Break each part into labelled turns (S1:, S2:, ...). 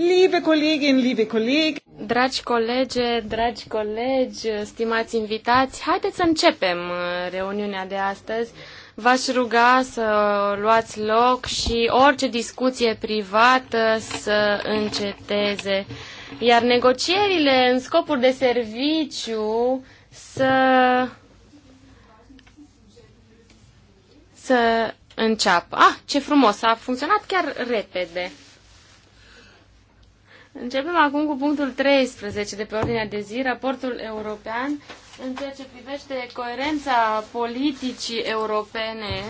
S1: Liebe Kollegin, liebe Kolleg! Dragi colege, dragi colegi, stimați invitați, haideți să începem uh, reuniunea de astăzi. V-aș ruga să luați loc și orice discuție privată să înceteze. Iar negocierile în scopul de serviciu să să înceapă. Ah, ce frumos, a funcționat chiar repede. Începem acum cu punctul 13 de pe ordinea de zi, raportul european în ceea ce privește coerența politicii europene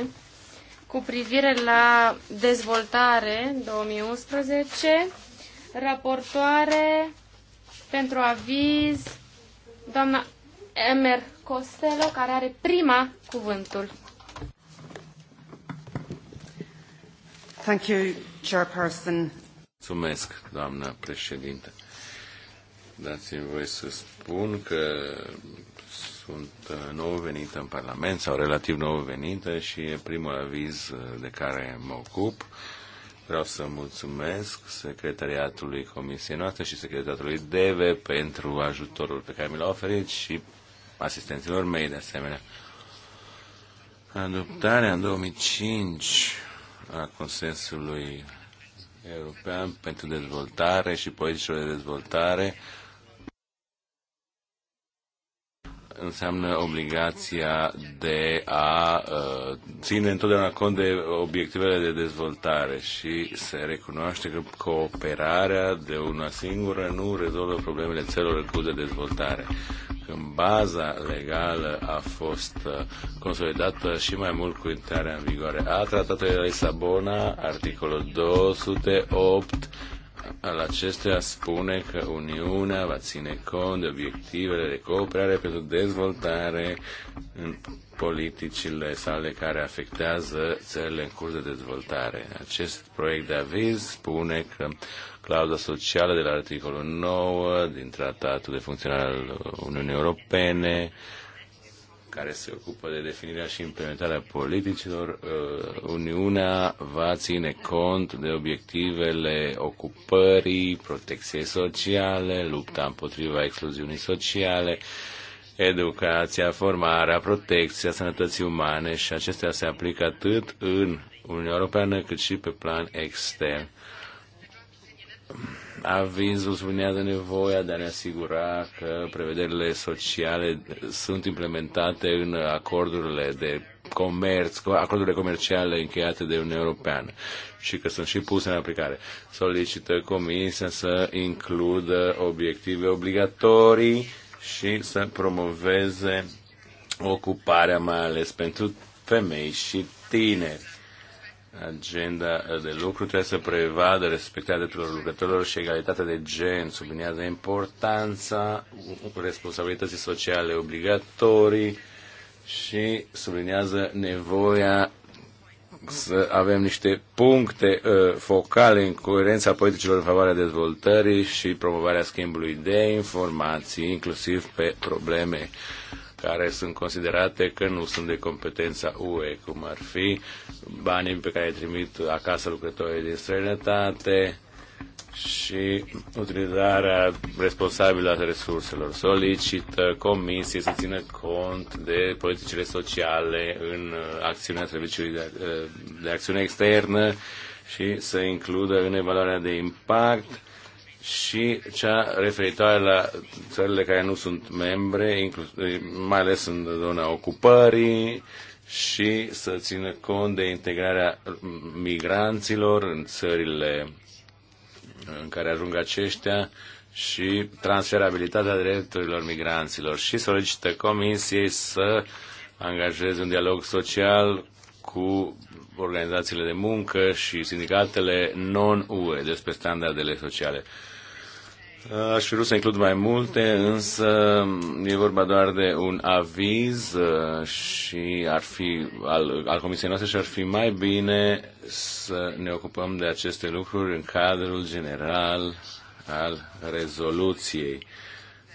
S1: cu privire la dezvoltare 2011, raportoare pentru aviz doamna Emer Costello, care are prima cuvântul.
S2: Thank you, Chairperson.
S3: Mulțumesc, doamnă președinte. Dați-mi voi să spun că sunt nou venită în Parlament sau relativ nou venită și e primul aviz de care mă ocup. Vreau să mulțumesc secretariatului Comisiei noastre și secretariatului DEVE pentru ajutorul pe care mi l-a oferit și asistenților mei de asemenea. Adoptarea în 2005 a consensului European pentru Dezvoltare și Politicile de Dezvoltare înseamnă obligația de a uh, ține întotdeauna cont de obiectivele de dezvoltare și se recunoaște că cooperarea de una singură nu rezolvă problemele țărilor în curs de dezvoltare când baza legală a fost uh, consolidată și mai mult cu intrarea în vigoare a tratatului de Lisabona, articolul 208 al acestuia spune că Uniunea va ține cont de obiectivele de cooperare pentru dezvoltare în politicile sale care afectează țările în curs de dezvoltare. Acest proiect de aviz spune că clauza socială de la articolul 9 din Tratatul de Funcționare al Uniunii Europene, care se ocupă de definirea și implementarea politicilor, uh, Uniunea va ține cont de obiectivele ocupării, protecției sociale, lupta împotriva excluziunii sociale, educația, formarea, protecția sănătății umane și acestea se aplică atât în Uniunea Europeană cât și pe plan extern avizul sublinează nevoia de a ne asigura că prevederile sociale sunt implementate în acordurile de comerț, acordurile comerciale încheiate de Uniunea Europeană și că sunt și puse în aplicare. Solicită Comisia să includă obiective obligatorii și să promoveze ocuparea, mai ales pentru femei și tineri Agenda de lucru trebuie să prevadă respectarea drepturilor lucrătorilor și egalitatea de gen, subliniază importanța responsabilității sociale obligatorii și subliniază nevoia să avem niște puncte uh, focale în coerența politicilor în favoarea dezvoltării și promovarea schimbului de informații, inclusiv pe probleme uh, care sunt considerate că nu sunt de competența UE, cum ar fi banii pe care îi trimit acasă lucrătorii din străinătate și utilizarea responsabilă a resurselor. Solicită comisie să țină cont de politicile sociale în uh, acțiunea serviciului de, uh, de acțiune externă și să includă în evaluarea de impact și cea referitoare la țările care nu sunt membre, inclus, mai ales în zona ocupării și să țină cont de integrarea migranților în țările în care ajung aceștia și transferabilitatea drepturilor migranților și solicită Comisiei să angajeze un dialog social cu organizațiile de muncă și sindicatele non-UE despre standardele sociale. Aș fi vrut să includ mai multe, însă e vorba doar de un aviz uh, și ar fi al, al comisiei noastre și ar fi mai bine să ne ocupăm de aceste lucruri în cadrul general al rezoluției.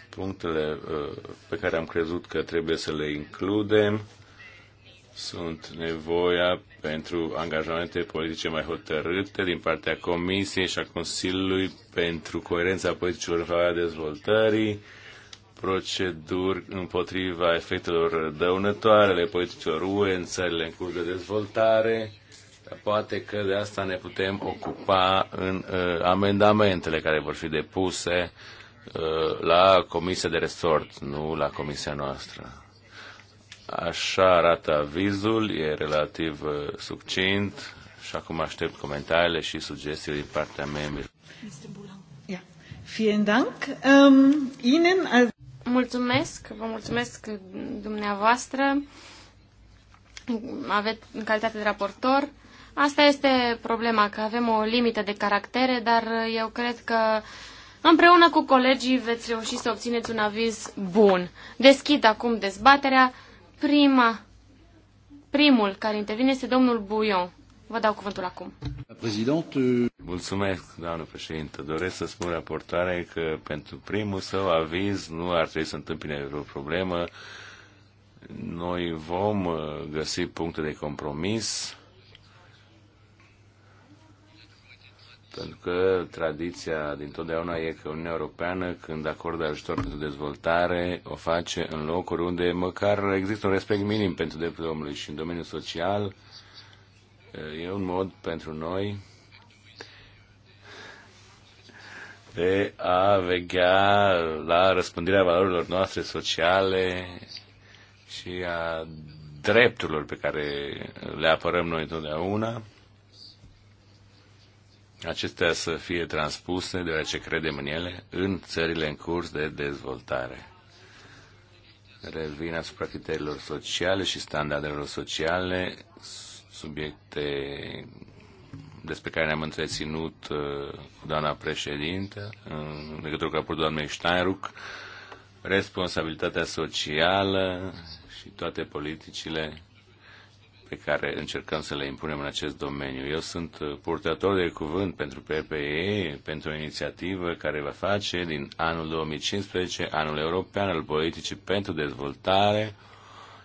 S3: Punctele uh, pe care am crezut că trebuie să le includem sunt nevoia pentru angajamente politice mai hotărâte din partea Comisiei și a Consiliului pentru coerența politicilor în favoarea dezvoltării, proceduri împotriva efectelor dăunătoare ale politicilor UE în țările în curs de dezvoltare. Poate că de asta ne putem ocupa în uh, amendamentele care vor fi depuse uh, la Comisia de Resort, nu la Comisia noastră. Așa arată avizul, e relativ uh, succint și acum aștept comentariile și sugestii din partea membrilor.
S1: Um, mulțumesc, vă mulțumesc dumneavoastră. Aveți în calitate de raportor. Asta este problema, că avem o limită de caractere, dar eu cred că împreună cu colegii veți reuși să obțineți un aviz bun. Deschid acum dezbaterea. Prima, primul care intervine este domnul Buion. Vă dau cuvântul acum.
S3: Președinte... Mulțumesc, doamnă președinte. Doresc să spun raportare că pentru primul său aviz nu ar trebui să întâmpine vreo problemă. Noi vom uh, găsi puncte de compromis Pentru că tradiția din totdeauna e că Uniunea Europeană, când acordă ajutor pentru dezvoltare, o face în locuri unde măcar există un respect minim pentru drepturile omului și în domeniul social eh, e un mod pentru noi de a vegea la răspândirea valorilor noastre sociale și a drepturilor pe care le apărăm noi întotdeauna acestea să fie transpuse, deoarece credem în ele, în țările în curs de dezvoltare. Revin asupra criteriilor sociale și standardelor sociale, subiecte despre care ne-am întreținut uh, cu doamna președintă, în legătură cu raportul doamnei Steinruck, responsabilitatea socială și toate politicile pe care încercăm să le impunem în acest domeniu. Eu sunt uh, purtător de cuvânt pentru PPE, pentru o inițiativă care va face din anul 2015 anul european al politicii pentru dezvoltare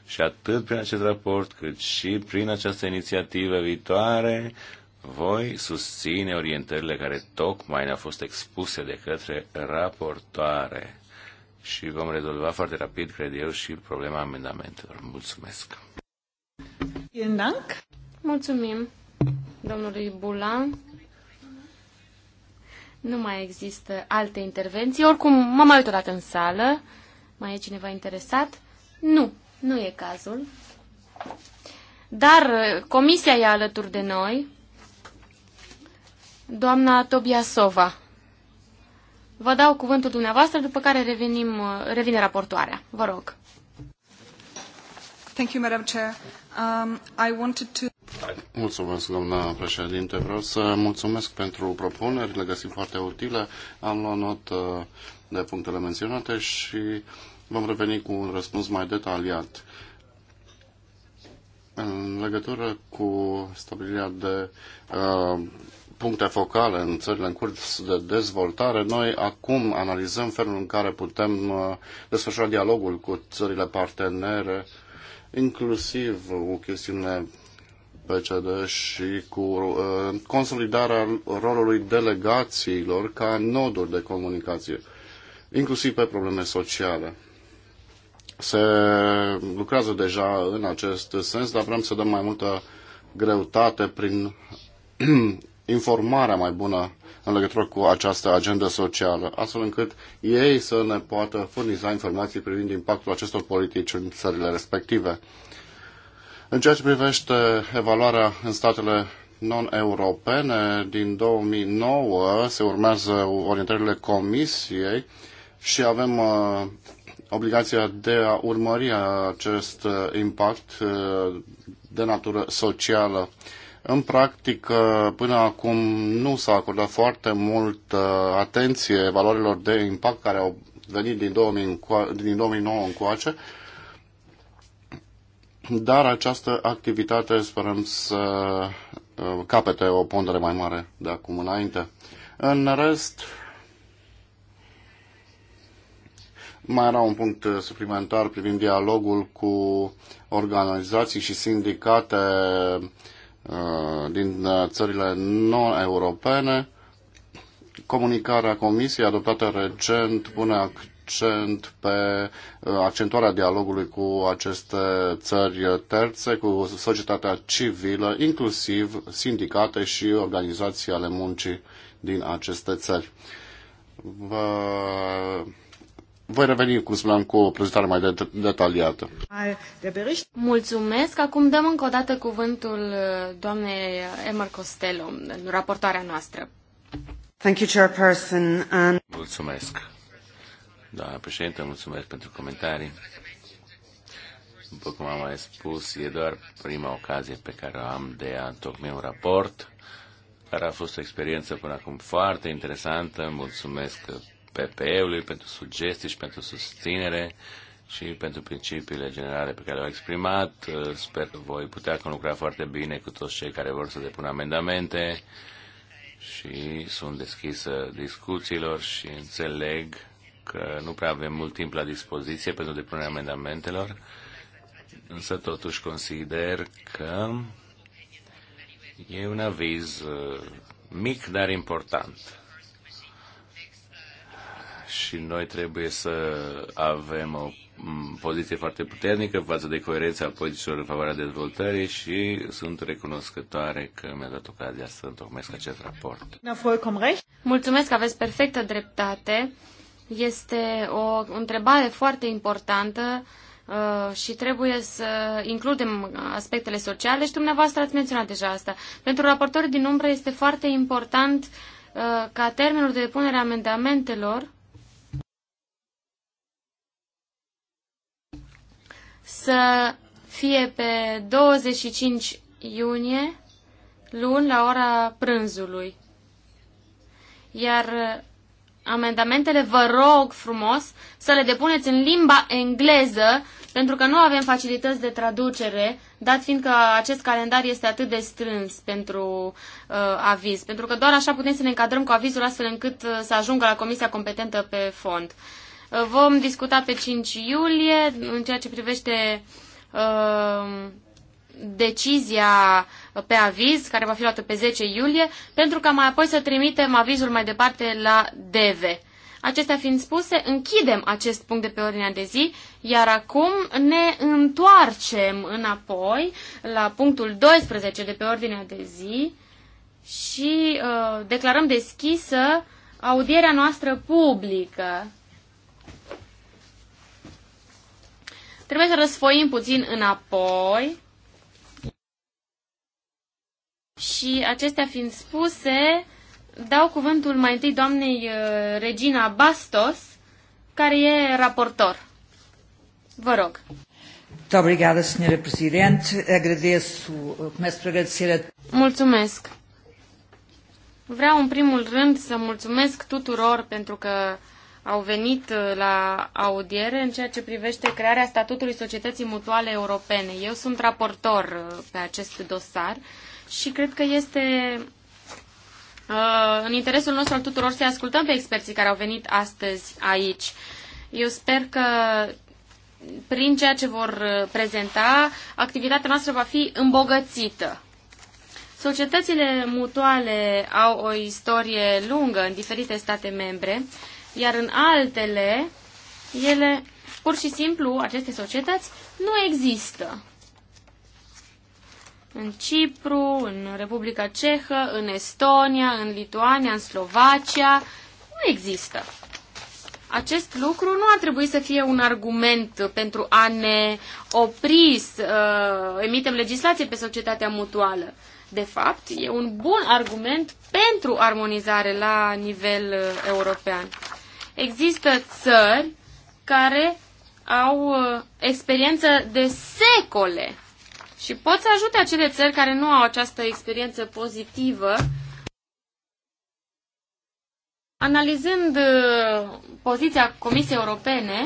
S3: și atât prin acest raport cât și prin această inițiativă viitoare voi susține orientările care tocmai ne-au fost expuse de către raportoare și vom rezolva foarte rapid, cred eu, și problema amendamentelor. Mulțumesc!
S1: Mulțumim domnului Bulan. Nu mai există alte intervenții. Oricum, m-am mai uitat în sală. Mai e cineva interesat? Nu, nu e cazul. Dar uh, comisia e alături de noi. Doamna Tobiasova. Vă dau cuvântul dumneavoastră, după care revenim, uh, revine raportoarea. Vă rog.
S2: Thank you, Madam Chair. Um, I wanted to... Mulțumesc, doamna președinte. Vreau să mulțumesc pentru propuneri, le găsim foarte utile. Am luat notă de punctele menționate și vom reveni cu un răspuns mai detaliat. În legătură cu stabilirea de uh, puncte focale în țările în curs de dezvoltare, noi acum analizăm felul în care putem uh, desfășura dialogul cu țările partenere uh, inclusiv o chestiune PCD și cu uh, consolidarea rolului delegațiilor ca noduri de comunicație, inclusiv pe probleme sociale. Se lucrează deja în acest sens, dar vrem să dăm mai multă greutate prin informarea mai bună în legătură cu această agendă socială, astfel încât ei să ne poată furniza informații privind impactul acestor politici în țările respective. În ceea ce privește evaluarea în statele non-europene, din 2009 se urmează orientările Comisiei și avem uh, obligația de a urmări acest impact uh, de natură socială în practică, până acum nu s-a acordat foarte mult uh, atenție valorilor de impact care au venit din, 2000, din 2009 încoace, dar această activitate sperăm să uh, capete o pondere mai mare de acum înainte. În rest, mai era un punct uh, suplimentar privind dialogul cu organizații și sindicate Uh, din uh, țările non-europene. Comunicarea Comisiei adoptată recent pune accent pe uh, accentuarea dialogului cu aceste țări terțe, cu societatea civilă, inclusiv sindicate și organizații ale muncii din aceste țări. Vă voi reveni, cum spuneam, cu o prezentare mai de- detaliată.
S1: Mulțumesc. Acum dăm încă o dată cuvântul uh, doamnei Emma Costello, în raportarea noastră.
S2: Thank you, Chairperson.
S3: And... Mulțumesc. Doamna președinte, mulțumesc pentru comentarii. După cum am mai spus, e doar prima ocazie pe care o am de a întocmi un raport, care a fost o experiență până acum foarte interesantă. Mulțumesc PPE-ului pentru sugestii și pentru susținere și pentru principiile generale pe care le-au exprimat. Uh, sper că voi putea conlucra foarte bine cu toți cei care vor să depună amendamente și sunt deschisă discuțiilor și înțeleg că nu prea avem mult timp la dispoziție pentru depunerea amendamentelor, însă totuși consider că e un aviz uh, mic, dar important și noi trebuie să avem o poziție foarte puternică față de coerența pozițiilor în favoarea dezvoltării și sunt recunoscătoare că mi-a dat ocazia să întocmesc acest raport.
S1: Mulțumesc, aveți perfectă dreptate. Este o întrebare foarte importantă uh, și trebuie să includem aspectele sociale și dumneavoastră ați menționat deja asta. Pentru raportorii din umbră este foarte important uh, ca termenul de depunere a amendamentelor să fie pe 25 iunie, luni, la ora prânzului. Iar uh, amendamentele vă rog frumos să le depuneți în limba engleză, pentru că nu avem facilități de traducere, dat fiindcă acest calendar este atât de strâns pentru uh, aviz, pentru că doar așa putem să ne încadrăm cu avizul astfel încât uh, să ajungă la comisia competentă pe fond. Uh, Vom discuta pe 5 iulie în ceea ce privește uh, decizia pe aviz, care va fi luată pe 10 iulie, pentru ca mai apoi să trimitem avizul mai departe la DV. Acestea fiind spuse, închidem acest punct de pe ordinea de zi, iar acum ne întoarcem înapoi la punctul 12 de pe ordinea de zi și uh, declarăm deschisă audierea noastră publică. Trebuie să răsfoim puțin înapoi. Și acestea fiind spuse, dau cuvântul mai întâi doamnei uh, Regina Bastos, care e raportor. Vă rog.
S2: Obrigada, senhora Presidente. Agradeço, uh, começo por agradecer
S1: a... Mulțumesc. Vreau în primul rând să mulțumesc tuturor pentru că au venit uh, la audiere în ceea ce privește crearea statutului societății mutuale europene. Eu sunt raportor uh, pe acest dosar și cred că este uh, în interesul nostru al tuturor să ascultăm pe experții care au venit astăzi aici. Eu sper că prin ceea ce vor prezenta, activitatea noastră va fi îmbogățită. Societățile mutuale au o istorie lungă în diferite state membre iar în altele, ele, pur și simplu, aceste societăți nu există. În Cipru, în Republica Cehă, în Estonia, în Lituania, în Slovacia, nu există. Acest lucru nu ar trebui să fie un argument pentru a ne opri să uh, emitem legislație pe societatea mutuală. De fapt, e un bun argument pentru armonizare la nivel uh, european. Există țări care au uh, experiență de secole și pot să ajute acele țări care nu au această experiență pozitivă Analizând uh, poziția Comisiei Europene,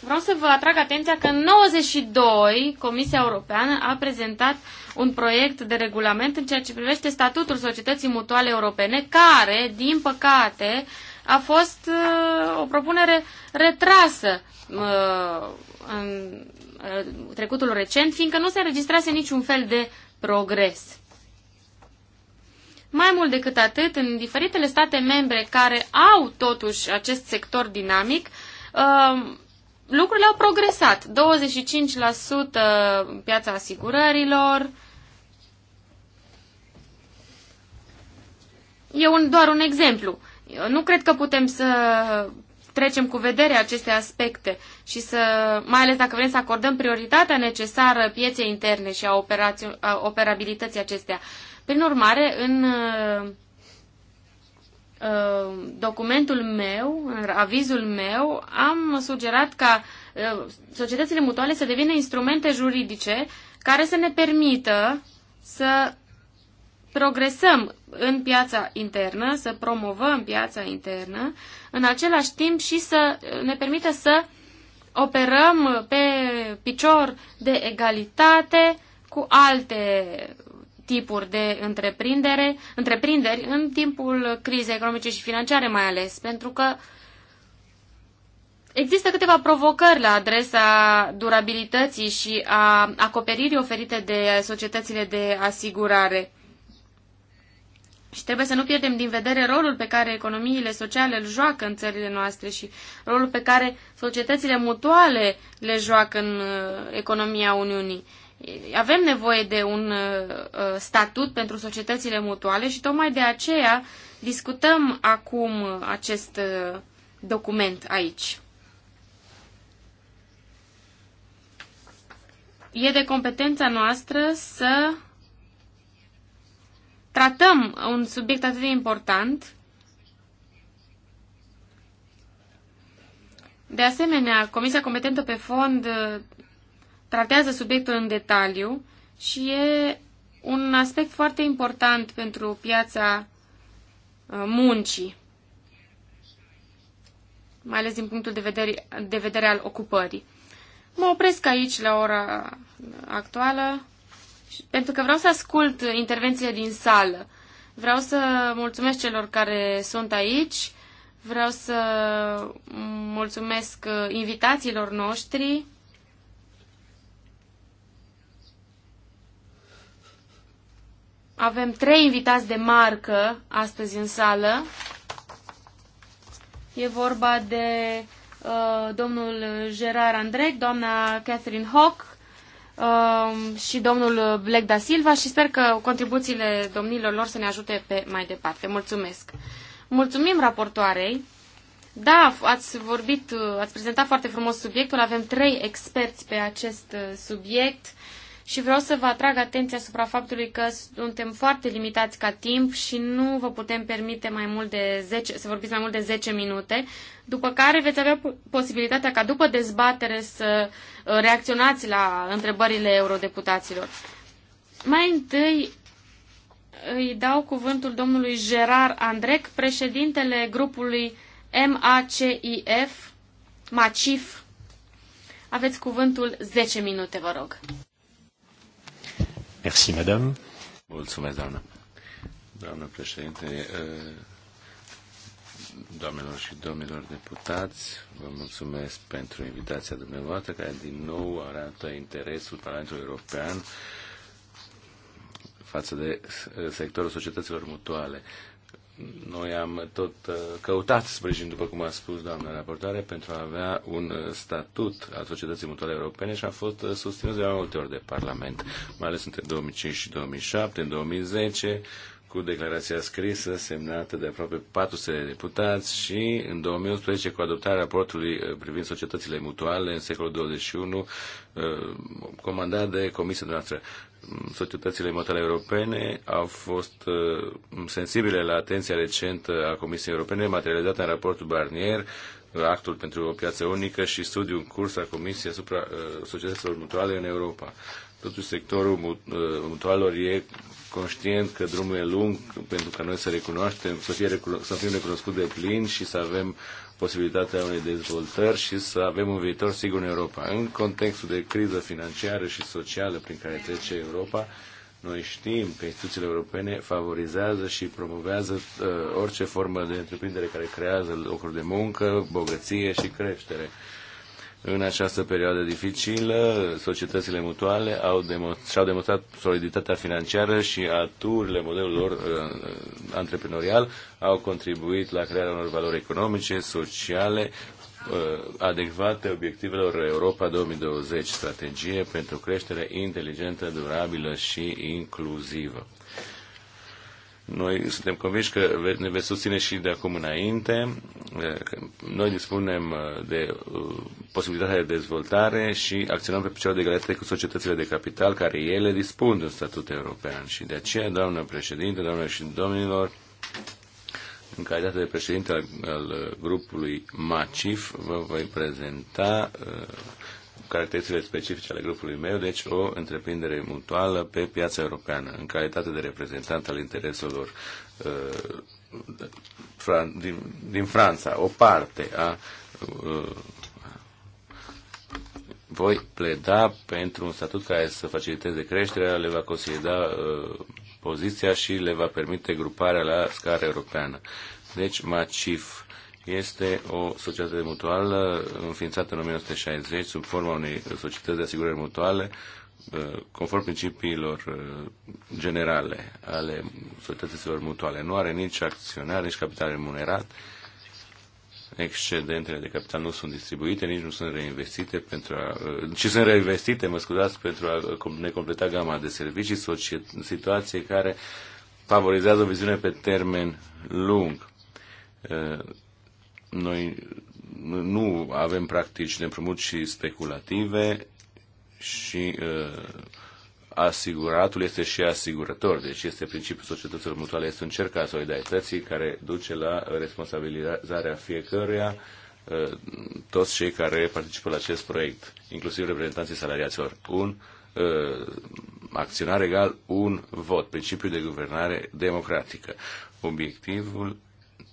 S1: vreau să vă atrag atenția că în 92 Comisia Europeană a prezentat un proiect de regulament în ceea ce privește statutul societății mutuale europene, care, din păcate, a fost uh, o propunere retrasă uh, în uh, trecutul recent, fiindcă nu se înregistrase niciun fel de progres. Mai mult decât atât, în diferitele state membre care au totuși acest sector dinamic, uh, lucrurile au progresat. 25% piața asigurărilor. E un, doar un exemplu. Nu cred că putem să trecem cu vedere aceste aspecte și să, mai ales dacă vrem să acordăm prioritatea necesară pieței interne și a, a operabilității acestea. Prin urmare, în uh, uh, documentul meu, în avizul meu, am sugerat ca uh, societățile mutuale să devină instrumente juridice care să ne permită să progresăm în piața internă, să promovăm piața internă, în același timp și să ne permită să operăm pe picior de egalitate cu alte tipuri de întreprindere, întreprinderi în timpul crizei economice și financiare mai ales, pentru că există câteva provocări la adresa durabilității și a acoperirii oferite de societățile de asigurare. Și trebuie să nu pierdem din vedere rolul pe care economiile sociale îl joacă în țările noastre și rolul pe care societățile mutuale le joacă în uh, economia Uniunii. Avem nevoie de un uh, uh, statut pentru societățile mutuale și tocmai de aceea discutăm acum acest document aici. E de competența noastră să tratăm un subiect atât de important. De asemenea, Comisia competentă pe fond uh, tratează subiectul în detaliu și e un aspect foarte important pentru piața uh, muncii, mai ales din punctul de vedere, de vedere al ocupării. Mă opresc aici la ora actuală pentru că vreau să ascult intervențiile din sală. Vreau să mulțumesc celor care sunt aici, vreau să mulțumesc uh, invitațiilor noștri. Avem trei invitați de marcă astăzi în sală. E vorba de uh, domnul Gerard Andrei, doamna Catherine Hock Um, și domnul Black da Silva și sper că contribuțiile domnilor lor să ne ajute pe mai departe. Mulțumesc! Mulțumim raportoarei! Da, ați vorbit, ați prezentat foarte frumos subiectul, avem trei experți pe acest subiect și vreau să vă atrag atenția asupra faptului că suntem foarte limitați ca timp și nu vă putem permite mai mult de 10, să vorbiți mai mult de 10 minute, după care veți avea posibilitatea ca după dezbatere să uh, reacționați la întrebările eurodeputaților. Mai întâi îi dau cuvântul domnului Gerard Andrec, președintele grupului MACIF, MACIF. Aveți cuvântul 10 minute, vă rog.
S3: Merci, madame. Mulțumesc, doamnă. Doamnă președinte, doamnelor și domnilor deputați, vă mulțumesc pentru invitația dumneavoastră, care din nou arată interesul Parlamentului European față de sectorul societăților mutuale. Noi am tot uh, căutat sprijin, după cum a spus doamna raportare, pentru a avea un uh, statut al societății mutuale europene și a fost uh, susținut de mai multe ori de Parlament, mai ales între 2005 și 2007, în 2010, cu declarația scrisă semnată de aproape 400 de deputați și în 2011 cu adoptarea raportului privind societățile mutuale în secolul 21 comandat de comisia noastră societățile motale europene au fost uh, sensibile la atenția recentă a Comisiei Europene, materializată în raportul Barnier, actul pentru o piață unică și studiul în curs a Comisiei asupra uh, societăților mutuale în Europa. Totuși, sectorul mut, uh, mutualelor e conștient că drumul e lung pentru ca noi să recunoaștem, să, fie, să fim recunoscuți de plin și să avem posibilitatea unei dezvoltări și să avem un viitor sigur în Europa. În contextul de criză financiară și socială prin care trece Europa, noi știm că instituțiile europene favorizează și promovează uh, orice formă de întreprindere care creează locuri de muncă, bogăție și creștere. Uh, în această perioadă dificilă, societățile mutuale au demonstrat, și-au demonstrat soliditatea financiară și aturile modelelor uh, uh, antreprenorial au contribuit la crearea unor valori economice, sociale, uh, adecvate obiectivelor Europa 2020, strategie pentru creștere inteligentă, durabilă și inclusivă. Noi suntem convinși că ne veți susține și de acum înainte. Noi dispunem uh, de uh, posibilitatea de dezvoltare și acționăm pe picioare de egalitate cu societățile de capital, care ele dispun de un statut european. Și de aceea, doamnă președinte, doamnelor și domnilor, în calitate de președinte al, al uh, grupului MACIF, vă voi prezenta uh, caracteristicile specifice ale grupului meu, deci o întreprindere mutuală pe piața europeană, în calitate de reprezentant al intereselor uh, din, din Franța, o parte a. Uh, voi pleda pentru un statut care să faciliteze creșterea, le va consolida uh, poziția și le va permite gruparea la scară europeană. Deci, MACIF este o societate mutuală înființată în 1960 sub forma unei societăți de asigurări mutuale uh, conform principiilor uh, generale ale societăților mutuale. Nu are nici acționar, nici capital remunerat. Excedentele de capital nu sunt distribuite, nici nu sunt reinvestite pentru a, uh, ci sunt reinvestite, mă scuzați, pentru a ne completa gama de servicii, situație care favorizează o viziune pe termen lung noi nu avem practici de împrumut și speculative și uh, asiguratul este și asigurător, deci este principiul societăților mutuale, este un cerc al solidarității care duce la responsabilizarea fiecăruia uh, toți cei care participă la acest proiect, inclusiv reprezentanții salariaților. Un uh, acționar egal, un vot, principiul de guvernare democratică. Obiectivul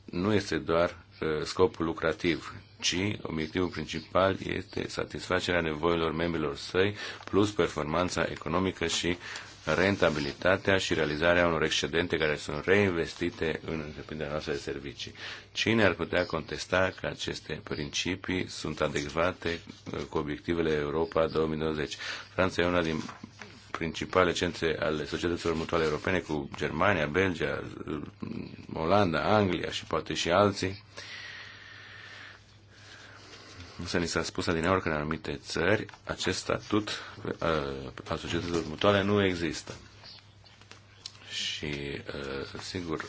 S3: nu este doar Uh, scopul lucrativ, ci obiectivul principal este satisfacerea nevoilor membrilor săi, plus performanța economică și rentabilitatea și realizarea unor excedente care sunt reinvestite în întreprinderea noastră de servicii. Cine ar putea contesta că aceste principii sunt adecvate uh, cu obiectivele Europa 2020? Franța e una din principale centre ale societăților mutuale europene cu Germania, Belgia, uh, Olanda, Anglia și poate și alții se ni s-a spus din că în anumite țări acest statut uh, al societăților mutuale nu există. Și, uh, sigur,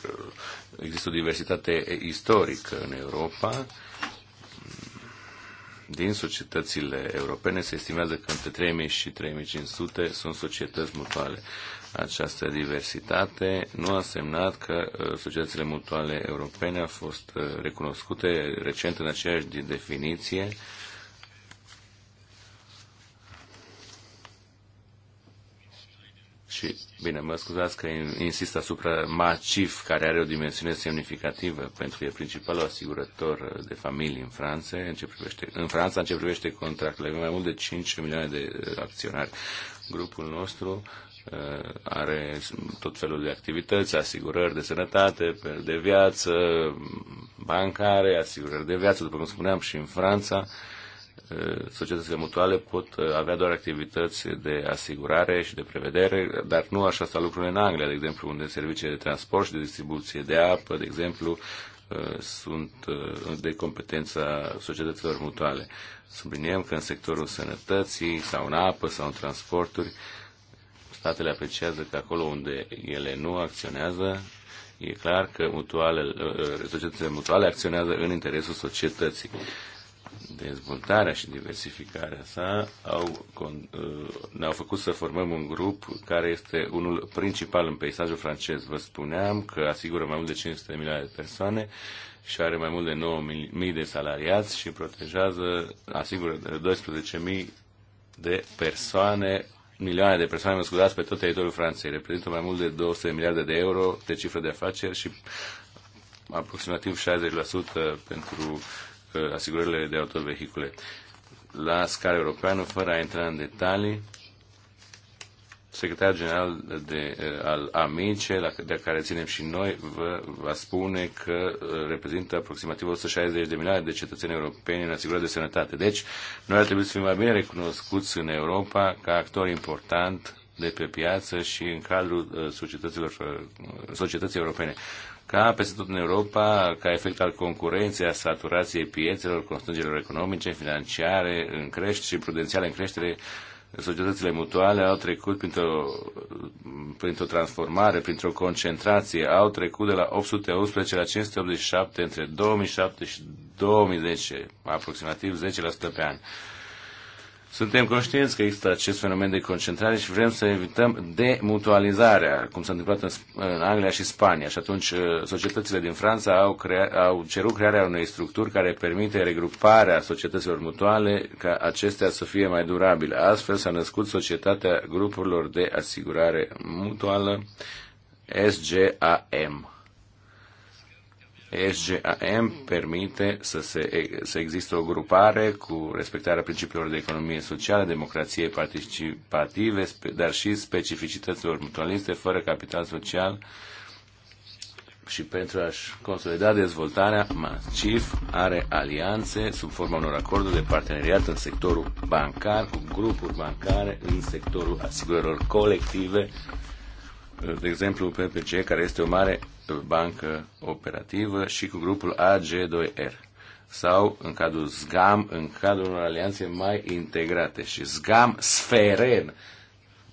S3: există o diversitate istorică în Europa. Din societățile europene se estimează că între 3000 și 3500 sunt societăți mutuale. Această diversitate nu a semnat că uh, societățile mutuale europene au fost uh, recunoscute recent în aceeași definiție Și, bine, mă scuzați că insist asupra MACIF, care are o dimensiune semnificativă pentru că e principalul asigurător uh, de familii în Franța, în, ce privește, în Franța, în ce privește contractele. Avem mai mult de 5 milioane de acționari. Grupul nostru Eh, are tot felul de activități, asigurări de sănătate, de viață, bancare, asigurări de viață, după cum spuneam și în Franța, eh, societățile mutuale pot eh, avea doar activități de asigurare și de prevedere, dar nu așa stau lucrurile în Anglia, de exemplu, unde serviciile de transport și de distribuție de apă, de exemplu, sunt de competența societăților mutuale. Subliniem că în sectorul sănătății sau în apă sau în transporturi, statele apreciază că acolo unde ele nu acționează, e clar că mutuale, societățile mutuale acționează în interesul societății. Dezvoltarea și diversificarea sa au, uh, ne-au făcut să formăm un grup care este unul principal în peisajul francez. Vă spuneam că asigură mai mult de 500 de milioane de persoane și are mai mult de 9.000 de salariați și protejează, asigură 12.000 de persoane milioane de persoane, mă pe tot teritoriul Franței. Reprezintă mai mult de 200 de miliarde de euro de cifră de afaceri și aproximativ 60% pentru uh, asigurările de autovehicule. La scară europeană, fără a intra în detalii, secretar general de, eh, al AMICE, la, de care ținem și noi, vă va spune că eh, reprezintă aproximativ 160 de milioane de cetățeni europeni în asigurare de sănătate. Deci, noi ar trebui să fim mai bine recunoscuți în Europa ca actor important de pe piață și în cadrul eh, societăților, societății europene ca peste tot în Europa, ca efect al concurenței, a saturației piețelor, constrângerilor economice, financiare, în creștere și prudențiale în creștere, societățile mutuale au trecut printr-o, printr-o transformare, printr-o concentrație, au trecut de la 811 la 587 între 2007 și 2010, aproximativ 10% pe an. Suntem conștienți că există acest fenomen de concentrare și vrem să evităm demutualizarea, cum s-a întâmplat în, în Anglia și Spania. Și atunci uh, societățile din Franța au, crea, au cerut crearea unei structuri care permite regruparea societăților mutuale ca acestea să fie mai durabile. Astfel s-a născut Societatea Grupurilor de Asigurare Mutuală, SGAM. SGAM permite să, se, să există o grupare cu respectarea principiilor de economie socială, democrație participative, dar și specificităților mutualiste fără capital social și pentru a-și consolida dezvoltarea, MASCIF are alianțe sub forma unor acorduri de parteneriat în sectorul bancar, cu grupuri bancare în sectorul asigurărilor colective, de exemplu PPC, care este o mare bancă operativă și cu grupul AG2R sau în cadrul SGAM, în cadrul unor alianțe mai integrate și SGAM Sferen,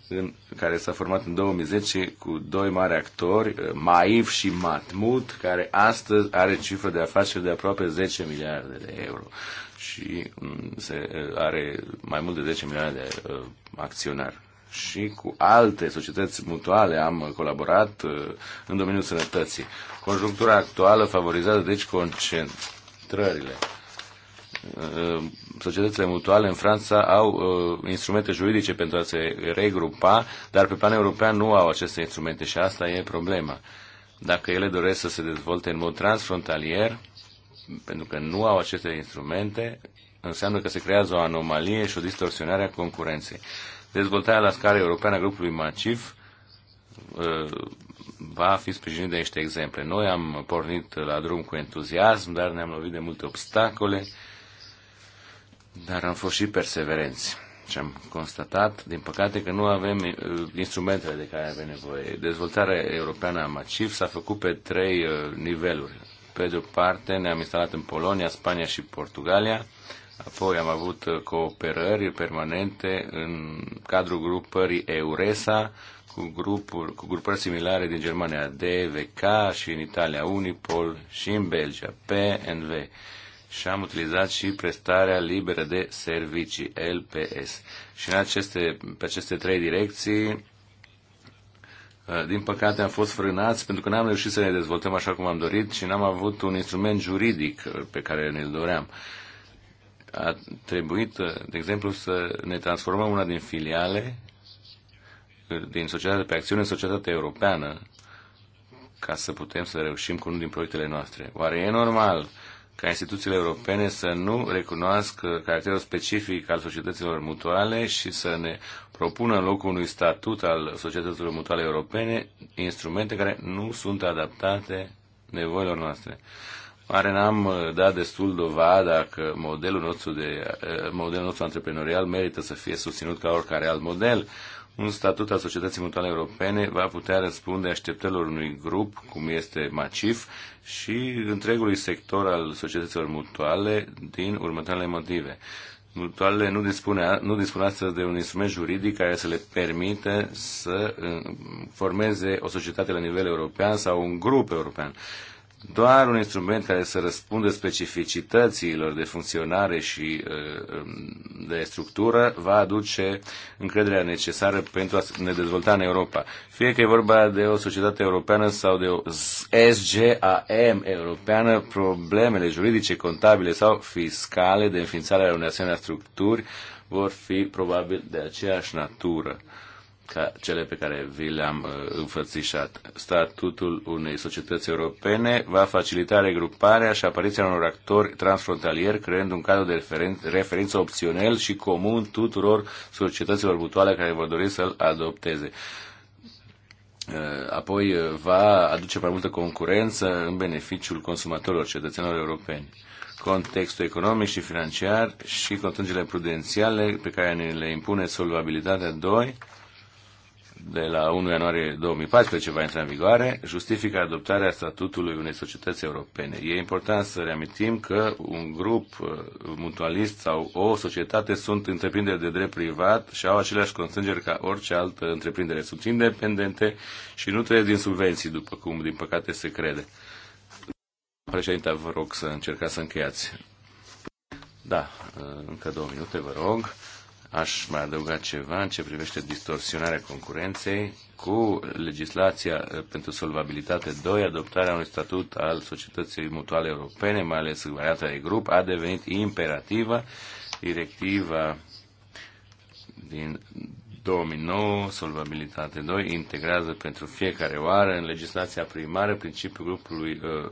S3: în, care s-a format în 2010 cu doi mari actori, Maiv și Matmut, care astăzi are cifră de afaceri de aproape 10 miliarde de euro și mm, se, are mai mult de 10 milioane de uh, acționari și cu alte societăți mutuale am colaborat uh, în domeniul sănătății. Conjunctura actuală favorizează deci concentrările. Uh, societățile mutuale în Franța au uh, instrumente juridice pentru a se regrupa, dar pe plan european nu au aceste instrumente și asta e problema. Dacă ele doresc să se dezvolte în mod transfrontalier, pentru că nu au aceste instrumente, înseamnă că se creează o anomalie și o distorsionare a concurenței. Dezvoltarea la scară europeană a grupului MACIF uh, va fi sprijinit de niște exemple. Noi am pornit la drum cu entuziasm, dar ne-am lovit de multe obstacole, dar am fost și perseverenți. Și am constatat, din păcate, că nu avem uh, instrumentele de care avem nevoie. Dezvoltarea europeană a MACIF s-a făcut pe trei uh, niveluri. Pe de o parte, ne-am instalat în Polonia, Spania și Portugalia Apoi am avut uh, cooperări permanente în cadrul grupării EURESA cu, grupuri, cu grupări similare din Germania DVK și în Italia Unipol și în Belgia PNV și am utilizat și prestarea liberă de servicii LPS. Și în aceste, pe aceste trei direcții uh, din păcate am fost frânați pentru că n-am reușit să ne dezvoltăm așa cum am dorit și n-am avut un instrument juridic uh, pe care ne-l doream a trebuit, de exemplu, să ne transformăm una din filiale uh, din societatea pe acțiune în societatea europeană ca să putem să reușim cu unul din proiectele noastre. Oare e normal ca instituțiile europene să nu recunoască caracterul specific al societăților mutuale și să ne propună în locul unui statut al societăților mutuale europene instrumente care nu sunt adaptate nevoilor noastre. Oare n-am uh, dat destul dovada că modelul nostru, de, uh, modelul nostru antreprenorial merită să fie susținut ca oricare alt model? Un statut al societății mutuale europene va putea răspunde așteptărilor unui grup, cum este MACIF, și întregului sector al societăților mutuale din următoarele motive. Mutualele nu dispune, nu dispune astăzi de un instrument juridic care să le permită să uh, formeze o societate la nivel european sau un grup european doar un instrument care să răspundă specificităților de funcționare și uh, um, de structură va aduce încrederea necesară pentru a ne dezvolta în Europa. Fie că e vorba de o societate europeană sau de o SGAM europeană, problemele juridice, contabile sau fiscale de a unei asemenea structuri vor fi probabil de aceeași natură ca cele pe care vi le-am uh, înfățișat. Statutul unei societăți europene va facilita regruparea și apariția unor actori transfrontalieri, creând un cadru de referen- referință opțional și comun tuturor societăților mutuale care vor dori să-l adopteze. Uh, apoi uh, va aduce mai multă concurență în beneficiul consumatorilor, cetățenilor europeni contextul economic și financiar și contingele prudențiale pe care ne le impune solvabilitatea 2 de la 1 ianuarie 2014 va intra în vigoare, justifică adoptarea statutului unei societăți europene. E important să reamintim că un grup uh, mutualist sau o societate sunt întreprinderi de drept privat și au aceleași constrângeri ca orice altă întreprindere. Sunt independente și nu trăiesc din subvenții, după cum din păcate se crede. Președinte, vă rog să încercați să încheiați. Da, uh, încă două minute, vă rog. Aș mai adăuga ceva în ce privește distorsionarea concurenței cu legislația eh, pentru solvabilitate 2, adoptarea unui statut al societății mutuale europene, mai ales varianta de grup, a devenit imperativă. Directiva din 2009, solvabilitate 2, integrează pentru fiecare oară în legislația primară principiul grupului uh,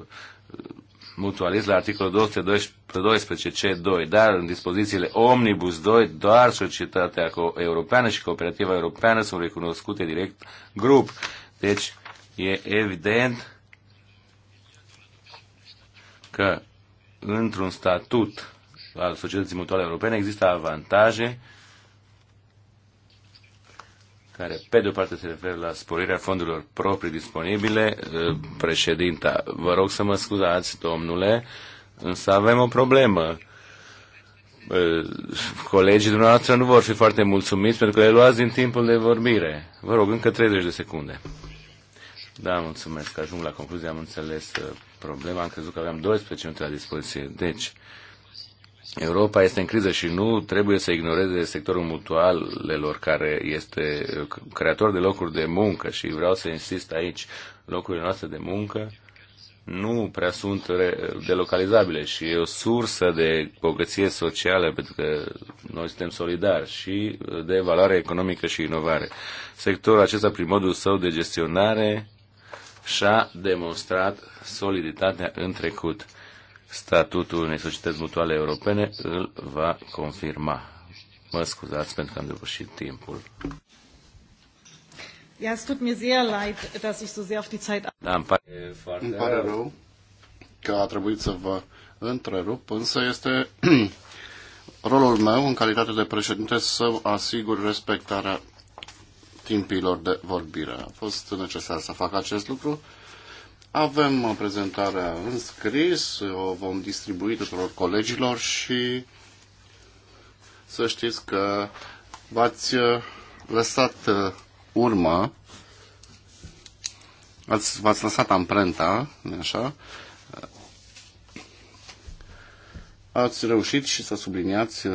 S3: mutualist la articolul 212C2, dar în dispozițiile Omnibus 2 doar societatea europeană și cooperativa europeană sunt recunoscute direct grup. Deci e evident că într-un statut al societății mutuale europene există avantaje care pe de o parte se referă la sporirea fondurilor proprii disponibile. Ă, președinta, vă rog să mă scuzați, domnule, însă avem o problemă. Ă, colegii dumneavoastră nu vor fi foarte mulțumiți pentru că le luați din timpul de vorbire. Vă rog, încă 30 de secunde. Da, mulțumesc. Ajung la concluzie, am înțeles ă, problema. Am crezut că aveam 12 minute la dispoziție. Deci, Europa este în criză și nu trebuie să ignoreze sectorul mutualelor care este creator de locuri de muncă și vreau să insist aici, locurile noastre de muncă nu prea sunt delocalizabile și e o sursă de bogăție socială pentru că noi suntem solidari și de valoare economică și inovare. Sectorul acesta, prin modul său de gestionare, și-a demonstrat soliditatea în trecut statutul unei societăți mutuale europene îl va confirma. Mă scuzați pentru că am depășit timpul.
S1: Ja, es tut mir sehr leid, dass ich so sehr auf die Zeit...
S2: Da, îmi pare, foarte îmi pare rău că a trebuit să vă întrerup, însă este rolul meu în calitate de președinte să asigur respectarea timpilor de vorbire. A fost necesar să fac acest lucru avem uh, prezentarea în scris, o vom distribui tuturor colegilor și să știți că v-ați uh, lăsat uh, urmă, ați, v-ați lăsat amprenta, așa, ați reușit și să subliniați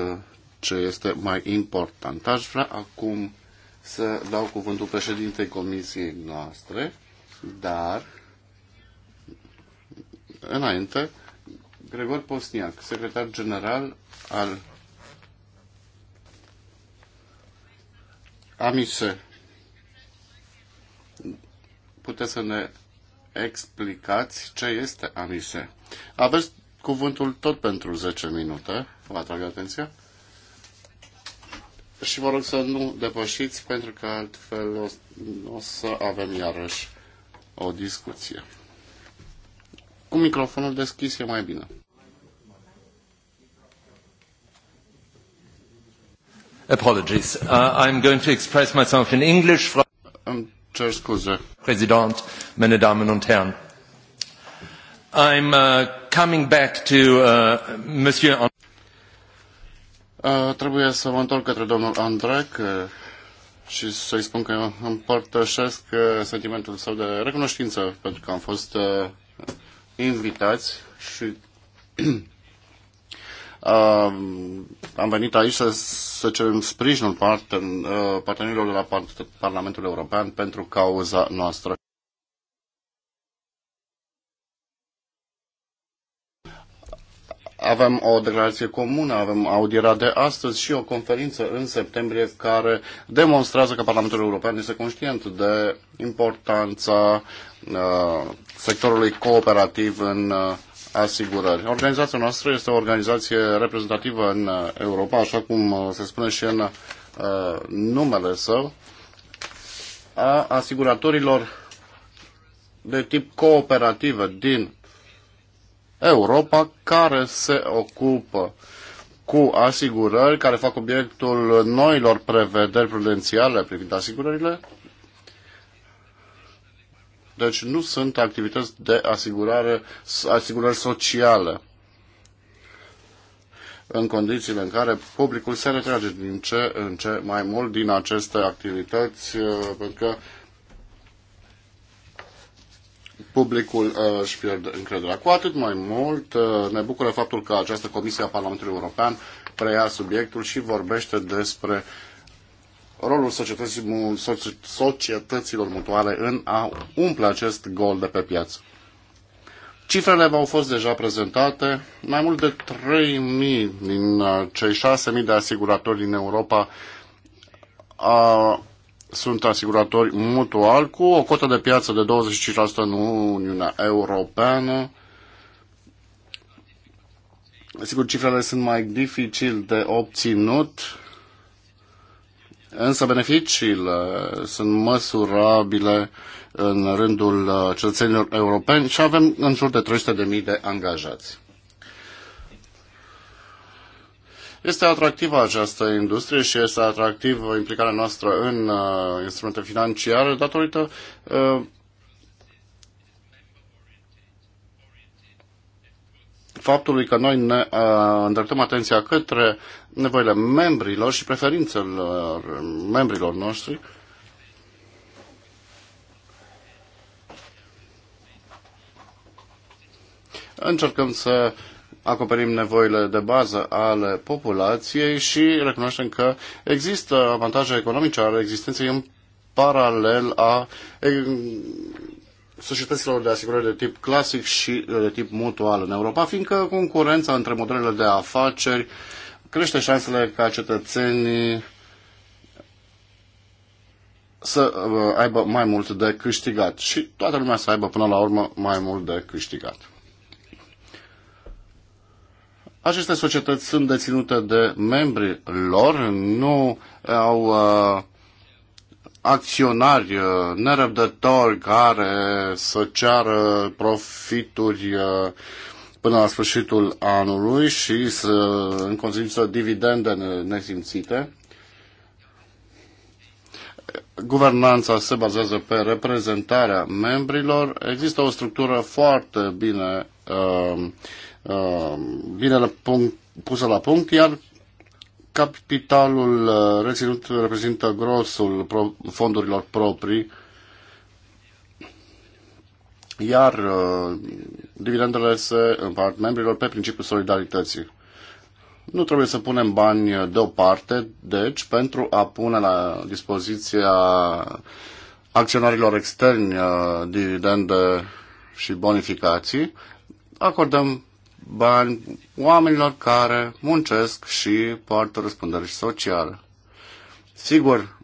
S2: ce este mai important. Aș vrea acum să dau cuvântul președintei comisiei noastre, dar înainte, Gregor Posniac, secretar general al AMISE. Puteți să ne explicați ce este AMISE. Aveți cuvântul tot pentru 10 minute, vă atrag atenția. Și vă rog să nu depășiți, pentru că altfel o, o să avem iarăși o discuție. Cu microfonul deschis e mai bine. Apologies. Uh, I'm going to express myself in English. Îmi cer scuze. President, meine Damen und Herren. I'm uh, coming back to uh, Monsieur Uh, trebuie să mă întorc către domnul Andrei uh, și să-i spun că împărtășesc uh, sentimentul său de recunoștință pentru că am fost uh, invitați și uh, am venit aici să, să cerem sprijinul parten, uh, partenerilor de la Parlamentul European pentru cauza noastră. Avem o declarație comună, avem audierea de astăzi și o conferință în septembrie care demonstrează că Parlamentul European este conștient de importanța uh, sectorului cooperativ în uh, asigurări. Organizația noastră este o organizație reprezentativă în uh, Europa, așa cum uh, se spune și în uh, numele său, a asiguratorilor de tip cooperativă din Europa care se ocupă cu asigurări care fac obiectul noilor prevederi prudențiale privind asigurările. Deci nu sunt activități de asigurare, asigurări sociale în condițiile în care publicul se retrage din ce în ce mai mult din aceste activități, pentru că publicul uh, își pierde încrederea. Cu atât mai mult uh, ne bucură faptul că această comisie a Parlamentului European preia subiectul și vorbește despre rolul societăților mutuale în a umple acest gol de pe piață. Cifrele v-au fost deja prezentate. Mai mult de 3.000 din uh, cei 6.000 de asiguratori din Europa a sunt asiguratori mutual cu o cotă de piață de 25% în Uniunea Europeană. Sigur, cifrele sunt mai dificil de obținut, însă beneficiile sunt măsurabile în rândul uh, cetățenilor europeni și avem în jur de 300.000 de angajați. Este atractivă această industrie și este atractivă implicarea noastră în uh, instrumente financiare datorită uh, faptului că noi ne uh, îndreptăm atenția către nevoile membrilor și preferințelor uh, membrilor noștri. Încercăm să uh, acoperim nevoile de bază ale populației și recunoaștem că există avantaje economice ale existenței în paralel a societăților de asigurări de tip clasic și de tip mutual în Europa, fiindcă concurența între modelele de afaceri crește șansele ca cetățenii să uh, aibă mai mult de câștigat și toată lumea să aibă până la urmă mai mult de câștigat. Aceste societăți sunt deținute de membrii lor, nu au uh, acționari uh, nerăbdători care să ceară profituri uh, până la sfârșitul anului și să, în consecință dividende nesimțite. Guvernanța se bazează pe reprezentarea membrilor. Există o structură foarte bine uh, Uh, la punct, pusă la punct, iar capitalul uh, reținut reprezintă grosul fondurilor proprii, iar uh, dividendele se împart membrilor pe principiul solidarității. Nu trebuie să punem bani deoparte, deci, pentru a pune la dispoziția acționarilor externi dividende și bonificații, acordăm bani oamenilor care muncesc și poartă răspundere socială. Sigur,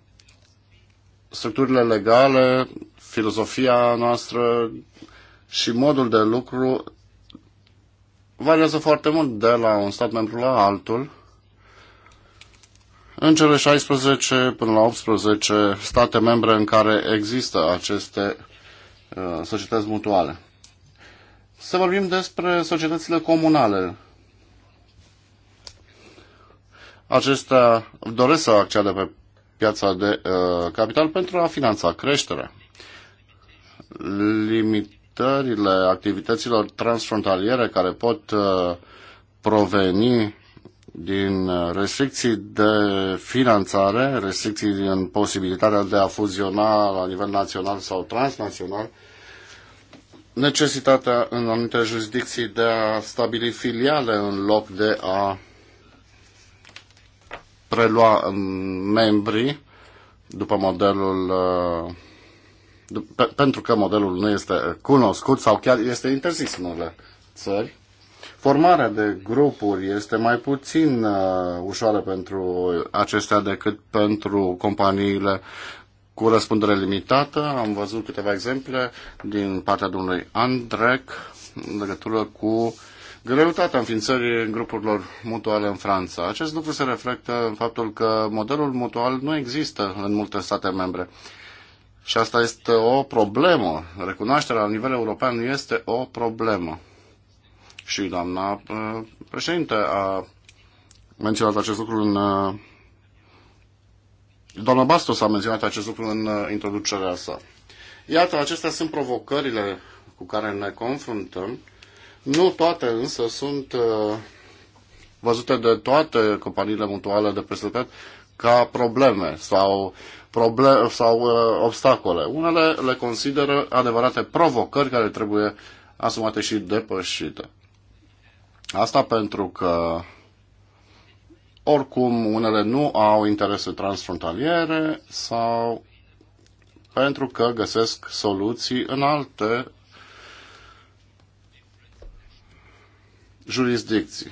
S2: structurile legale, filozofia noastră și modul de lucru variază foarte mult de la un stat membru la altul. În cele 16 până la 18 state membre în care există aceste uh, societăți mutuale. Să vorbim despre societățile comunale. Acestea doresc să acceadă pe piața de uh, capital pentru a finanța creșterea. Limitările activităților transfrontaliere care pot uh, proveni din uh, restricții de finanțare, restricții în posibilitatea de a fuziona la nivel național sau transnațional, necesitatea în anumite jurisdicții de a stabili filiale în loc de a prelua um, membrii după modelul uh, pentru că modelul nu este cunoscut sau chiar este interzis în unele țări. Formarea de grupuri este mai puțin uh, ușoară pentru acestea decât pentru companiile cu răspundere limitată. Am văzut câteva exemple din partea domnului Andrec în legătură cu greutatea înființării grupurilor mutuale în Franța. Acest lucru se reflectă în faptul că modelul mutual nu există în multe state membre. Și asta este o problemă. Recunoașterea la nivel european este o problemă. Și doamna uh, președinte a menționat acest lucru în uh, Doamna Bastos a menționat acest lucru în uh, introducerea sa. Iată, acestea sunt provocările cu care ne confruntăm. Nu toate însă sunt uh, văzute de toate companiile mutuale de presupet ca probleme sau, proble sau uh, obstacole. Unele le consideră adevărate provocări care trebuie asumate și depășite. Asta pentru că oricum, unele nu au interese transfrontaliere sau pentru că găsesc soluții în alte jurisdicții.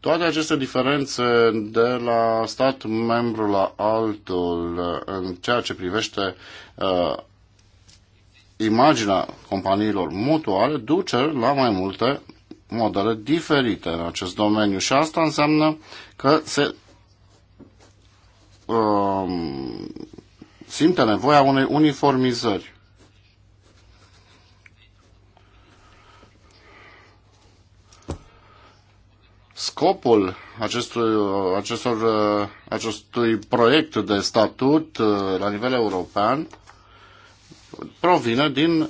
S2: Toate aceste diferențe de la stat membru la altul în ceea ce privește uh, imaginea companiilor mutuale duce la mai multe modele diferite în acest domeniu și asta înseamnă că se um, simte nevoia unei uniformizări. Scopul acestui, acestor, acestui proiect de statut uh, la nivel european provine din uh,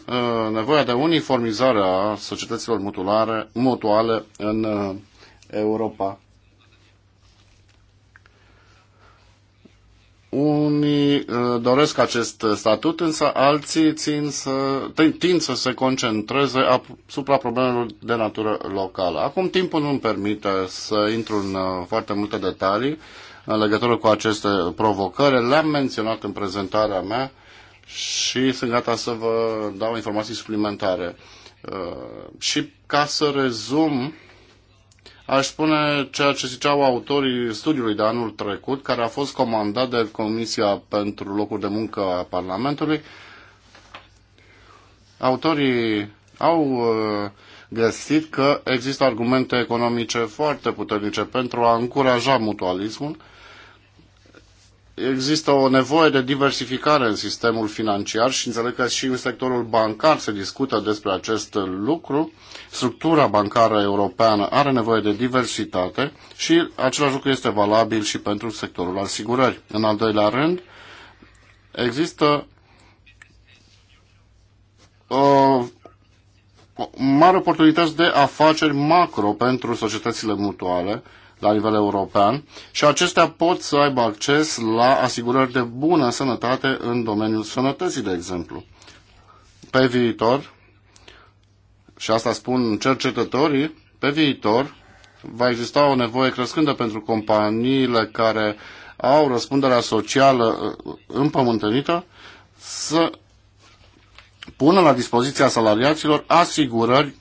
S2: nevoia de uniformizare a societăților mutualare, mutuale în uh, Europa. Unii uh, doresc acest statut, însă alții țin să, tind să se concentreze asupra problemelor de natură locală. Acum timpul nu-mi permite să intru în uh, foarte multe detalii în legătură cu aceste provocări. Le-am menționat în prezentarea mea și sunt gata să vă dau informații suplimentare. Uh, și ca să rezum, aș spune ceea ce ziceau autorii studiului de anul trecut, care a fost comandat de Comisia pentru Locuri de Muncă a Parlamentului. Autorii au uh, găsit că există argumente economice foarte puternice pentru a încuraja mutualismul există o nevoie de diversificare în sistemul financiar și înțeleg că și în sectorul bancar se discută despre acest lucru. Structura bancară europeană are nevoie de diversitate și același lucru este valabil și pentru sectorul asigurări. În al doilea rând, există o mari oportunități de afaceri macro pentru societățile mutuale la nivel european și acestea pot să aibă acces la asigurări de bună sănătate în domeniul sănătății, de exemplu. Pe viitor, și asta spun cercetătorii, pe viitor va exista o nevoie crescândă pentru companiile care au răspunderea socială uh, împământenită să pună la dispoziția salariaților asigurări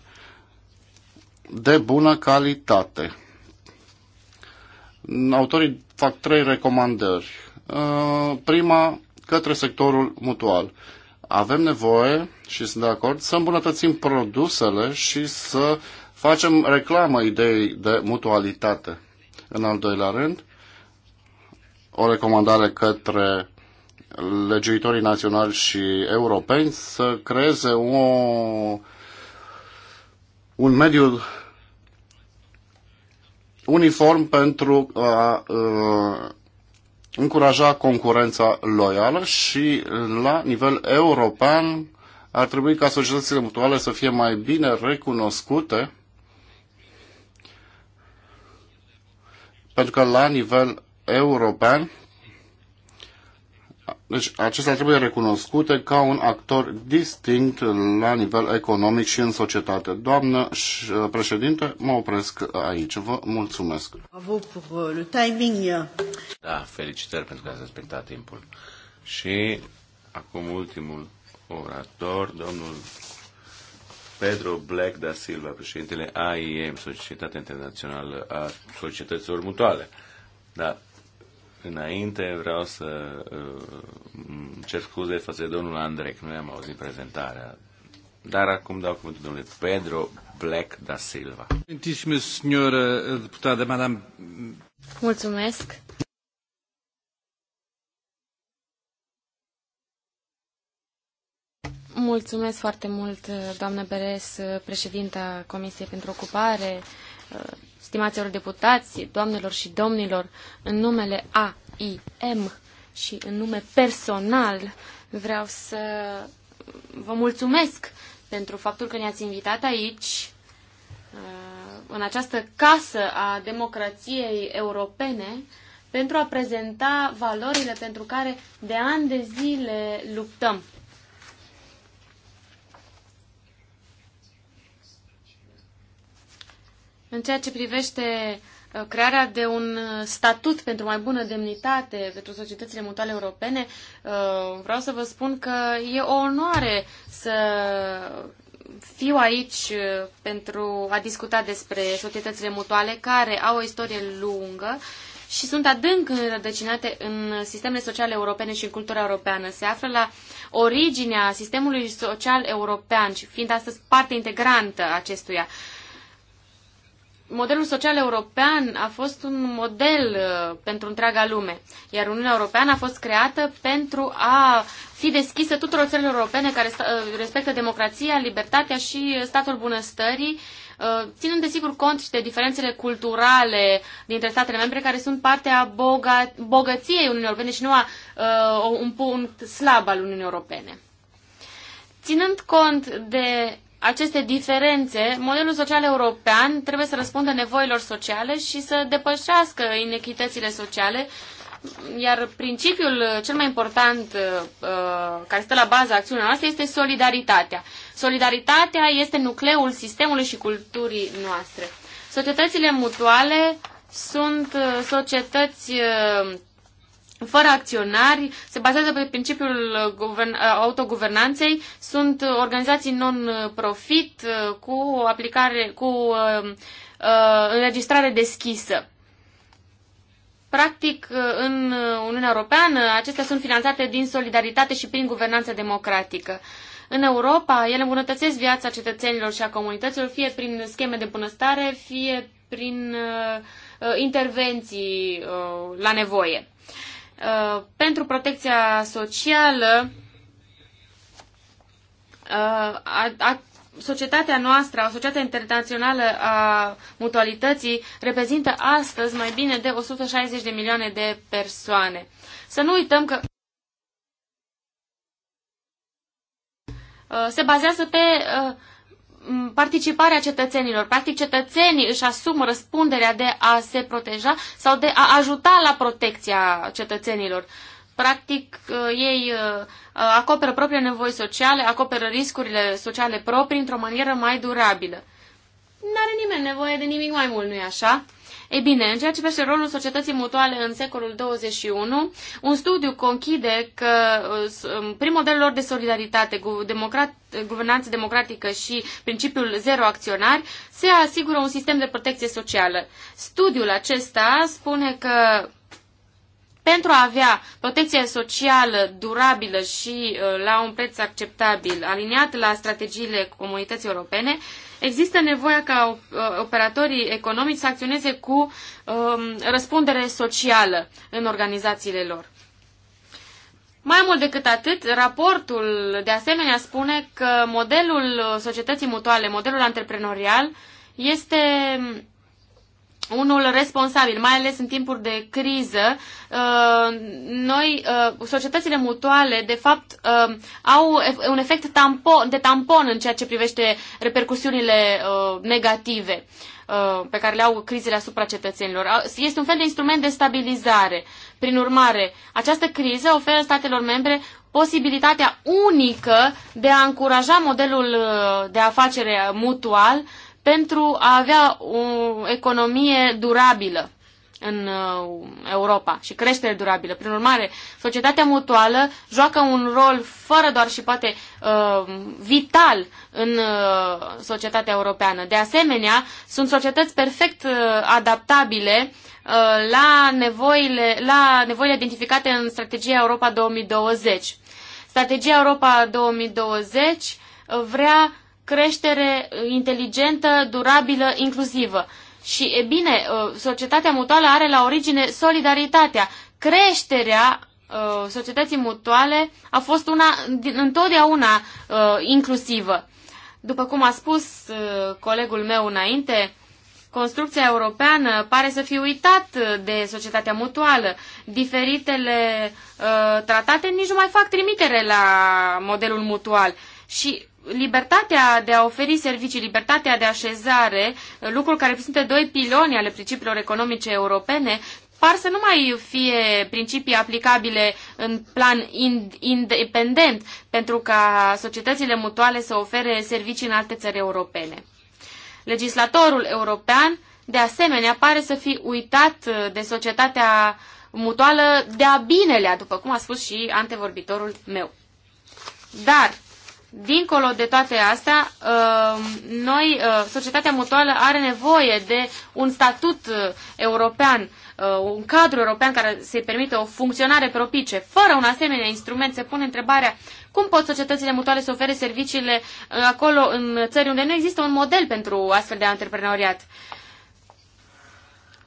S2: de bună calitate autorii fac trei recomandări. Uh, prima, către sectorul mutual. Avem nevoie, și sunt de acord, să îmbunătățim produsele și să facem reclamă ideii de mutualitate. În al doilea rând, o recomandare către legiuitorii naționali și europeni să creeze o, un mediu uniform pentru a încuraja concurența loială și la nivel european ar trebui ca societățile mutuale să fie mai bine recunoscute pentru că la nivel european deci acestea trebuie recunoscute ca un actor distinct la nivel economic și în societate. Doamnă președinte, mă opresc aici. Vă mulțumesc. Bravo pour uh, le timing.
S3: Da, felicitări pentru că ați respectat timpul. Și acum ultimul orator, domnul Pedro Black da Silva, președintele AIM, Societatea Internațională a Societăților Mutuale. Da, Înainte vreau să uh, cer scuze față de domnul Andrei, că nu am auzit prezentarea. Dar acum dau cuvântul domnului Pedro Black da Silva.
S1: Mulțumesc. Mulțumesc foarte mult, doamnă Beres, președinta Comisiei pentru Ocupare, stimaților deputați, doamnelor și domnilor, în numele AIM și în nume personal vreau să vă mulțumesc pentru faptul că ne-ați invitat aici, uh, în această casă a democrației europene, pentru a prezenta valorile pentru care de ani de zile luptăm. În ceea ce privește uh, crearea de un uh, statut pentru mai bună demnitate pentru societățile mutuale europene, uh, vreau să vă spun că e o onoare să fiu aici pentru a discuta despre societățile mutuale care au o istorie lungă și sunt adânc înrădăcinate în sistemele sociale europene și în cultura europeană. Se află la originea sistemului social european și fiind astăzi parte integrantă acestuia modelul social european a fost un model uh, pentru întreaga lume, iar Uniunea Europeană a fost creată pentru a fi deschisă tuturor țărilor europene care uh, respectă democrația, libertatea și statul bunăstării, uh, ținând desigur cont și de diferențele culturale dintre statele membre care sunt parte a boga- bogăției Uniunii Europene și nu a uh, un punct slab al Uniunii Europene. Ținând cont de aceste diferențe, modelul social european trebuie să răspundă nevoilor sociale și să depășească inechitățile sociale, iar principiul cel mai important uh, uh, care stă la baza acțiunii noastre este solidaritatea. Solidaritatea este nucleul sistemului și culturii noastre. Societățile mutuale sunt uh, societăți fără acționari, se bazează pe principiul autoguvernanței, sunt organizații non-profit uh, cu aplicare, cu uh, uh, înregistrare deschisă. Practic, uh, în Uniunea Europeană, acestea sunt finanțate din solidaritate și prin guvernanță democratică. În Europa, ele îmbunătățesc viața cetățenilor și a comunităților, fie prin scheme de bunăstare, fie prin uh, uh intervenții uh, la nevoie. Uh, pentru protecția socială, uh, a, a, societatea noastră, Societatea Internațională a Mutualității, reprezintă astăzi mai bine de 160 de milioane de persoane. Să nu uităm că uh, se bazează pe uh, participarea cetățenilor. Practic, cetățenii își asumă răspunderea de a se proteja sau de a ajuta la protecția cetățenilor. Practic, uh, ei uh, uh, acoperă propriile nevoi sociale, acoperă riscurile sociale proprii într-o manieră mai durabilă. N-are nimeni nevoie de nimic mai mult, nu-i așa? Ei bine, în ceea ce privește rolul societății mutuale în secolul 21, un studiu conchide că uh, um, prin modelul lor de solidaritate, democrat, guvernanță democratică și principiul zero acționari, se asigură un sistem de protecție socială. Studiul acesta spune că pentru a avea protecție socială durabilă și uh, la un preț acceptabil, aliniat la strategiile comunității europene, există nevoia ca uh, operatorii economici să acționeze cu um, răspundere socială în organizațiile lor. Mai mult decât atât, raportul de asemenea spune că modelul societății mutuale, modelul antreprenorial, este unul responsabil, mai ales în timpuri de criză, uh, noi, uh, societățile mutuale, de fapt, uh, au un efect tampon, de tampon în ceea ce privește repercusiunile negative pe care le au crizele asupra cetățenilor. Este un fel de instrument de stabilizare. Prin urmare, această criză oferă statelor membre posibilitatea unică de a încuraja modelul de afacere mutual pentru a avea o economie durabilă în uh, Europa și creștere durabilă. Prin urmare, societatea mutuală joacă un rol fără doar și poate uh, vital în uh, societatea europeană. De asemenea, sunt societăți perfect adaptabile la nevoile, la nevoile identificate în strategia Europa 2020. Strategia Europa 2020 vrea creștere inteligentă, durabilă, inclusivă. Și, e bine, uh, societatea mutuală are la origine solidaritatea. Creșterea uh, societății mutuale a fost una întotdeauna uh, inclusivă. După cum a spus colegul meu înainte, construcția europeană pare să fie uitat de societatea mutuală. Diferitele tratate nici nu mai fac trimitere la modelul mutual. Și libertatea de a oferi servicii, libertatea de așezare, lucruri care reprezintă doi piloni ale principiilor economice europene, par să nu mai fie principii aplicabile în plan independent pentru ca societățile mutuale să ofere servicii în alte țări europene. Legislatorul european, de asemenea, pare să fi uitat de societatea mutuală de-a binelea, după cum a spus și antevorbitorul meu. Dar Dincolo de toate astea, uh, noi, uh, societatea mutuală are nevoie de un statut uh, european, un cadru european care să-i permite o funcționare propice. Fără un asemenea instrument se pune întrebarea cum pot societățile mutuale să ofere serviciile acolo în țări unde nu există un model pentru astfel de antreprenoriat.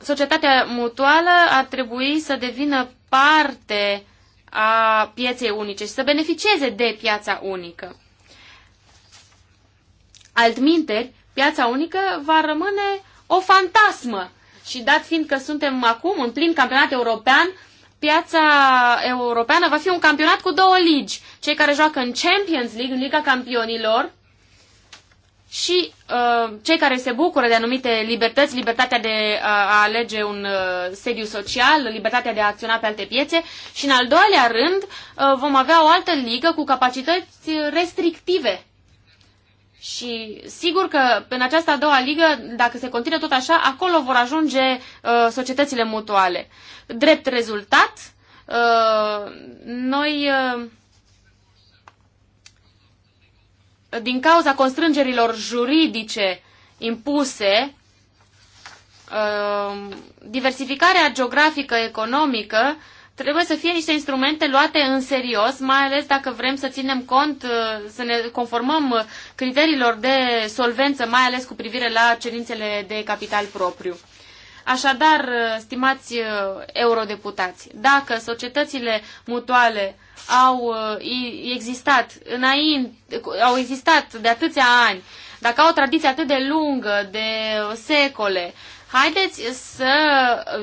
S1: Societatea mutuală ar trebui să devină parte a pieței unice și să beneficieze de piața unică. Altminteri, piața unică va rămâne o fantasmă. Și dat fiind că suntem acum în plin campionat european, piața europeană va fi un campionat cu două ligi. Cei care joacă în Champions League, în Liga Campionilor, și uh, cei care se bucură de anumite libertăți, libertatea de uh, a alege un uh, sediu social, libertatea de a acționa pe alte piețe și în al doilea rând uh, vom avea o altă ligă cu capacități restrictive și sigur că în această a doua ligă, dacă se continuă tot așa, acolo vor ajunge uh, societățile mutuale. Drept rezultat, uh, noi, uh, din cauza constrângerilor juridice impuse, uh, diversificarea geografică, economică, uh, Trebuie să fie niște instrumente luate în serios, mai ales dacă vrem să ținem cont, uh, să ne conformăm criteriilor de solvență, mai ales cu privire la cerințele de capital propriu. Așadar, uh, stimați uh, eurodeputați, dacă societățile mutuale au existat, înainte, au existat de atâția ani, dacă au o tradiție atât de lungă, de secole, haideți să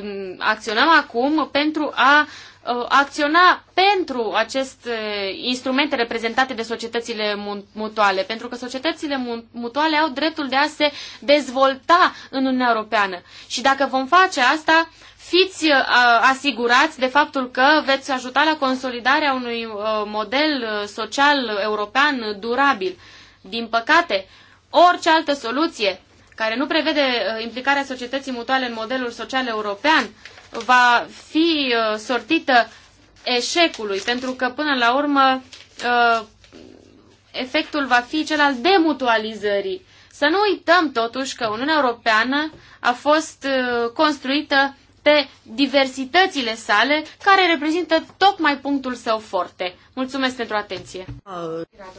S1: um, acționăm acum pentru a uh, acționa pentru aceste instrumente reprezentate de societățile mutuale, pentru că societățile mutuale au dreptul de a se dezvolta în Uniunea Europeană. Și dacă vom face asta, fiți uh, asigurați de faptul că veți ajuta la consolidarea unui uh, model social european durabil. Din păcate, orice altă soluție care nu prevede uh, implicarea societății mutuale în modelul social european, va fi uh, sortită eșecului, pentru că până la urmă uh, efectul va fi cel al demutualizării. Să nu uităm totuși că Uniunea Europeană a fost construită pe diversitățile sale, care reprezintă tocmai punctul său forte. Mulțumesc pentru atenție!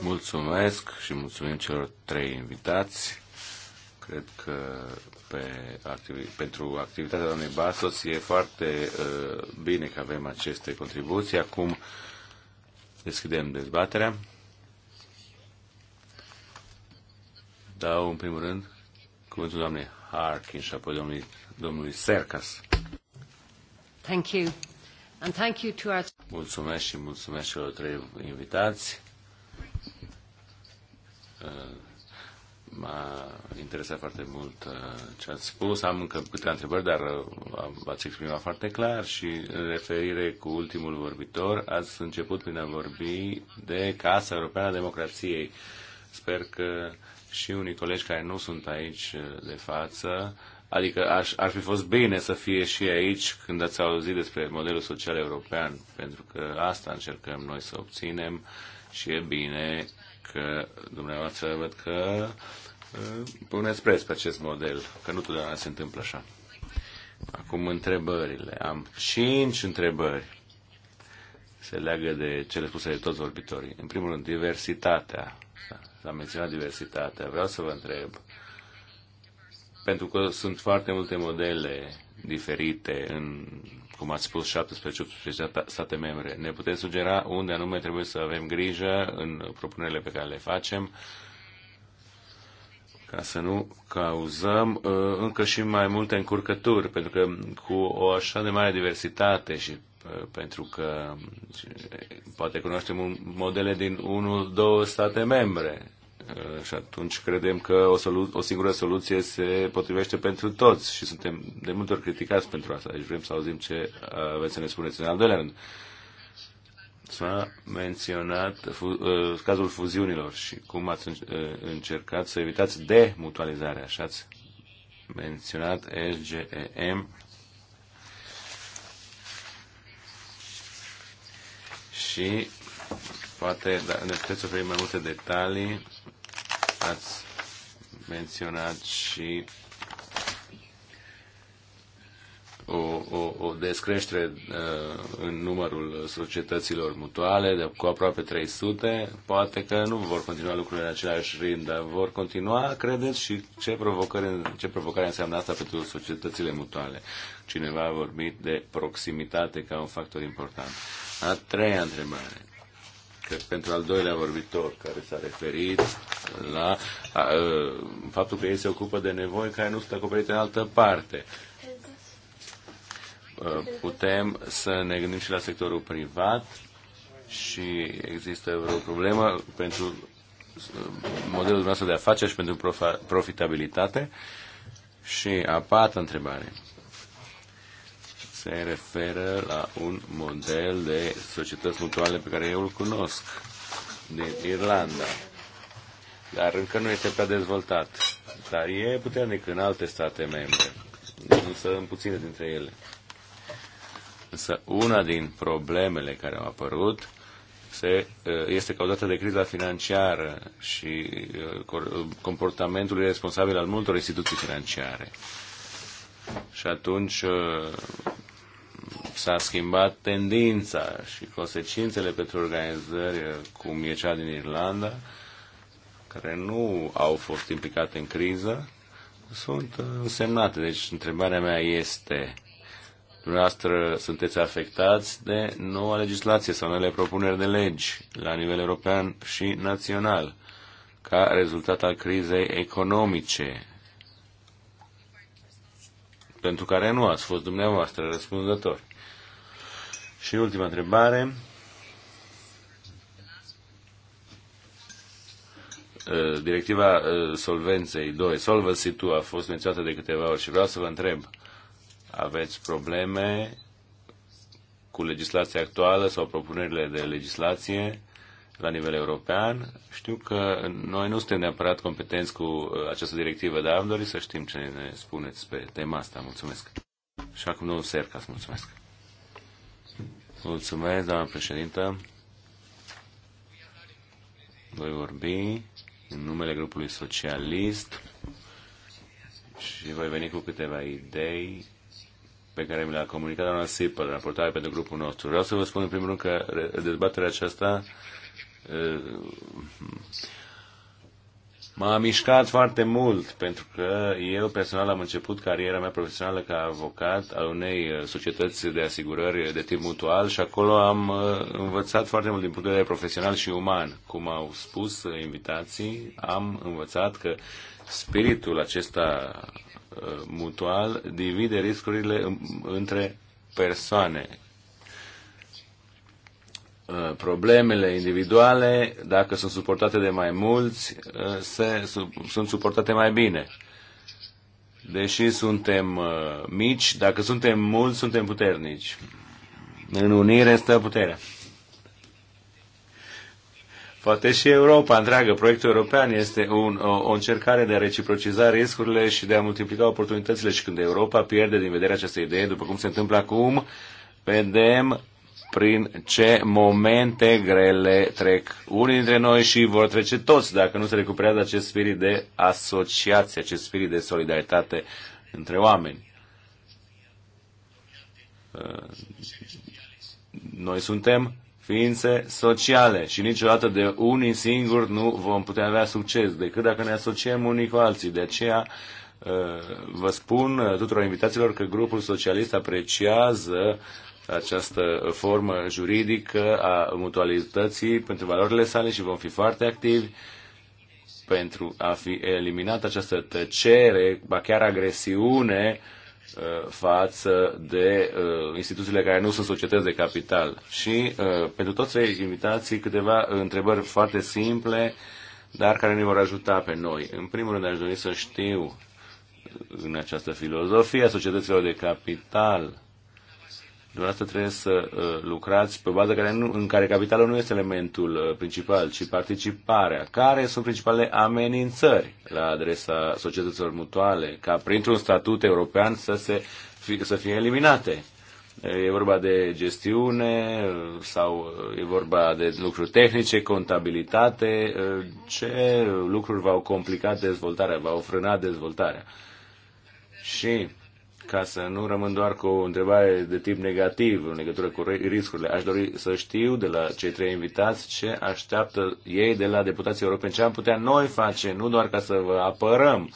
S3: Mulțumesc și mulțumim celor trei invitați cred că pe activi- pentru activitatea doamnei Basos e foarte uh, bine că avem aceste contribuții. Acum deschidem dezbaterea. Dau în primul rând cuvântul doamnei Harkin și apoi domnului, domnului Sercas.
S1: Thank you. And thank you to our...
S3: Mulțumesc și mulțumesc celor trei invitați. Uh, m-a interesat foarte mult uh, ce ați spus. Am încă câteva întrebări, dar uh, v-ați exprimat foarte clar și în referire cu ultimul vorbitor, ați început prin a vorbi de Casa Europeană a Democrației. Sper că și unii colegi care nu sunt aici uh, de față, adică aș, ar fi fost bine să fie și aici când ați auzit despre modelul social european, pentru că asta încercăm noi să obținem și e bine că dumneavoastră văd că puneți preț pe acest model, că nu totdeauna se întâmplă așa. Acum întrebările. Am cinci întrebări. Se leagă de cele spuse de toți vorbitorii. În primul rând, diversitatea. Da, s-a menționat diversitatea. Vreau să vă întreb, pentru că sunt foarte multe modele diferite în, cum ați spus, 17-18 state membre. Ne puteți sugera unde anume trebuie să avem grijă în propunerile pe care le facem? Uh, ca să nu cauzăm uh, încă și mai multe încurcături, pentru că cu o așa de mare diversitate și uh, pentru că poate cunoaștem modele din unul, două state membre uh, și atunci credem că o, solu- o singură soluție se potrivește pentru toți și suntem de multe ori criticați pentru asta. Deci vrem să auzim ce aveți uh, să ne spuneți în al doilea rând. Uh, s-a menționat fu- uh, cazul fuziunilor și cum ați uh, încercat să evitați demutualizarea. Așa ați menționat SGEM și poate da, ne puteți oferi mai multe detalii. Ați menționat și o, o, o descreștere uh, în numărul societăților mutuale de, cu aproape 300. Poate că nu vor continua lucrurile în același rând, dar vor continua, credeți, și ce provocare, ce provocare înseamnă asta pentru societățile mutuale. Cineva a vorbit de proximitate ca un factor important. A treia întrebare Că pentru al doilea vorbitor care s-a referit la a, a, faptul că ei se ocupă de nevoi care nu sunt acoperite în altă parte. Uh, putem să ne gândim și la sectorul privat și există vreo problemă pentru uh, modelul dumneavoastră de afaceri și pentru profitabilitate. Și a patra întrebare se referă la un model de societăți mutuale pe care eu îl cunosc din Irlanda, dar încă nu este prea dezvoltat, dar e puternic în alte state membre, însă în puține dintre ele. Însă una din problemele care au apărut se, uh, este cauzată de criza financiară și uh, uh, comportamentul responsabil al multor instituții financiare. Și atunci s-a schimbat tendința și consecințele pentru organizări cum e cea din Irlanda, care nu au fost implicate în criză, sunt însemnate. Deci întrebarea mea este Dumneavoastră sunteți afectați de noua legislație sau noile propuneri de legi la nivel european și național ca rezultat al crizei economice pentru care nu ați fost dumneavoastră răspunzători. Și ultima întrebare. Uh, directiva uh, Solvenței 2, Solvency 2, a fost menționată de câteva ori și vreau să vă întreb aveți probleme cu legislația actuală sau propunerile de legislație la nivel european. Știu că noi nu suntem neapărat competenți cu uh, această directivă, dar am dorit să știm ce ne spuneți pe tema asta. Mulțumesc. Și acum nu să mulțumesc. Mulțumesc, doamna președintă. Voi vorbi în numele grupului socialist și voi veni cu câteva idei pe care mi l-a comunicat doamna Sipă, raportare pentru grupul nostru. Vreau să vă spun în primul rând că dezbaterea aceasta m-a mișcat foarte mult, pentru că eu personal am început cariera mea profesională ca avocat al unei societăți de asigurări de tip mutual și acolo am învățat foarte mult din punct de vedere profesional și uman. Cum au spus invitații, am învățat că spiritul acesta mutual divide riscurile între persoane. Uh, problemele individuale, dacă sunt suportate de mai mulți, uh, se, sunt suportate mai bine. Deși suntem uh, mici, dacă suntem mulți, suntem puternici. În unire stă puterea poate și Europa întreagă, proiectul european este un, o, o încercare de a reciprociza riscurile și de a multiplica oportunitățile și când Europa pierde din vedere această idee, după cum se întâmplă acum, vedem prin ce momente grele trec unii dintre noi și vor trece toți dacă nu se recuperează acest spirit de asociație, acest spirit de solidaritate între oameni. Noi suntem ființe sociale și niciodată de unii singuri nu vom putea avea succes decât dacă ne asociem unii cu alții. De aceea uh, vă spun uh, tuturor invitațiilor că grupul socialist apreciază această formă juridică a mutualității pentru valorile sale și vom fi foarte activi pentru a fi eliminat această tăcere, ba chiar agresiune Uh, față de uh, instituțiile care nu sunt societăți de capital. Și uh, pentru toți cei invitații câteva întrebări foarte simple, dar care ne vor ajuta pe noi. În primul rând aș dori să știu în această filozofie a societăților de capital Dumneavoastră trebuie să uh, lucrați pe o bază care nu, în care capitalul nu este elementul uh, principal, ci participarea. Care sunt principalele amenințări la adresa societăților mutuale ca printr-un statut european să, se, să fie eliminate? E vorba de gestiune uh, sau e vorba de lucruri tehnice, contabilitate? Ce lucruri v-au complicat dezvoltarea, v-au frânat dezvoltarea? Și ca să nu rămân doar cu o întrebare de tip negativ în legătură cu riscurile. Aș dori să știu de la cei trei invitați ce așteaptă ei de la deputații europeni, ce am putea noi face, nu doar ca să vă apărăm,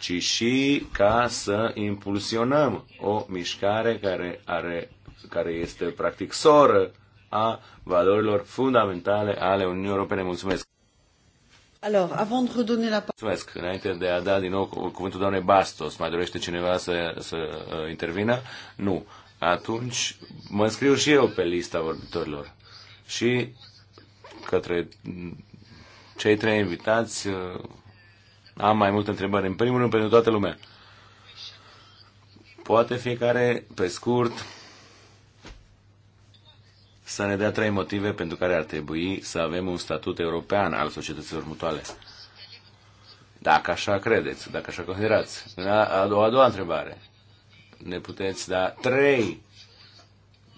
S3: ci și ca să impulsionăm o mișcare care, are, care este practic soră a valorilor fundamentale ale Uniunii Europene. Mulțumesc!
S2: Alors, avant de redonner la
S3: Mulțumesc. Înainte de a da din nou cuvântul doamnei Bastos, mai dorește cineva să, să uh, intervină? Nu. Atunci mă înscriu și eu pe lista vorbitorilor. Și către cei trei invitați uh, am mai multe întrebări. În primul rând, pentru toată lumea. Poate fiecare, pe scurt, să ne dea trei motive pentru care ar trebui să avem un statut european al societăților mutuale. Dacă așa credeți, dacă așa considerați. A, da, a, doua, a doua întrebare. Ne puteți da trei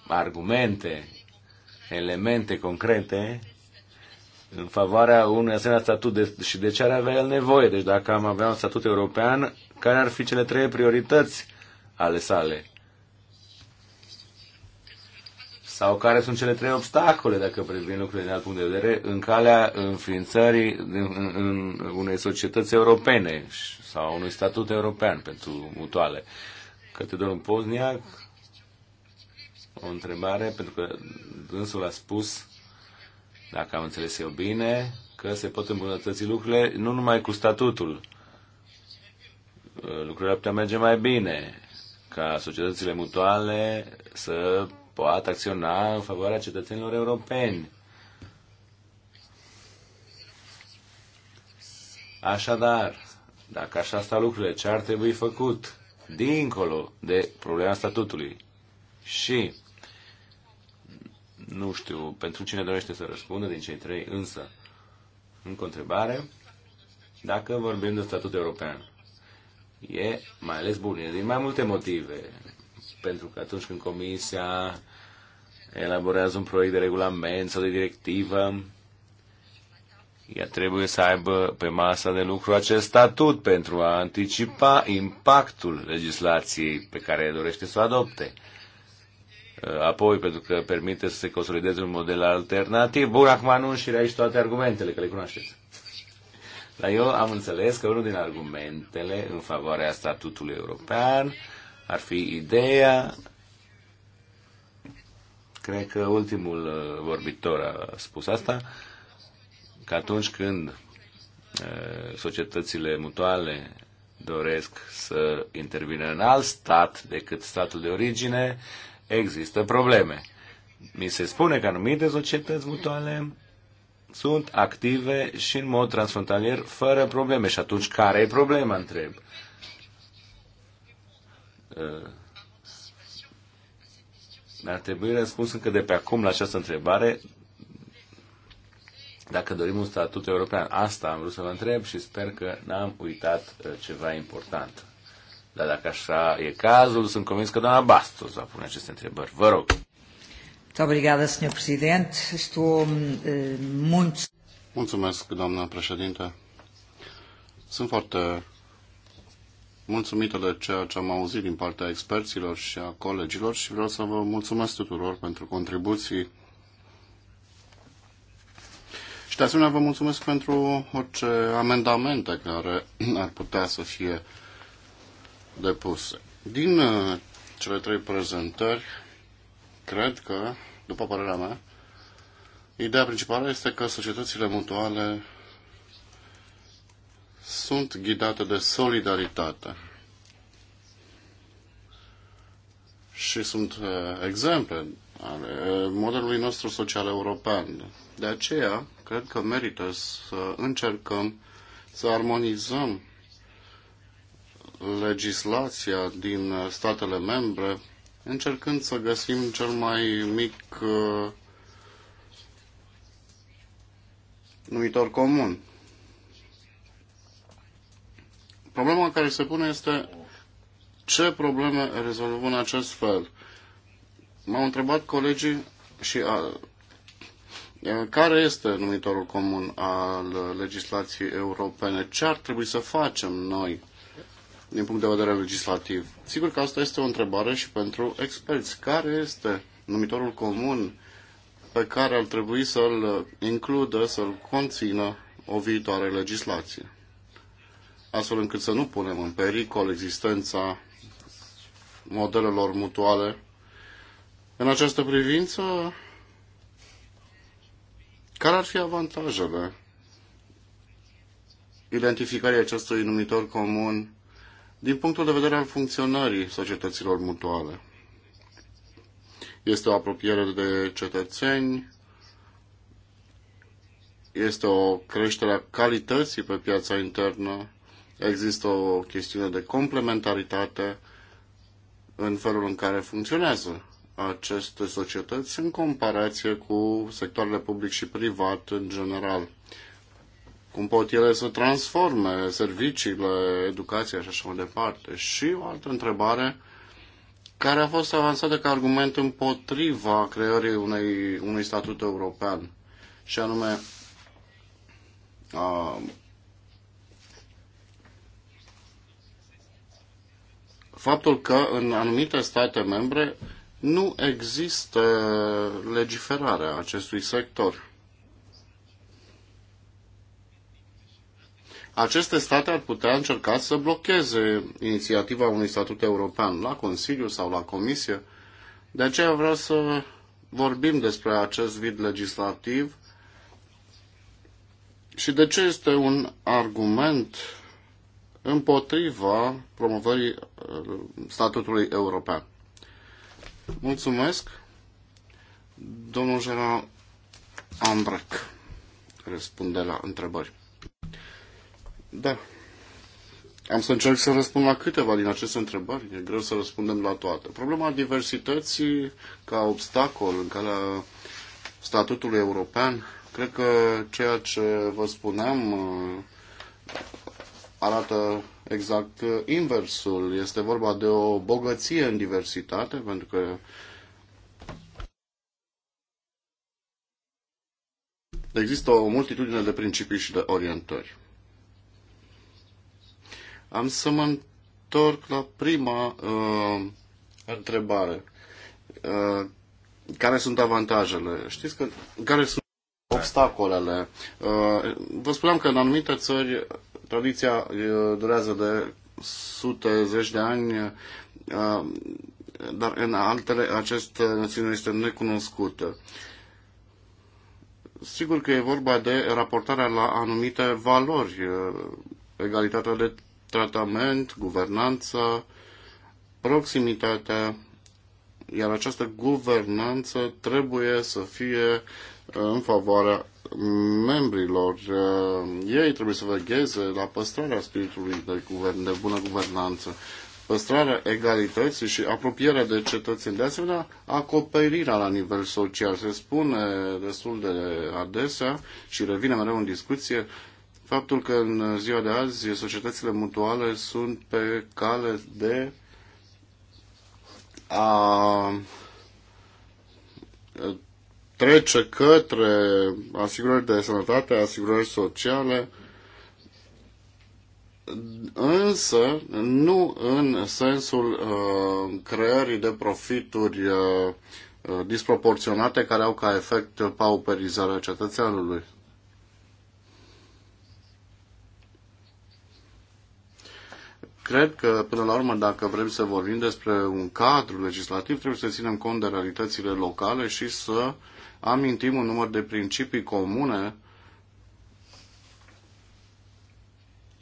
S3: argumente, elemente concrete în favoarea unui asemenea statut de, și de ce ar avea el nevoie. Deci dacă am avea un statut european, care ar fi cele trei priorități ale sale? Sau care sunt cele trei obstacole, dacă privim lucrurile din alt punct de vedere, în calea înființării în, în unei societăți europene sau unui statut european pentru mutuale? Către domnul Pozniac, o întrebare, pentru că dânsul a spus, dacă am înțeles eu bine, că se pot îmbunătăți lucrurile nu numai cu statutul. Lucrurile ar putea merge mai bine ca societățile mutuale să poată acționa în favoarea cetățenilor europeni. Așadar, dacă așa stau lucrurile, ce ar trebui făcut dincolo de problema statutului? Și, nu știu pentru cine dorește să răspundă din cei trei, însă, în întrebare, dacă vorbim de statut european, e mai ales bun, e din mai multe motive. Pentru că atunci când Comisia elaborează un proiect de regulament sau de directivă, ea trebuie să aibă pe masa de lucru acest statut pentru a anticipa impactul legislației pe care dorește să o adopte. Apoi, pentru că permite să se consolideze un model alternativ. Bun, acum nu și aici toate argumentele, că le cunoașteți. Dar eu am înțeles că unul din argumentele în favoarea statutului european ar fi ideea Cred că ultimul uh, vorbitor a spus asta, că atunci când uh, societățile mutuale doresc să intervină în alt stat decât statul de origine, există probleme. Mi se spune că anumite societăți mutuale sunt active și în mod transfrontalier fără probleme. Și atunci care e problema, întreb? Uh, ar trebui răspuns încă de pe acum la această întrebare. Dacă dorim un statut european, asta am vrut să vă întreb și sper că n-am uitat uh, ceva important. Dar dacă așa e cazul, sunt convins că
S2: doamna Bastos va pune aceste întrebări. Vă rog. Obrigada, Sr. Presidente.
S3: Estou eh, muito...
S2: Mulțumesc, doamna președinte. Sunt foarte mulțumită de ceea ce am auzit din partea experților și a colegilor și vreau să vă mulțumesc tuturor pentru contribuții. Și de asemenea vă mulțumesc pentru orice amendamente care ar putea să fie depuse. Din uh, cele trei prezentări, cred că, după părerea mea, ideea principală este că societățile mutuale sunt ghidate de solidaritate. Și sunt uh, exemple ale uh, modelului nostru social european. De aceea, cred că merită să încercăm să armonizăm legislația din statele membre, încercând să găsim cel mai mic uh, numitor comun. Problema care se pune este ce probleme rezolvăm în acest fel. M-au întrebat colegii și a, care este numitorul comun al legislației europene? Ce ar trebui să facem noi din punct de vedere legislativ? Sigur că asta este o întrebare și pentru experți. Care este numitorul comun pe care ar trebui să-l includă, să-l conțină o viitoare legislație? astfel încât să nu punem în pericol existența modelelor mutuale. În această privință, care ar fi avantajele identificării acestui numitor comun din punctul de vedere al funcționării societăților mutuale? Este o apropiere de cetățeni, este o creștere a calității pe piața internă, Există o chestiune de complementaritate în felul în care funcționează aceste societăți în comparație cu sectoarele public și privat în general. Cum pot ele să transforme serviciile, educația și așa mai departe. Și o altă întrebare care a fost avansată ca argument împotriva creării unei, unui statut european, și anume a, faptul că în anumite state membre nu există legiferarea acestui sector. Aceste state ar putea încerca să blocheze inițiativa unui statut european la Consiliu sau la Comisie. De aceea vreau să vorbim despre acest vid legislativ și de ce este un argument împotriva promovării uh, statutului european. Mulțumesc. Domnul general Ambrec răspunde la întrebări. Da. Am să încerc să răspund la câteva din aceste întrebări. E greu să răspundem la toate. Problema diversității ca obstacol în calea statutului european, cred că ceea ce vă spuneam uh, arată exact inversul. Este vorba de o bogăție în diversitate, pentru că există o multitudine de principii și de orientări. Am să mă întorc la prima uh, întrebare. Uh, care sunt avantajele? Știți că care sunt obstacolele? Uh, vă spuneam că în anumite țări Tradiția durează de sute, zeci de ani, dar în altele această națiune este necunoscută. Sigur că e vorba de raportarea la anumite valori, egalitatea de tratament, guvernanță, proximitatea, iar această guvernanță trebuie să fie în favoarea membrilor. Uh, ei trebuie să vegheze la păstrarea spiritului de, guvern, de bună guvernanță, păstrarea egalității și apropierea de cetățeni. De asemenea, acoperirea la nivel social. Se spune destul de adesea și revine mereu în discuție faptul că în ziua de azi societățile mutuale sunt pe cale de a trece către asigurări de sănătate, asigurări sociale, însă nu în sensul uh, creării de profituri uh, uh, disproporționate care au ca efect pauperizarea cetățeanului. Cred că, până la urmă, dacă vrem să vorbim despre un cadru legislativ, trebuie să ținem cont de realitățile locale și să uh, amintim un număr de principii comune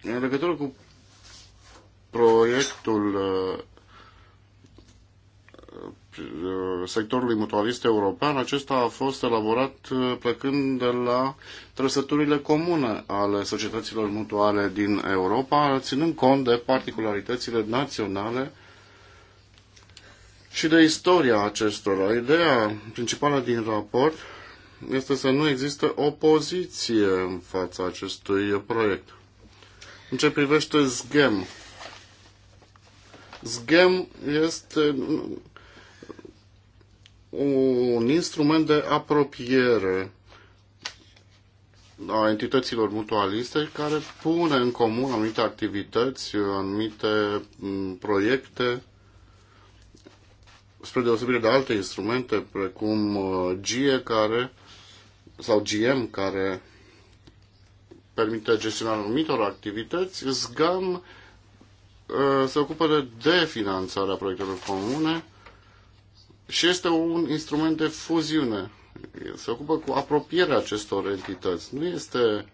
S2: în legătură cu proiectul uh, uh, sectorului mutualist european, acesta a fost elaborat uh, plecând de la trăsăturile comune ale societăților mutuale din Europa, ținând cont de particularitățile naționale și de istoria acestora. Ideea principală din raport este să nu există opoziție în fața acestui proiect. În ce privește SGEM, SGEM este un instrument de apropiere a entităților mutualiste care pune în comun anumite activități, anumite proiecte spre deosebire de alte instrumente precum uh, GIE care sau GM care permite gestionarea anumitor activități, SGAM uh, se ocupă de definanțarea proiectelor comune și este un instrument de fuziune. Se ocupă cu apropierea acestor entități. Nu este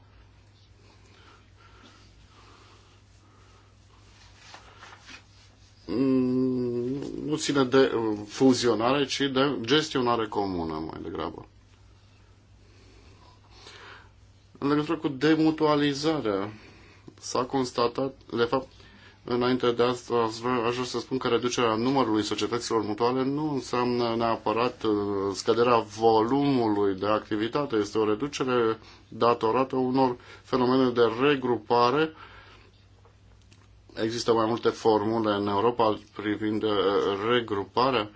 S2: Mm, nu ține de mm, fuzionare, ci de gestionare comună mai degrabă. În legătură cu demutualizarea, s-a constatat, de fapt, înainte de asta, aș vrea să spun că reducerea numărului societăților mutuale nu înseamnă neapărat uh, scăderea volumului de activitate, este o reducere datorată unor fenomene de regrupare Există mai multe formule în Europa privind uh, regruparea.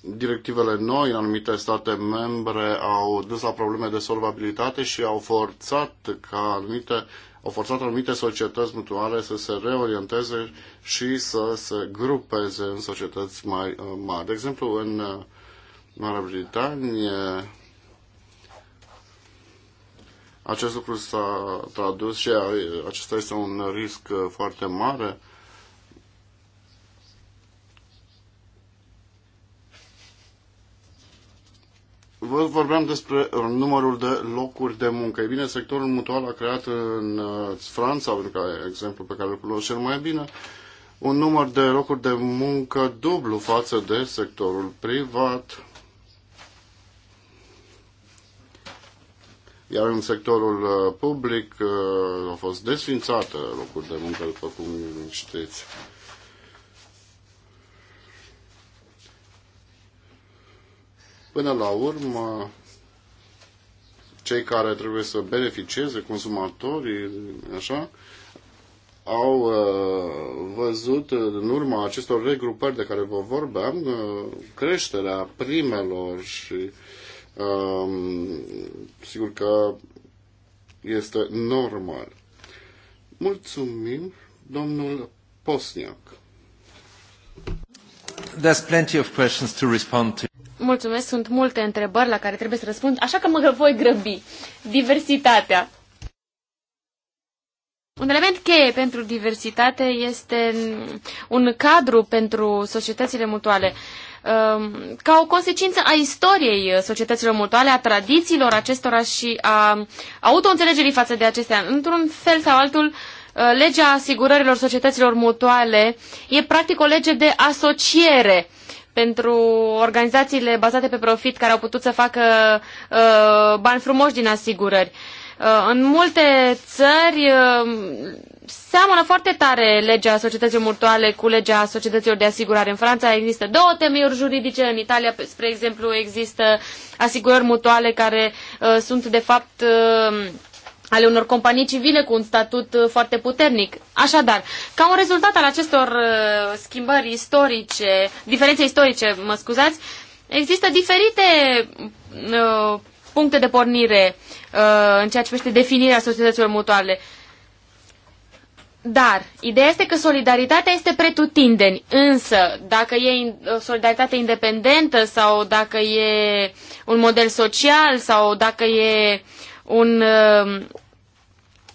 S2: Directivele noi în anumite state membre au dus la probleme de solvabilitate și au forțat ca anumite au forțat anumite societăți mutuale să se reorienteze și să se grupeze în societăți mai uh, mari. De exemplu, în uh, Marea Britanie acest lucru s-a tradus și acesta este un risc uh, foarte mare. Vă vorbeam despre uh, numărul de locuri de muncă. E bine, sectorul mutual a creat în uh, Franța, pentru că exemplu pe care îl cunosc cel mai bine, un număr de locuri de muncă dublu față de sectorul privat. Iar în sectorul uh, public uh, au fost desfințate locuri de muncă, după cum știți. Până la urmă, cei care trebuie să beneficieze, consumatorii, așa, au uh, văzut în urma acestor regrupări de care vă vorbeam creșterea primelor și uh, Um, sigur că este normal. Mulțumim, domnul Posniak. There's plenty of questions to respond to.
S1: Mulțumesc, sunt multe întrebări la care trebuie să răspund, așa că mă voi grăbi. Diversitatea. Un element cheie pentru diversitate este un cadru pentru societățile mutuale. Uh, Um, ca o consecință a istoriei uh, societăților mutuale, a tradițiilor acestora și a autoînțelegerii față de acestea. Într-un fel sau altul, uh, legea asigurărilor societăților mutuale e practic o lege de asociere pentru organizațiile bazate pe profit care au putut să facă uh, bani frumoși din asigurări. Uh, Uh, în multe țări uh, seamănă foarte tare legea societăților mutuale cu legea societăților de asigurare. În Franța există două temeiuri juridice, în Italia, spre exemplu, există asigurări mutuale care uh, sunt, de fapt, uh, ale unor companii civile cu un statut uh, foarte puternic. Așadar, ca un rezultat al acestor uh, schimbări istorice, diferențe istorice, mă scuzați, există diferite uh, puncte de pornire uh, Uh, în ceea ce privește definirea societăților mutuale. Dar ideea este că solidaritatea este pretutindeni, însă dacă e uh, solidaritate independentă sau dacă e un model social sau dacă e un uh,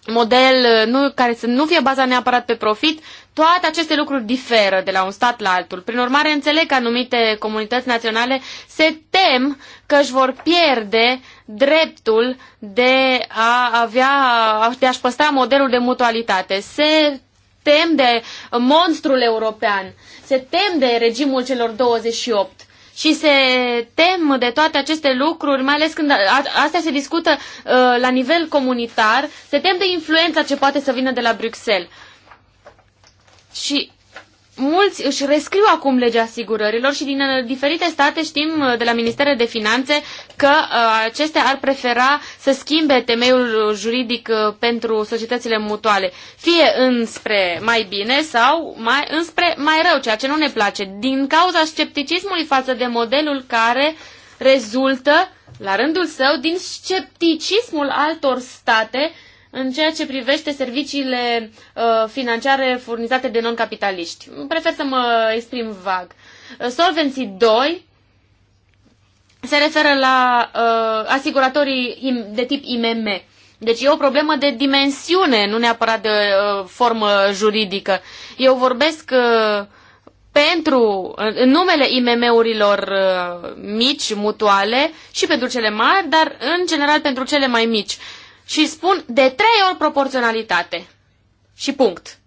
S1: model uh, nu, care să nu fie bazat neapărat pe profit, toate aceste lucruri diferă de la un stat la altul. Prin urmare, înțeleg că anumite comunități naționale se tem că își vor pierde dreptul de a avea, de a-și păstra modelul de mutualitate. Se tem de monstrul european, se tem de regimul celor 28 și se tem de toate aceste lucruri, mai ales când astea se discută uh, la nivel comunitar, se tem de influența ce poate să vină de la Bruxelles. Și mulți își rescriu acum legea asigurărilor și din uh, diferite state știm uh, de la Ministerul de Finanțe că uh, acestea ar prefera să schimbe temeiul juridic pentru societățile mutuale, fie înspre mai bine sau mai, înspre mai rău, ceea ce nu ne place, din cauza scepticismului față de modelul care rezultă la rândul său din scepticismul altor state în ceea ce privește serviciile uh, financiare furnizate de non-capitaliști. Prefer să mă exprim vag. Uh, Solvency 2 se referă la uh, asiguratorii de tip IMM. Deci e o problemă de dimensiune, nu neapărat de uh, formă juridică. Eu vorbesc uh, pentru, în numele IMM-urilor uh, mici, mutuale, și pentru cele mari, dar în general pentru cele mai mici și spun de trei ori proporționalitate. Și punct.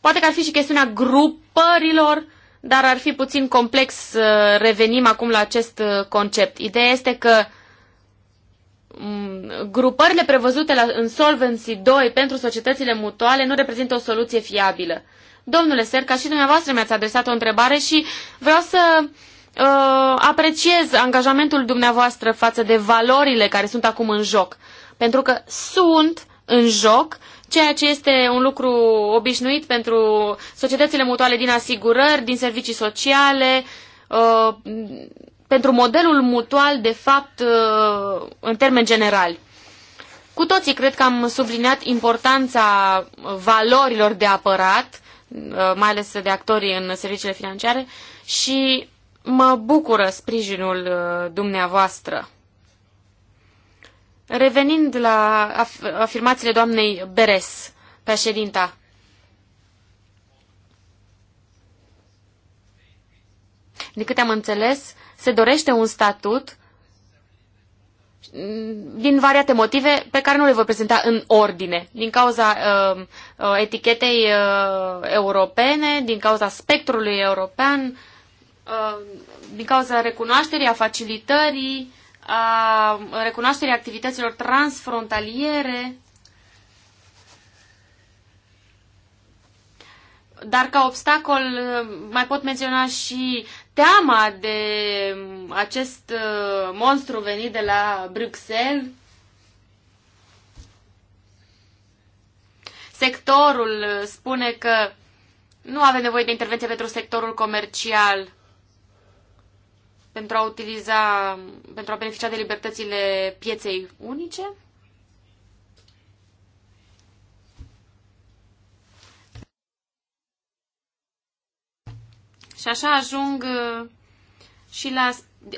S1: Poate că ar fi și chestiunea grupărilor, dar ar fi puțin complex să revenim acum la acest uh, concept. Ideea este că mm, grupările prevăzute la, în Solvency 2 pentru societățile mutuale nu reprezintă o soluție fiabilă. Domnule Serca, și dumneavoastră mi-ați adresat o întrebare și vreau să uh, uh, apreciez angajamentul dumneavoastră față de valorile care sunt acum în joc, pentru că sunt în joc, ceea ce este un lucru obișnuit pentru societățile mutuale din asigurări, din servicii sociale, uh, pentru modelul mutual, de fapt, uh, în termen general. Cu toții cred că am subliniat importanța valorilor de apărat, uh, mai ales de actorii în serviciile financiare, și Mă bucură sprijinul uh, dumneavoastră. Revenind la af- afirmațiile doamnei Beres, președinta, de câte am înțeles, se dorește un statut din variate motive pe care nu le voi prezenta în ordine. Din cauza uh, uh etichetei uh, europene, din cauza spectrului european, uh, Uh, din cauza recunoașterii, a facilitării, a recunoașterii activităților transfrontaliere, dar ca obstacol uh, mai pot menționa și teama de um, acest uh, monstru venit de la Bruxelles, sectorul spune că nu avem nevoie de intervenție pentru sectorul comercial pentru a utiliza, pentru a beneficia de libertățile pieței unice? Și așa ajung uh, și la,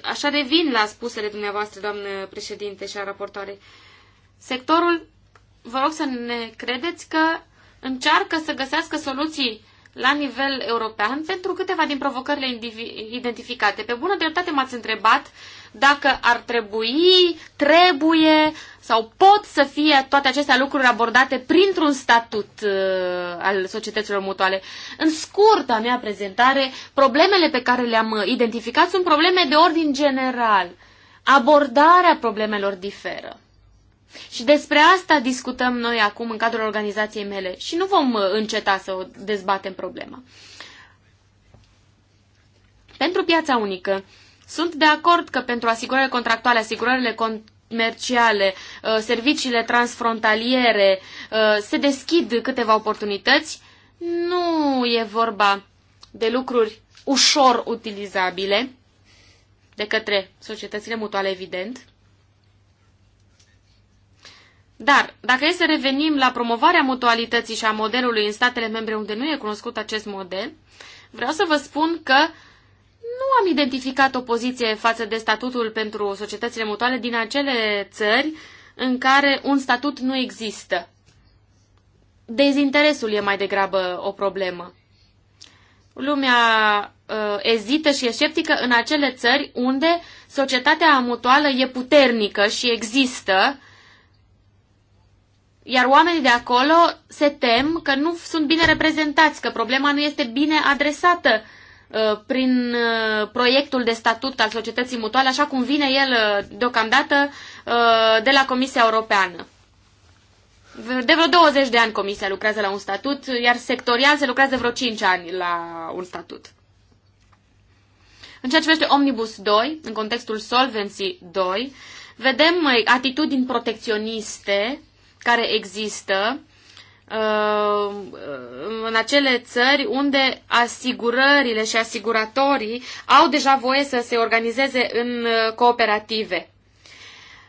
S1: așa revin la spusele dumneavoastră, doamnă președinte și a raportoarei. Sectorul, vă rog să ne credeți că încearcă să găsească soluții la nivel european pentru câteva din provocările identificate. Pe bună dreptate m-ați întrebat dacă ar trebui, trebuie sau pot să fie toate aceste lucruri abordate printr-un statut uh, al societăților mutuale. În scurta mea prezentare, problemele pe care le-am identificat sunt probleme de ordin general. Abordarea problemelor diferă. Și despre asta discutăm noi acum în cadrul organizației mele și nu vom uh, înceta să o dezbatem problema. Pentru piața unică, sunt de acord că pentru asigurările contractuale, asigurările comerciale, uh, serviciile transfrontaliere uh, se deschid câteva oportunități. Nu e vorba de lucruri ușor utilizabile de către societățile mutuale, evident, dar, dacă e să revenim la promovarea mutualității și a modelului în statele membre unde nu e cunoscut acest model, vreau să vă spun că nu am identificat o poziție față de statutul pentru societățile mutuale din acele țări în care un statut nu există. Dezinteresul e mai degrabă o problemă. Lumea uh, ezită și e sceptică în acele țări unde societatea mutuală e puternică și există iar oamenii de acolo se tem că nu sunt bine reprezentați, că problema nu este bine adresată uh, prin uh, proiectul de statut al societății mutuale, așa cum vine el uh, deocamdată de la Comisia Europeană. De vreo 20 de ani Comisia lucrează la un statut, iar sectorial se lucrează vreo 5 ani la un statut. În ceea ce vește Omnibus 2, în contextul Solvency 2, vedem atitudini protecționiste care există uh, în acele țări unde asigurările și asiguratorii au deja voie să se organizeze în uh, cooperative.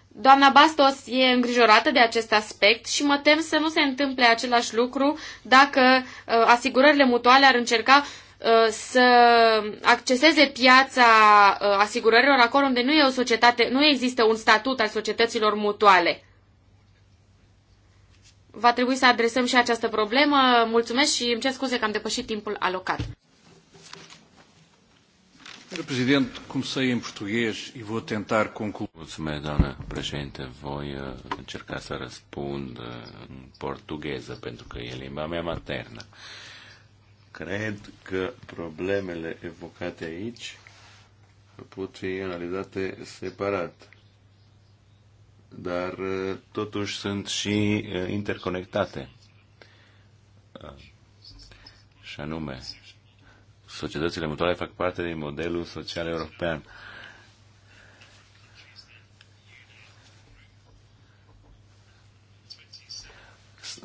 S1: Doamna Bastos e îngrijorată de acest aspect și mă tem să nu se întâmple același lucru dacă uh, asigurările mutuale ar încerca să acceseze piața asigurărilor acolo unde nu, e o societate, nu există un statut al societăților mutuale va trebui să adresăm și această problemă. Mulțumesc și îmi cer scuze că am depășit timpul alocat.
S2: Presidente, comecei în portughez și vă
S3: tentar conclui. Mulțumesc, doamnă președinte. Voi uh, încerca să răspund uh, în portugheză, pentru că e limba mea maternă. Cred că problemele evocate aici pot fi analizate separat dar uh, totuși sunt și uh, interconectate. Uh, și anume, societățile mutuale fac parte din modelul social european.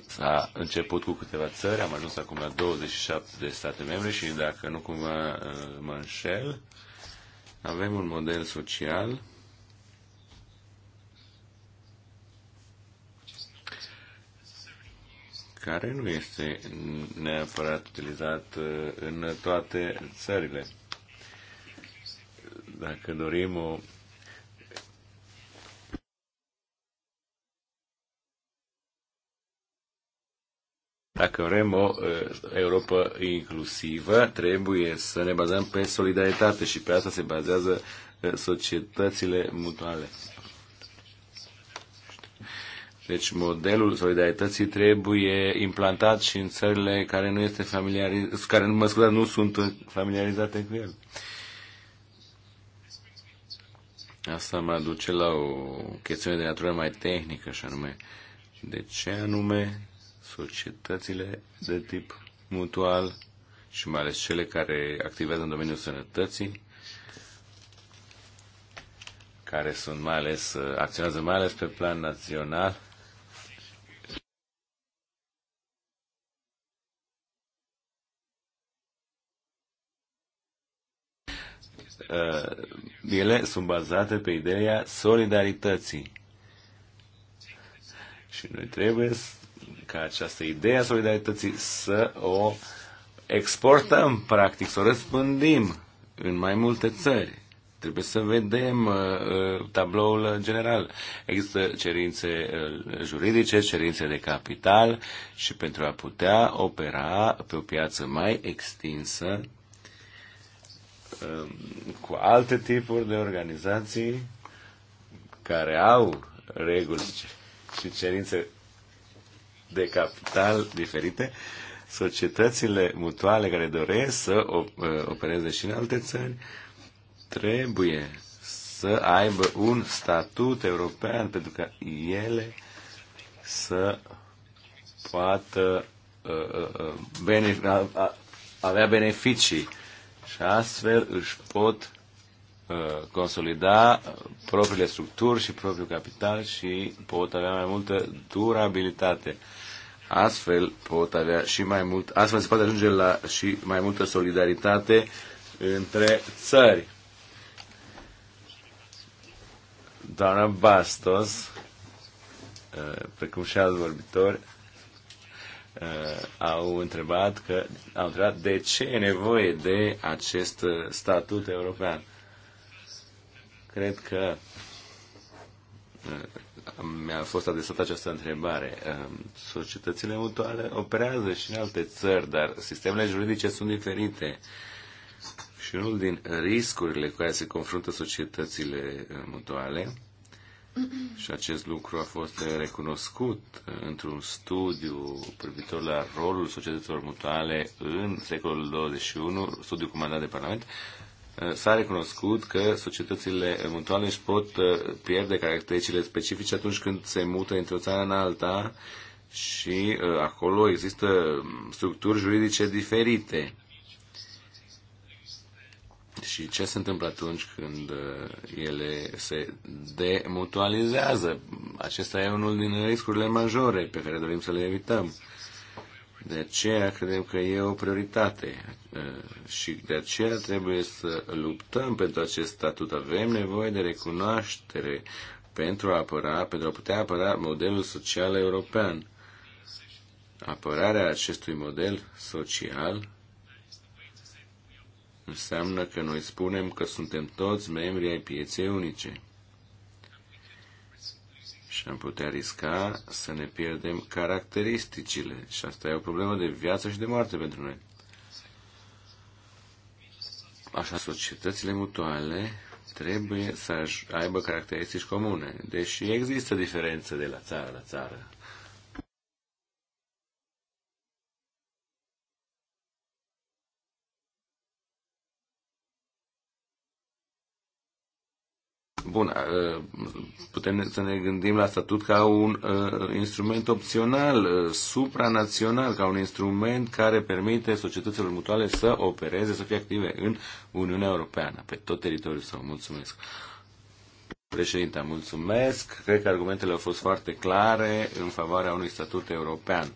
S3: S-a început cu câteva țări, am ajuns acum la 27 de state membre și dacă nu cumva mă înșel, avem un model social care nu este neapărat utilizat uh, în toate țările. Dacă dorim o Dacă vrem o uh, Europa inclusivă, trebuie să ne bazăm pe solidaritate și pe asta se bazează uh, societățile mutuale. Deci modelul solidarității trebuie implantat și în țările care nu este familiariz- care mă scuza, nu sunt familiarizate cu el. Asta mă duce la o chestiune de natură mai tehnică, și anume, de ce anume societățile de tip mutual și mai ales cele care activează în domeniul sănătății, care sunt mai ales, acționează mai ales pe plan național, Uh, ele sunt bazate pe ideea solidarității. Și noi trebuie ca această idee a solidarității să o exportăm, practic, să o răspândim în mai multe țări. Trebuie să vedem uh, uh tabloul general. Există cerințe uh, juridice, cerințe de capital și pentru a putea opera pe o piață mai extinsă, Um, cu alte tipuri de organizații care au reguli și cerințe de capital diferite, societățile mutuale care doresc să uh, opereze și în alte țări trebuie să aibă un statut european pentru că ele să poată uh, uh, uh benef- avea beneficii și astfel își pot uh, consolida uh, propriile structuri și propriul capital și pot avea mai multă durabilitate. Astfel pot avea și mai mult, astfel se poate ajunge la și mai multă solidaritate între țări. Doamna Bastos, uh, precum și alți vorbitori, Uh, au întrebat, că, au întrebat de ce e nevoie de acest uh, statut european. Cred că uh, mi-a fost adresată această întrebare. Um, societățile mutuale operează și în alte țări, dar sistemele juridice sunt diferite. Și unul din riscurile cu care se confruntă societățile mutuale și acest lucru a fost recunoscut într-un studiu privitor la rolul societăților mutuale în secolul 21, studiu comandat de Parlament, s-a recunoscut că societățile mutuale își pot uh, pierde caracteristicile specifice atunci când se mută într-o țară în alta și uh, acolo există um, structuri juridice diferite. Și ce se întâmplă atunci când uh, ele se demutualizează? Acesta e unul din riscurile majore pe care dorim să le evităm. De aceea credem că e o prioritate uh, și de aceea trebuie să luptăm pentru acest statut. Avem nevoie de recunoaștere pentru a, apăra, pentru a putea apăra modelul social european. Apărarea acestui model social Înseamnă că noi spunem că suntem toți membri ai pieței unice și am putea risca să ne pierdem caracteristicile. Și asta e o problemă de viață și de moarte pentru noi. Așa, societățile mutuale trebuie să aibă caracteristici comune, deși există diferențe de la țară la țară. Bun, putem să ne gândim la statut ca un instrument opțional, supranațional, ca un instrument care permite societăților mutuale să opereze, să fie active în Uniunea Europeană, pe tot teritoriul său. Mulțumesc. Președinte, mulțumesc. Cred că argumentele au fost foarte clare în favoarea unui statut european.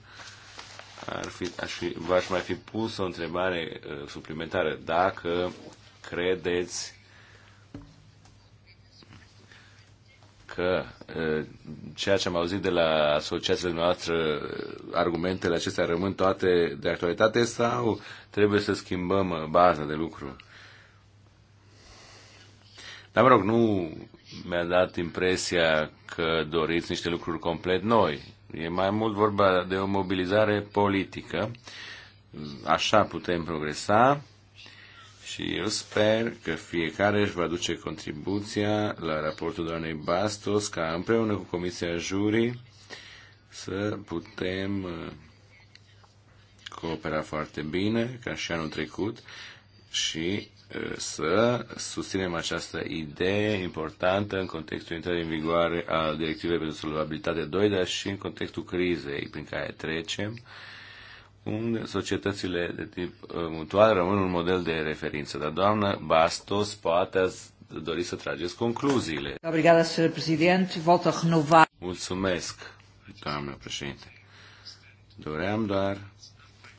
S3: Ar fi, aș fi, v-aș mai fi pus o întrebare uh, suplimentară. Dacă credeți că ceea ce am auzit de la asociațiile noastre, argumentele acestea rămân toate de actualitate sau trebuie să schimbăm baza de lucru? Dar mă rog, nu mi-a dat impresia că doriți niște lucruri complet noi. E mai mult vorba de o mobilizare politică. Așa putem progresa și eu sper că fiecare își va duce contribuția la raportul doamnei Bastos ca împreună cu Comisia Jurii să putem uh, coopera foarte bine, ca și anul trecut, și uh, să susținem această idee importantă în contextul intrării în vigoare a Directivei pentru Solvabilitate 2, dar și în contextul crizei prin care trecem unde societățile de tip uh, mutual rămân un model de referință. Dar, doamnă Bastos, poate ați dori să trageți concluziile.
S2: Obrigada, Volto a
S3: Mulțumesc, doamnă președinte. Doream doar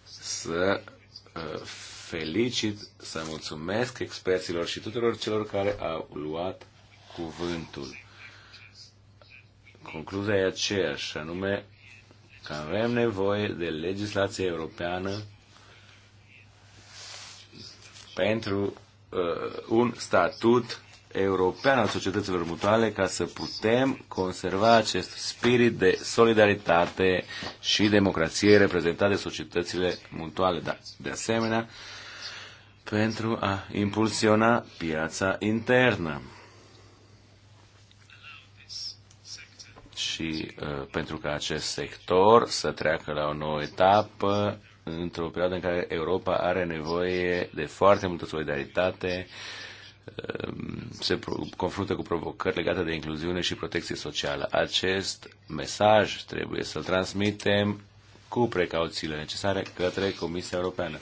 S3: să uh, felicit, să mulțumesc experților și tuturor celor care au luat cuvântul. Concluzia e aceeași, anume că avem nevoie de legislație europeană pentru uh, un statut european al societăților mutuale ca să putem conserva acest spirit de solidaritate și democrație reprezentat de societățile mutuale. Dar, de asemenea, pentru a impulsiona piața internă. și uh, pentru ca acest sector să treacă la o nouă etapă într-o perioadă în care Europa are nevoie de foarte multă solidaritate, uh, se confruntă cu provocări legate de incluziune și protecție socială. Acest mesaj trebuie să-l transmitem cu precauțiile necesare către Comisia Europeană.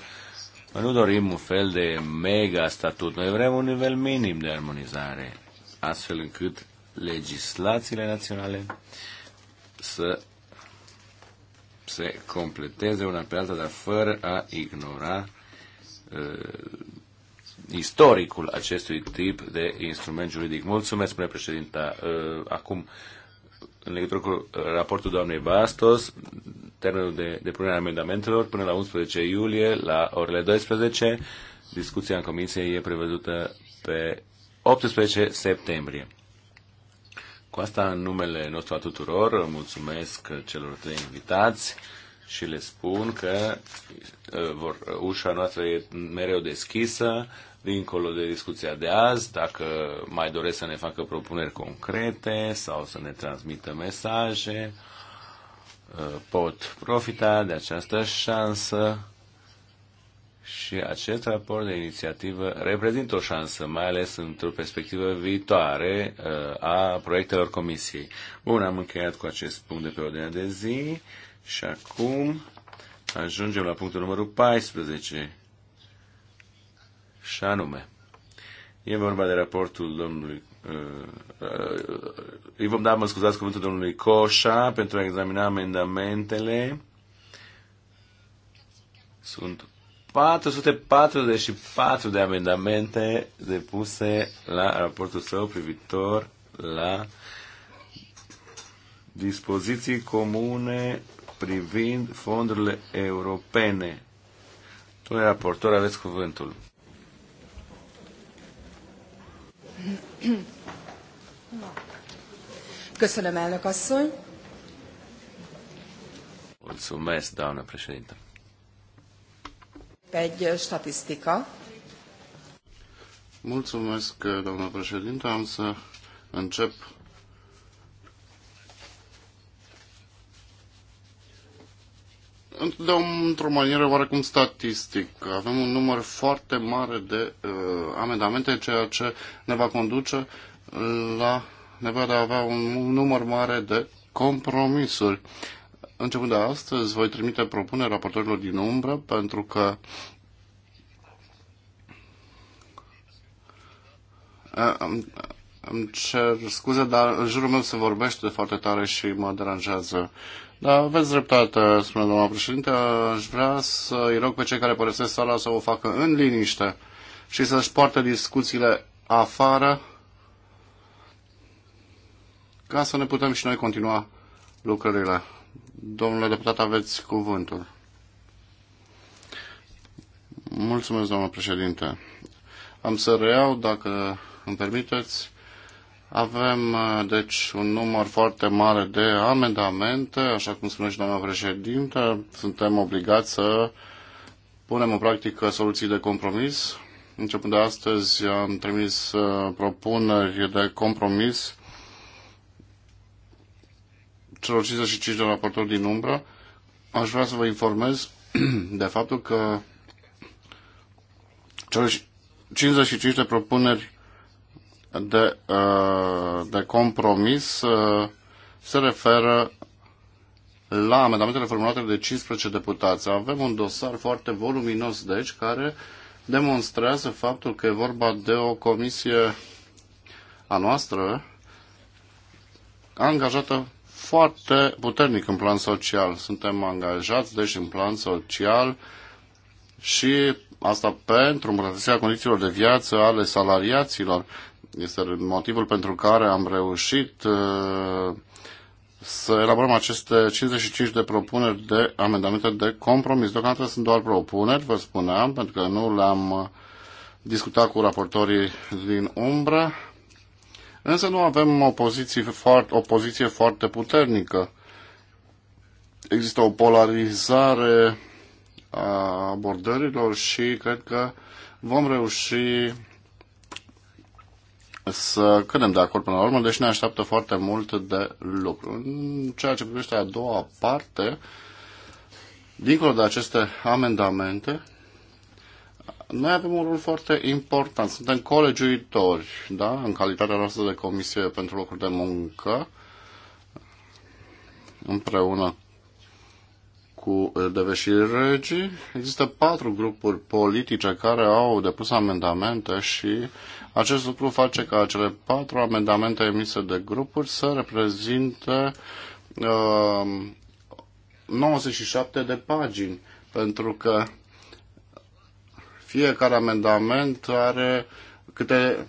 S3: Noi nu dorim un fel de mega statut, noi vrem un nivel minim de armonizare, astfel încât legislațiile naționale să se completeze una pe alta, dar fără a ignora uh, istoricul acestui tip de instrument juridic. Mulțumesc, spune președinta. Uh, acum, în legătură cu uh, raportul doamnei Bastos, termenul de depunere a amendamentelor până la 11 iulie, la orele 12, discuția în comisie e prevăzută pe 18 septembrie. Cu asta, în numele nostru a tuturor, mulțumesc celor trei invitați și le spun că vor, ușa noastră e mereu deschisă, dincolo de discuția de azi, dacă mai doresc să ne facă propuneri concrete sau să ne transmită mesaje, pot profita de această șansă și acest raport de inițiativă reprezintă o șansă, mai ales într-o perspectivă viitoare uh, a proiectelor comisiei. Bun, am încheiat cu acest punct de pe ordinea de zi și acum ajungem la punctul numărul 14. Și anume, e vorba de raportul domnului uh, uh, îi vom da, mă scuzați, cuvântul domnului Coșa pentru a examina amendamentele. Sunt 444 de amendamente depuse la raportul său privitor la dispoziții comune privind fondurile europene. Tu, raportor, aveți cuvântul.
S2: Mulțumesc, doamnă președintă! egy statisztika. Mulțumesc, eh, doamnă președinte. Am să încep într-o manieră oarecum statistic. Avem un număr foarte mare de uh, amendamente, ceea ce ne va conduce la nevoia de a avea un număr mare de compromisuri începând de astăzi, voi trimite propuneri raportorilor din umbră, pentru că îmi, îmi cer scuze, dar în jurul meu se vorbește foarte tare și mă deranjează. Da, aveți dreptate, spune doamna președinte. Aș vrea să îi rog pe cei care părăsesc sala să o facă în liniște și să-și poartă discuțiile afară ca să ne putem și noi continua lucrările. Domnule deputat, aveți cuvântul. Mulțumesc, domnule președinte. Am să reiau, dacă îmi permiteți. Avem, uh, deci, un număr foarte mare de amendamente, așa cum spune și doamna președinte. Suntem obligați să punem în practică soluții de compromis. Începând de astăzi am trimis uh, propuneri de compromis celor 55 de raportori din umbră, aș vrea să vă informez de faptul că cele 55 de propuneri de, uh, de compromis uh, se referă la amendamentele formulate de 15 deputați. Avem un dosar foarte voluminos, deci, care demonstrează faptul că e vorba de o comisie a noastră angajată foarte puternic în plan social. Suntem angajați, deci, în plan social și asta pentru îmbunătățirea condițiilor de viață ale salariaților. Este motivul pentru care am reușit uh, să elaborăm aceste 55 de propuneri de amendamente de compromis. Deocamdată sunt doar propuneri, vă spuneam, pentru că nu le-am uh, discutat cu raportorii din umbră. Însă nu avem o poziție foarte, o poziție foarte puternică. Există o polarizare a abordărilor și cred că vom reuși să cădem de acord până la urmă, deși ne așteaptă foarte mult de lucru. În ceea ce privește a doua parte, dincolo de aceste amendamente, noi avem un rol foarte important. Suntem colegiuitori, da? în calitatea noastră de comisie pentru locuri de muncă, împreună cu DV și Regii. Există patru grupuri politice care au depus amendamente și acest lucru face ca acele patru amendamente emise de grupuri să reprezinte uh, 97 de pagini, pentru că fiecare amendament are câte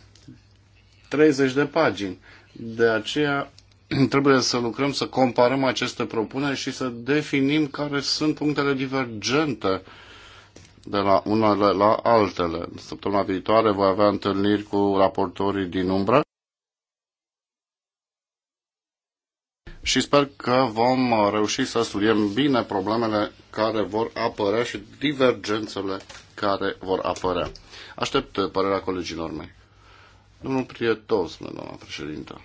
S2: 30 de pagini. De aceea trebuie să lucrăm, să comparăm aceste propuneri și să definim care sunt punctele divergente de la unele la altele. Săptămâna viitoare voi avea întâlniri cu raportorii din umbră și sper că vom reuși să studiem bine problemele care vor apărea și divergențele care vor apărea. Aștept uh, părerea colegilor mei. Domnul Prietos, doamna președintă.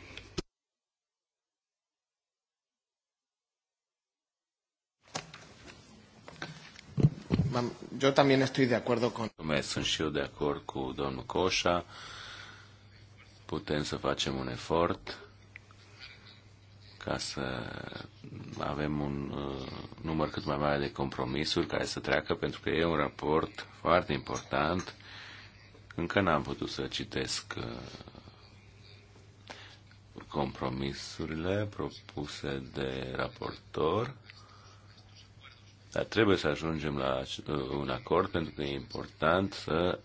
S2: Yo también estoy de acuerdo con... Sunt și
S3: eu de acord cu domnul Coșa. Putem să facem un efort ca să avem un uh, număr cât mai mare de compromisuri care să treacă, pentru că e un raport foarte important. Încă n-am putut să citesc uh, compromisurile propuse de raportor, dar trebuie să ajungem la uh, un acord pentru că e important să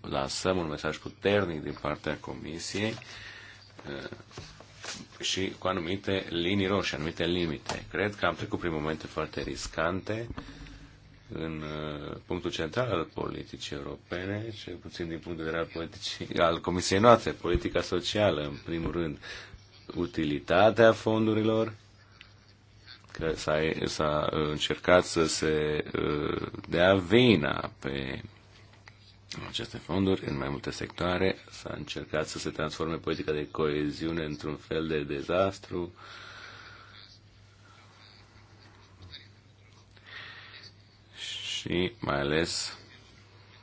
S3: lansăm un mesaj puternic din partea Comisiei și cu anumite linii roșii, anumite limite. Cred că am trecut prin momente foarte riscante în uh, punctul central al politicii europene, cel puțin din punct de vedere al, politicii, al Comisiei noastre, politica socială, în primul rând, utilitatea fondurilor, că s-a, uh, încercat să se uh, dea vina pe aceste fonduri în mai multe sectoare. S-a încercat să se transforme politica de coeziune într-un fel de dezastru. Și mai ales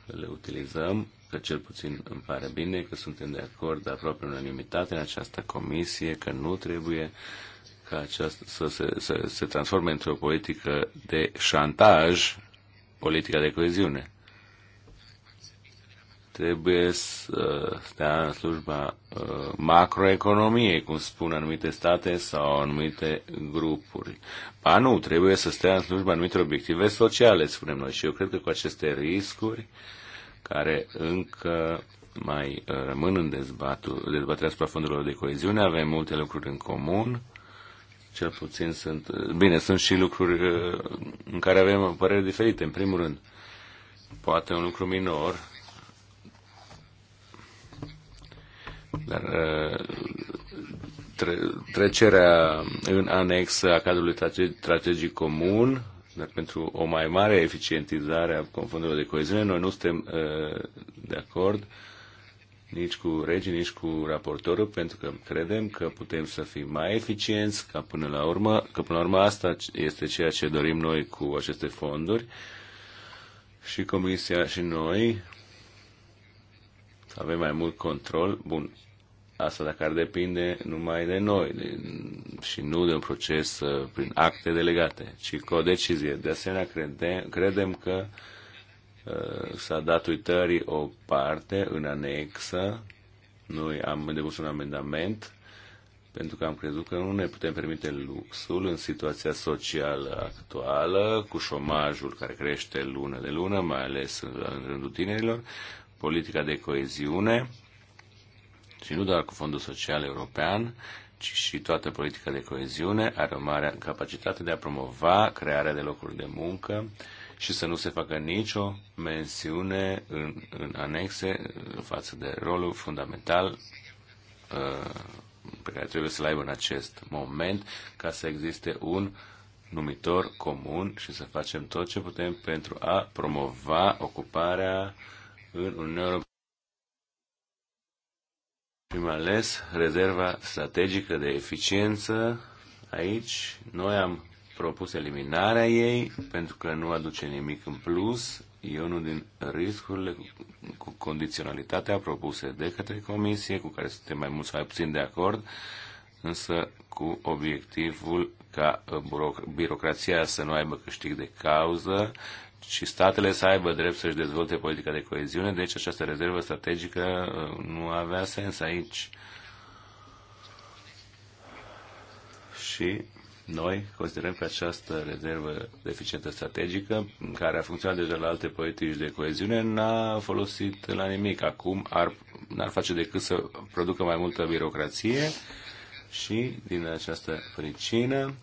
S3: le utilizăm, că cel puțin îmi pare bine că suntem de acord de aproape unanimitate în această comisie, că nu trebuie ca aceasta să se, să se transforme într-o politică de șantaj politica de coeziune trebuie să stea în slujba uh, macroeconomiei, cum spun anumite state sau anumite grupuri. Ba nu, trebuie să stea în slujba anumite obiective sociale, spunem noi. Și eu cred că cu aceste riscuri, care încă mai uh, rămân în dezbatul, dezbaterea asupra fondurilor de coeziune, avem multe lucruri în comun, cel puțin sunt, uh, bine, sunt și lucruri în care avem păreri diferite. În primul rând, poate un lucru minor, Dar, uh, tre trecerea în anexă a cadrului strategic comun, dar pentru o mai mare eficientizare a confundurilor de coeziune, noi nu suntem uh, de acord nici cu regii, nici cu raportorul, pentru că credem că putem să fim mai eficienți, ca până la urmă, că până la urmă asta este ceea ce dorim noi cu aceste fonduri și Comisia și noi să avem mai mult control, bun, asta dacă ar depinde numai de noi de, și nu de un proces uh, prin acte delegate, ci cu o decizie. De asemenea, crede, credem că uh, s-a dat uitării o parte în anexă. Noi am depus un amendament pentru că am crezut că nu ne putem permite luxul în situația socială actuală, cu șomajul care crește lună de lună, mai ales în rândul tinerilor, politica de coeziune și nu doar cu Fondul Social European, ci și toată politica de coeziune are o mare capacitate de a promova crearea de locuri de muncă și să nu se facă nicio mențiune în, în anexe față de rolul fundamental uh, pe care trebuie să-l aibă în acest moment ca să existe un numitor comun și să facem tot ce putem pentru a promova ocuparea uh, în Uniunea Europeană. Prim ales rezerva strategică de eficiență. Aici noi am propus eliminarea ei pentru că nu aduce nimic în plus. E unul din riscurile cu condiționalitatea propuse de către Comisie, cu care suntem mai mult sau mai puțin de acord, însă cu obiectivul ca birocrația să nu aibă câștig de cauză și statele să aibă drept să-și dezvolte politica de coeziune, deci această rezervă strategică uh, nu avea sens aici. Și noi considerăm că această rezervă deficientă strategică, care a funcționat deja la alte politici de coeziune, n-a folosit la nimic. Acum ar, n-ar face decât să producă mai multă birocrație și din această pricină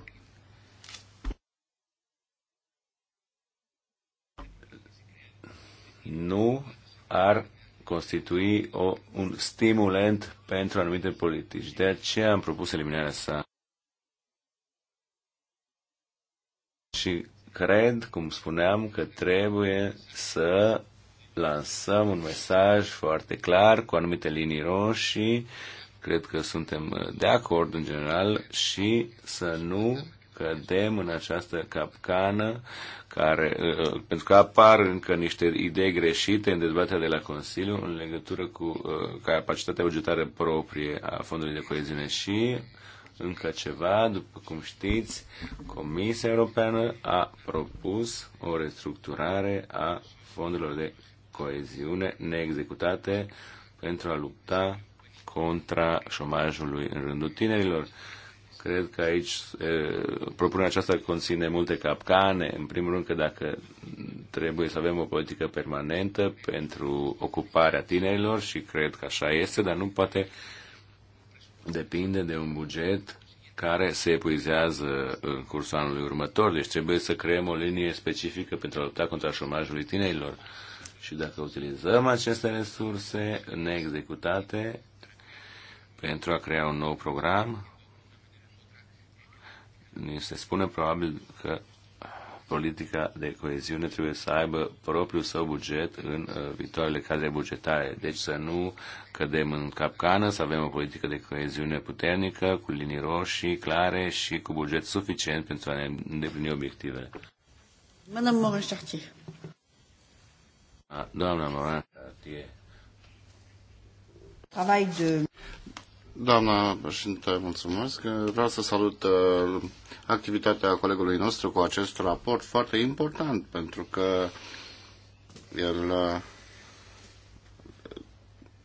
S3: nu ar constitui o, un stimulent pentru anumite politici. De aceea am propus eliminarea sa. Și cred, cum spuneam, că trebuie să lansăm un mesaj foarte clar cu anumite linii roșii. Cred că suntem de acord în general și să nu cădem în această capcană, care, uh, uh, pentru că apar încă niște idei greșite în dezbaterea de la Consiliu în legătură cu uh, capacitatea bugetară proprie a fondului de coeziune și încă ceva, după cum știți, Comisia Europeană a propus o restructurare a fondurilor de coeziune neexecutate pentru a lupta contra șomajului în rândul tinerilor. Cred că aici propunerea aceasta conține multe capcane. În primul rând că dacă trebuie să avem o politică permanentă pentru ocuparea tinerilor și cred că așa este, dar nu poate depinde de un buget care se epuizează în cursul anului următor. Deci trebuie să creăm o linie specifică pentru a lupta contra șomajului tinerilor. Și dacă utilizăm aceste resurse neexecutate pentru a crea un nou program, ni se spune probabil că politica de coeziune trebuie să aibă propriul său buget în uh, viitoarele cadre bugetare. Deci să nu cădem în capcană, să avem o politică de coeziune puternică, cu linii roșii clare și cu buget suficient pentru a ne îndeplini obiectivele.
S2: Madame Morin Chartier. Doamna Morin Chartier. Travail de Doamna președinte, mulțumesc. Vreau să salut uh, activitatea colegului nostru cu acest raport foarte important, pentru că el uh,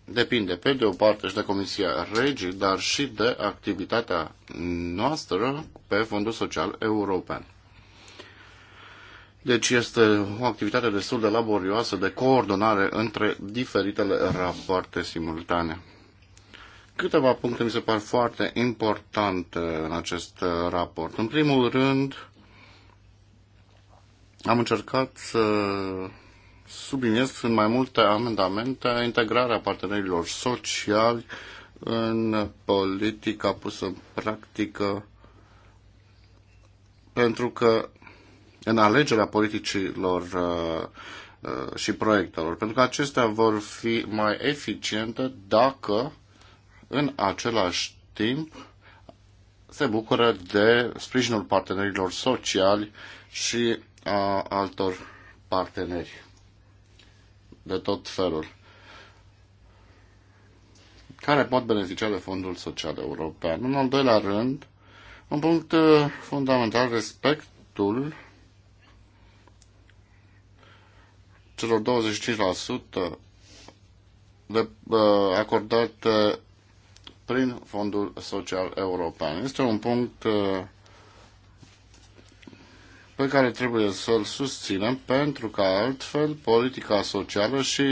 S2: depinde pe de o parte și de Comisia Regii, dar și de activitatea noastră pe Fondul Social European. Deci este o activitate destul de laborioasă de coordonare între diferitele rapoarte simultane. Câteva puncte mi se par foarte importante în acest uh, raport. În primul rând, am încercat să subliniez în mai multe amendamente integrarea partenerilor sociali în politica pusă în practică pentru că în alegerea politicilor uh, uh, și proiectelor, pentru că acestea vor fi mai eficiente dacă în același timp se bucură de sprijinul partenerilor sociali și a altor parteneri de tot felul care pot beneficia de Fondul Social European. În al doilea rând, un punct uh, fundamental, respectul celor 25% de, uh, acordate prin Fondul Social European. Este un punct uh, pe care trebuie să-l susținem pentru că altfel politica socială și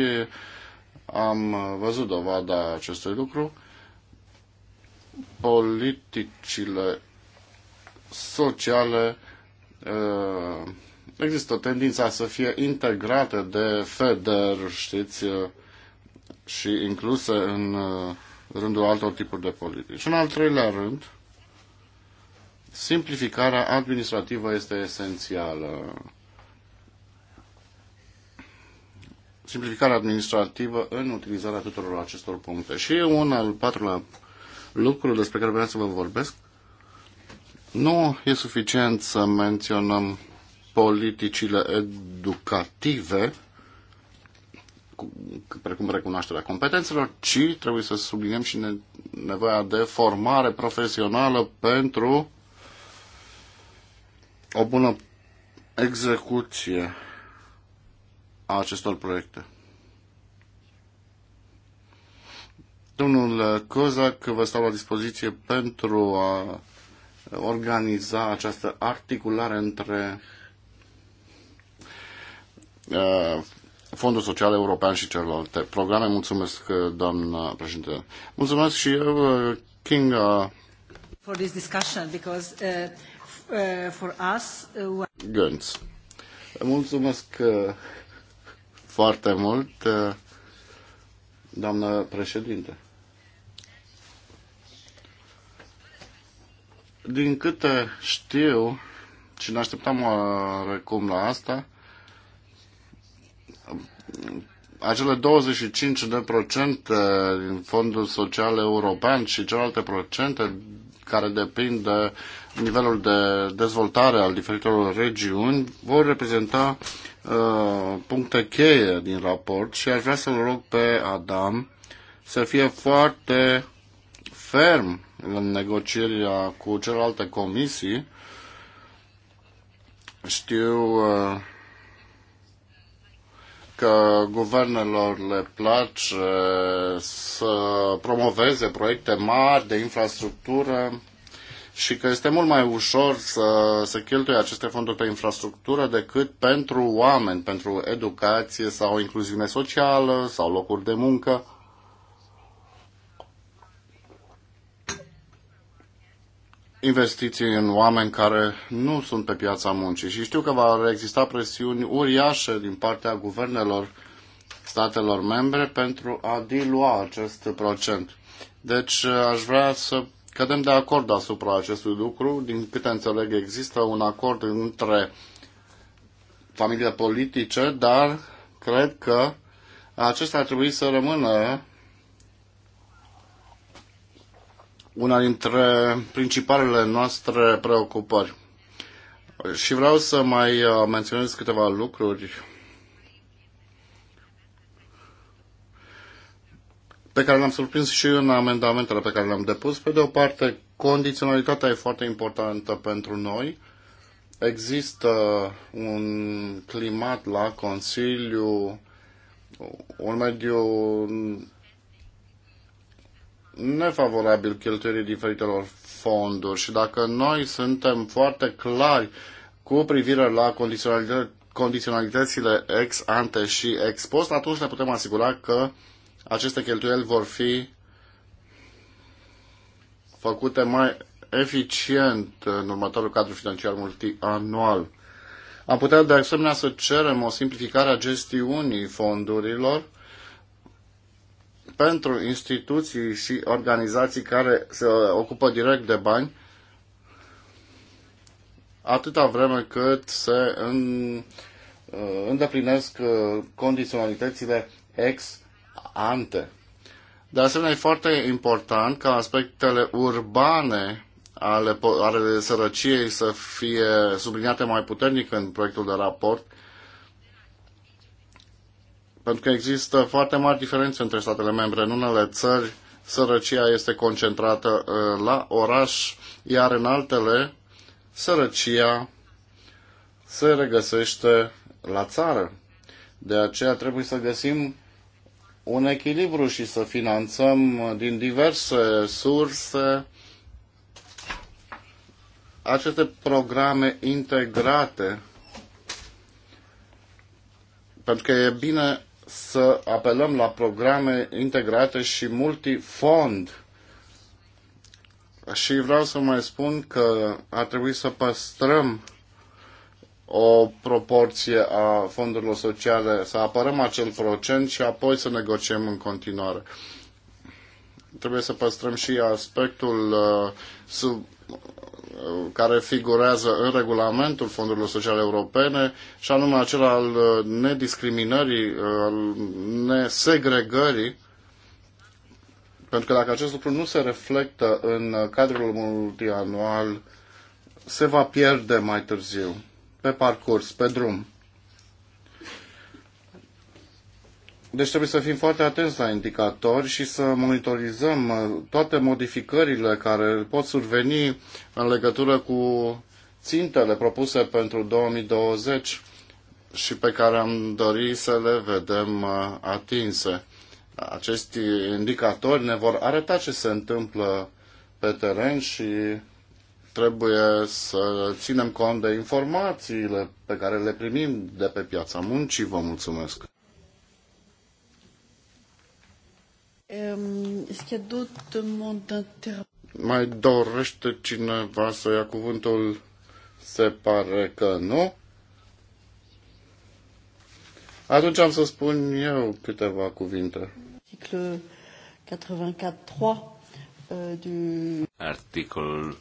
S2: am văzut dovada acestui lucru, politicile sociale uh, există tendința să fie integrate de FEDER, știți, uh, și incluse în rândul altor tipuri de politici. În al treilea rând, simplificarea administrativă este esențială. Simplificarea administrativă în utilizarea tuturor acestor puncte. Și un al patrulea lucru despre care vreau să vă vorbesc. Nu e suficient să menționăm politicile educative, precum recunoașterea competențelor, ci trebuie să subliniem și nevoia de formare profesională pentru o bună execuție a acestor proiecte. Domnul Cozac, vă stau la dispoziție pentru a organiza această articulare între uh, Fondul Social European și celelalte programe. Mulțumesc, uh, doamna președinte. Mulțumesc și eu, uh, Kinga. For this discussion, because uh, uh, for us... Uh, Gânț. Mulțumesc uh, foarte mult, uh, doamnă președinte. Din câte știu, și ne așteptam oarecum la asta, acele 25 de procente din Fondul Social European și celelalte procente care depind de nivelul de dezvoltare al diferitelor regiuni vor reprezenta uh, puncte cheie din raport și aș vrea să-l rog pe Adam să fie foarte ferm în negocierea cu celelalte comisii. Știu uh, că guvernelor le place să promoveze proiecte mari de infrastructură și că este mult mai ușor să, să cheltuie aceste fonduri pe infrastructură decât pentru oameni, pentru educație sau incluziune socială sau locuri de muncă. investiții în oameni care nu sunt pe piața muncii. Și știu că va exista presiuni uriașe din partea guvernelor statelor membre pentru a dilua acest procent. Deci aș vrea să cădem de acord asupra acestui lucru. Din câte înțeleg, există un acord între familiile politice, dar cred că acesta ar trebui să rămână una dintre principalele noastre preocupări. Și vreau să mai uh, menționez câteva lucruri pe care le-am surprins și în amendamentele pe care le-am depus. Pe de o parte, condiționalitatea e foarte importantă pentru noi. Există un climat la Consiliu, un mediu nefavorabil cheltuirii diferitelor fonduri și dacă noi suntem foarte clari cu privire la condiționalitățile ex ante și ex post, atunci ne putem asigura că aceste cheltuieli vor fi făcute mai eficient în următorul cadru financiar multianual. Am putea de asemenea să cerem o simplificare a gestiunii fondurilor pentru instituții și organizații care se ocupă direct de bani atâta vreme cât se în, uh, îndeplinesc uh, condiționalitățile ex ante. De asemenea, e foarte important ca aspectele urbane ale, ale sărăciei să fie subliniate mai puternic în proiectul de raport pentru că există foarte mari diferențe între statele membre. În unele țări sărăcia este concentrată uh, la oraș, iar în altele sărăcia se regăsește la țară. De aceea trebuie să găsim un echilibru și să finanțăm din diverse surse aceste programe integrate. Pentru că e bine să apelăm la programe integrate și multifond. Și vreau să mai spun că ar trebui să păstrăm o proporție a fondurilor sociale, să apărăm acel procent și apoi să negociem în continuare. Trebuie să păstrăm și aspectul uh, sub care figurează în regulamentul fondurilor sociale europene și anume acela al uh, nediscriminării, uh, al nesegregării pentru că dacă acest lucru nu se reflectă în uh, cadrul multianual, se va pierde mai târziu, pe parcurs, pe drum. Deci trebuie să fim foarte atenți la indicatori și să monitorizăm uh, toate modificările care pot surveni în legătură cu țintele propuse pentru 2020 și pe care am dori să le vedem uh, atinse. Acești indicatori ne vor arăta ce se întâmplă pe teren și trebuie să ținem cont de informațiile pe care le primim de pe piața muncii. Vă mulțumesc! Ehm, Mai dorește cineva să ia cuvântul? Se pare că nu. Atunci am să spun eu câteva cuvinte.
S1: Articolul 84.3 euh, du...
S2: Articol
S3: 84.3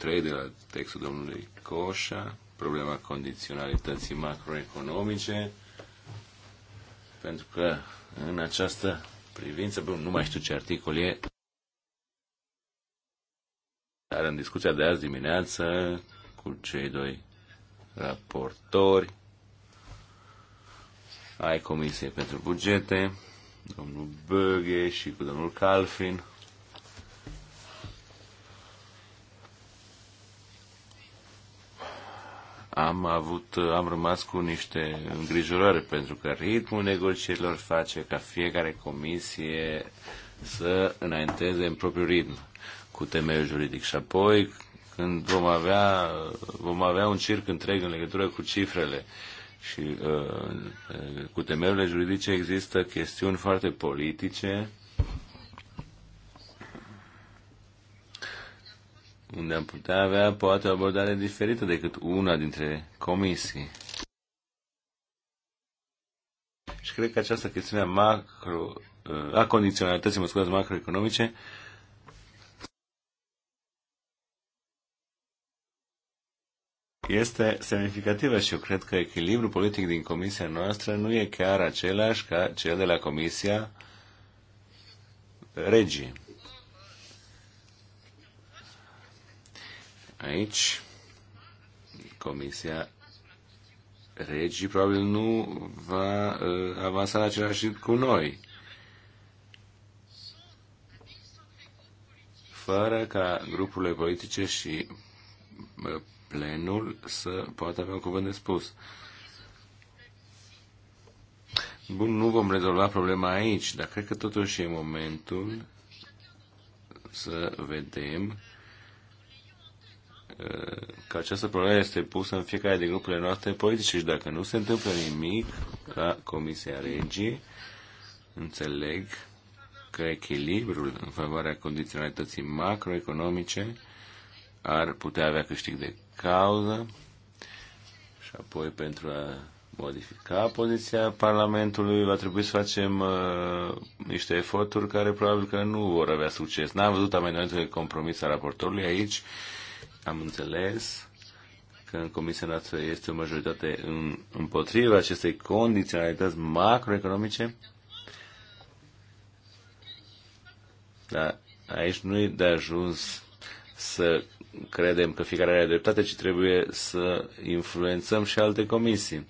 S3: de la textul domnului Coșa, problema condiționalității macroeconomice, pentru că în această privință. Bun, nu mai știu ce articol e, dar în discuția de azi dimineață cu cei doi raportori ai Comisiei pentru Bugete, domnul Băghe și cu domnul Calfin, am avut, am rămas cu niște îngrijorări pentru că ritmul negocierilor face ca fiecare comisie să înainteze în propriul ritm cu temeiul juridic și apoi când vom avea, vom avea un circ întreg în legătură cu cifrele și uh, uh cu temerile juridice există chestiuni foarte politice unde am putea avea poate o abordare diferită decât una dintre comisii. Și cred că această chestiune a, macro, uh, a condiționalității, mă scuzați, macroeconomice, este semnificativă și eu cred că echilibrul politic din comisia noastră nu e chiar același ca cel de la comisia regii. Aici, Comisia Regii probabil nu va uh, avansa în același timp cu noi. Fără ca grupurile politice și uh, plenul să poată avea un cuvânt de spus. Bun, nu vom rezolva problema aici, dar cred că totuși e momentul să vedem Uh, că această problemă este pusă în fiecare din grupurile noastre politice și dacă nu se întâmplă nimic la Comisia Regii, înțeleg că echilibrul în favoarea condiționalității macroeconomice ar putea avea câștig de cauză și apoi pentru a modifica poziția Parlamentului va trebui să facem uh, niște eforturi care probabil că nu vor avea succes. N-am văzut amendamentul de compromis a raportorului aici. Uh, am înțeles că în comisia noastră este o majoritate în, împotriva acestei condiționalități macroeconomice. Dar aici nu e de ajuns să credem că fiecare are dreptate, ci trebuie să influențăm și alte comisii.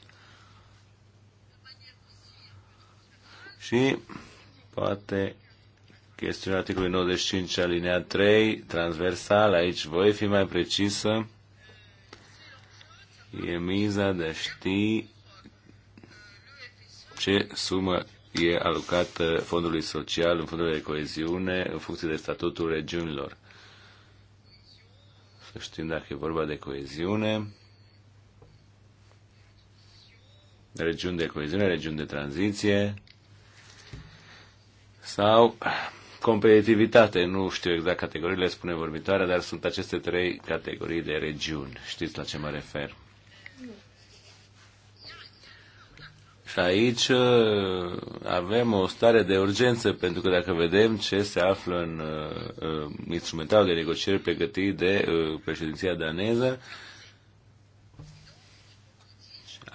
S3: Și poate chestiunea articolului 95 alinea 3, transversal, aici voi fi mai precisă, e miza de a ști ce sumă e alocată fondului social, în fondul de coeziune, în funcție de statutul regiunilor. Să știm dacă e vorba de coeziune, regiuni de coeziune, regiuni de tranziție, sau competitivitate. Nu știu exact categoriile, spune vorbitoarea, dar sunt aceste trei categorii de regiuni. Știți la ce mă refer. Și aici uh, avem o stare de urgență, pentru că dacă vedem ce se află în uh, uh de negocieri pregătit de uh, președinția daneză,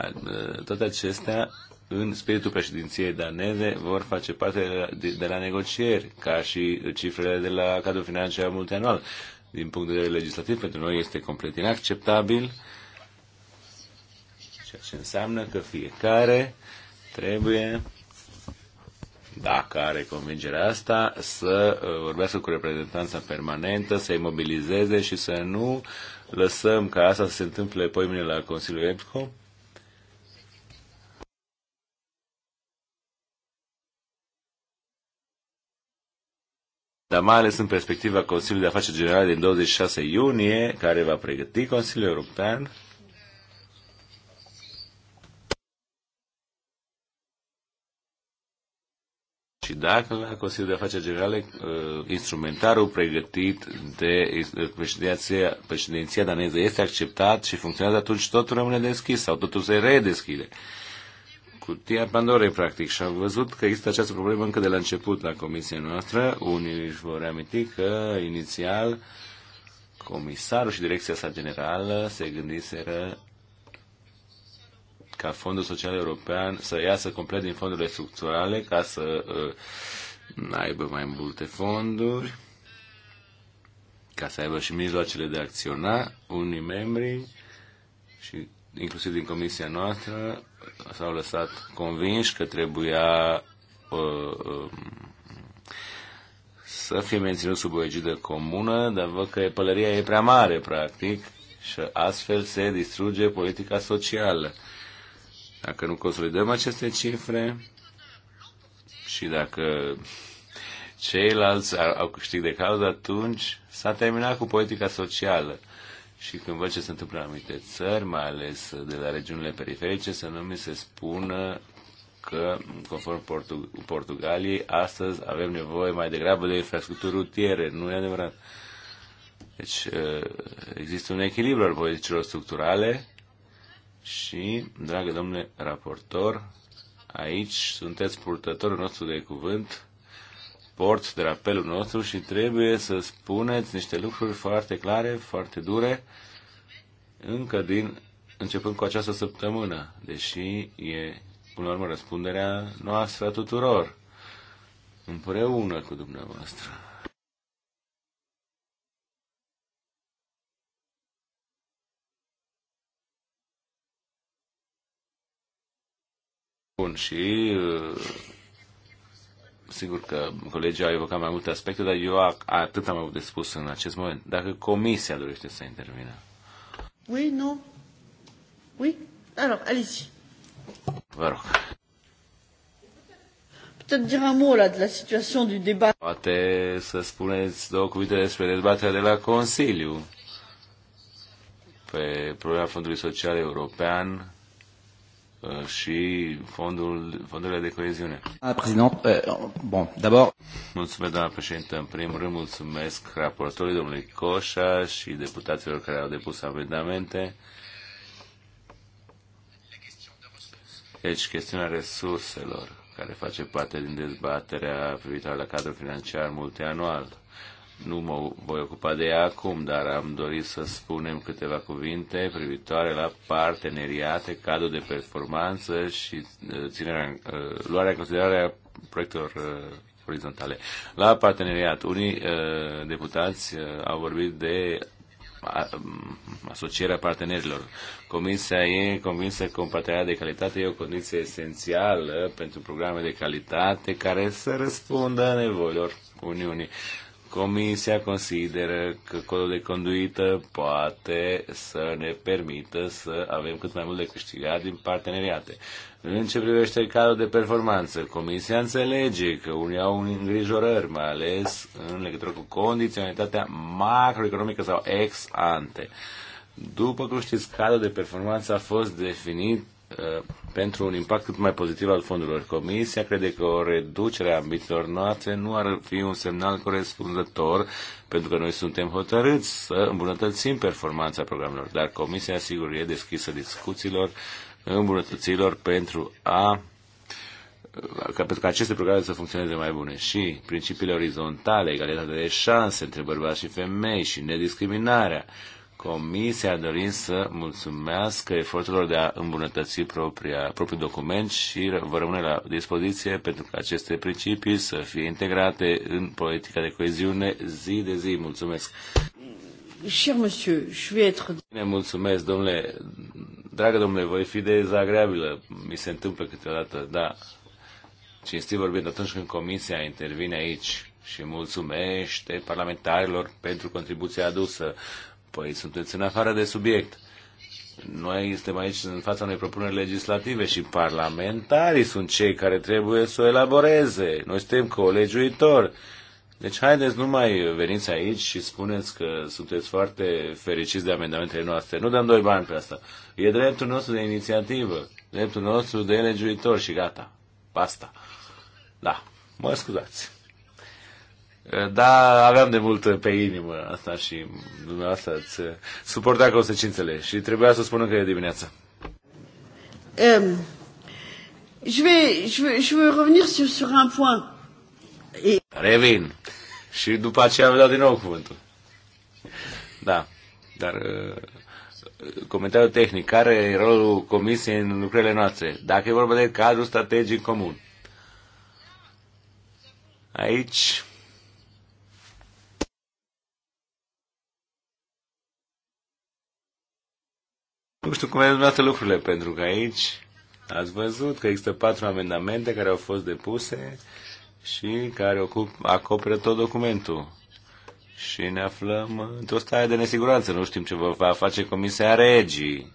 S3: uh, toate acestea în spiritul președinției daneze, vor face parte de la, negocieri, ca și cifrele de la cadrul financiar multianual. Din punct de vedere legislativ, pentru noi este complet inacceptabil, ceea ce înseamnă că fiecare trebuie dacă are convingerea asta, să uh, vorbească cu reprezentanța permanentă, să-i mobilizeze și să nu lăsăm ca asta să se întâmple poimine la Consiliul EPCO, dar mai ales în perspectiva Consiliului de Afaceri Generale din 26 iunie, care va pregăti Consiliul European. Și dacă la Consiliul de Afaceri Generale, uh, instrumentarul pregătit de uh, președinția, președinția daneză este acceptat și funcționează, atunci totul rămâne deschis sau totul se redeschide cutia Pandorei, practic, și am văzut că există această problemă încă de la început la comisia noastră. Unii își vor aminti că, inițial, comisarul și direcția sa generală se gândiseră ca Fondul Social European să iasă complet din fondurile structurale ca să uh, aibă mai multe fonduri, ca să aibă și mijloacele de a acționa unii membri și inclusiv din comisia noastră s-au lăsat convinși că trebuia uh, uh, să fie menținut sub o egidă comună, dar văd că pălăria e prea mare, practic, și astfel se distruge politica socială. Dacă nu consolidăm aceste cifre și dacă ceilalți au câștig de cauză, atunci s-a terminat cu politica socială. Și când văd ce se întâmplă în anumite țări, mai ales de la regiunile periferice, să nu mi se spună că, conform Portug- Portugaliei, astăzi avem nevoie mai degrabă de infrastructuri rutiere. Nu e adevărat. Deci ă, există un echilibru al politicilor structurale și, dragă domnule raportor, aici sunteți purtătorul nostru de cuvânt sport de la apelul nostru și trebuie să spuneți niște lucruri foarte clare, foarte dure, încă din începând cu această săptămână, deși e, până la urmă, răspunderea noastră a tuturor, împreună cu dumneavoastră. Bun, și uh, Sigur că colegii au evocat mai multe aspecte, dar eu atât am avut de spus în acest moment. Dacă comisia dorește să intervină.
S2: Oui, nu. Oui. Alors, allez-y.
S3: Vă rog. Poate să spuneți două cuvinte despre dezbaterea de la Consiliu pe problema Fondului Social European Uh, și fondul, fondurile de coeziune. Ah, uh,
S2: Bun, d'abord...
S3: Mulțumesc, doamna președintă. În primul rând, mulțumesc raportorului domnului Coșa și deputaților care au depus amendamente. Deci, chestiunea resurselor, care face parte din dezbaterea privitoare la cadrul financiar multianual nu mă voi ocupa de ea acum, dar am dorit să spunem câteva cuvinte privitoare la parteneriate, cadrul de performanță și uh, ținerea, uh, luarea în considerare a proiectelor uh, orizontale. La parteneriat, unii deputați au vorbit de um, asocierea partenerilor. Comisia e convinsă că un parteneriat de calitate e o condiție esențială pentru programe de calitate care să răspundă nevoilor Uniunii. Comisia consideră că codul de conduită poate să ne permită să avem cât mai mult de câștigat din parteneriate. În ce privește cadrul de performanță, Comisia înțelege că unii au îngrijorări, mai ales în legătură cu condiționalitatea macroeconomică sau ex ante. După cum știți, cadrul de performanță a fost definit Uh, pentru un impact cât mai pozitiv al fondurilor. Comisia crede că o reducere a ambițiilor noastre nu ar fi un semnal corespunzător, pentru că noi suntem hotărâți să îmbunătățim performanța programelor, dar Comisia, sigur, e deschisă discuțiilor, îmbunătățirilor pentru a ca, pentru ca aceste programe să funcționeze mai bune și principiile orizontale, egalitatea de șanse între bărbați și femei și nediscriminarea, uh, Comisia a dorit să mulțumească eforturilor de a îmbunătăți propria, propriul document și vă rămâne la dispoziție pentru că aceste principii să fie integrate în politica de coeziune zi de zi. Mulțumesc!
S2: Cher monsieur, je vais être...
S3: Bine, mulțumesc, domnule. Dragă domnule, voi fi dezagreabilă. Mi se întâmplă câteodată, da. Cinstit vorbind, atunci când comisia intervine aici și mulțumește parlamentarilor pentru contribuția adusă, Păi sunteți în afară de subiect. Noi suntem aici în fața unei propuneri legislative și parlamentarii sunt cei care trebuie să o elaboreze. Noi suntem colegiuitori. Deci haideți, nu mai veniți aici și spuneți că sunteți foarte fericiți de amendamentele noastre. Nu dăm doi bani pe asta. E dreptul nostru de inițiativă, dreptul nostru de legiuitor și gata. Basta. Da, mă scuzați. Da, aveam de mult pe inimă asta și dumneavoastră îți eh, suporta consecințele și trebuia să spun că e dimineața.
S2: Um, je, vais, je, vais, je vais revenir sur, sur un point. Et...
S3: Revin. Și după aceea am dat din nou cuvântul. Da, dar uh, comentariul tehnic. Care e rolul Comisiei în lucrările noastre? Dacă e vorba de cadrul strategic comun. Aici Nu știu cum vedeți toate lucrurile, pentru că aici ați văzut că există patru amendamente care au fost depuse și care ocup, acoperă tot documentul. Și ne aflăm într-o stare de nesiguranță. Nu știm ce va face Comisia Regii.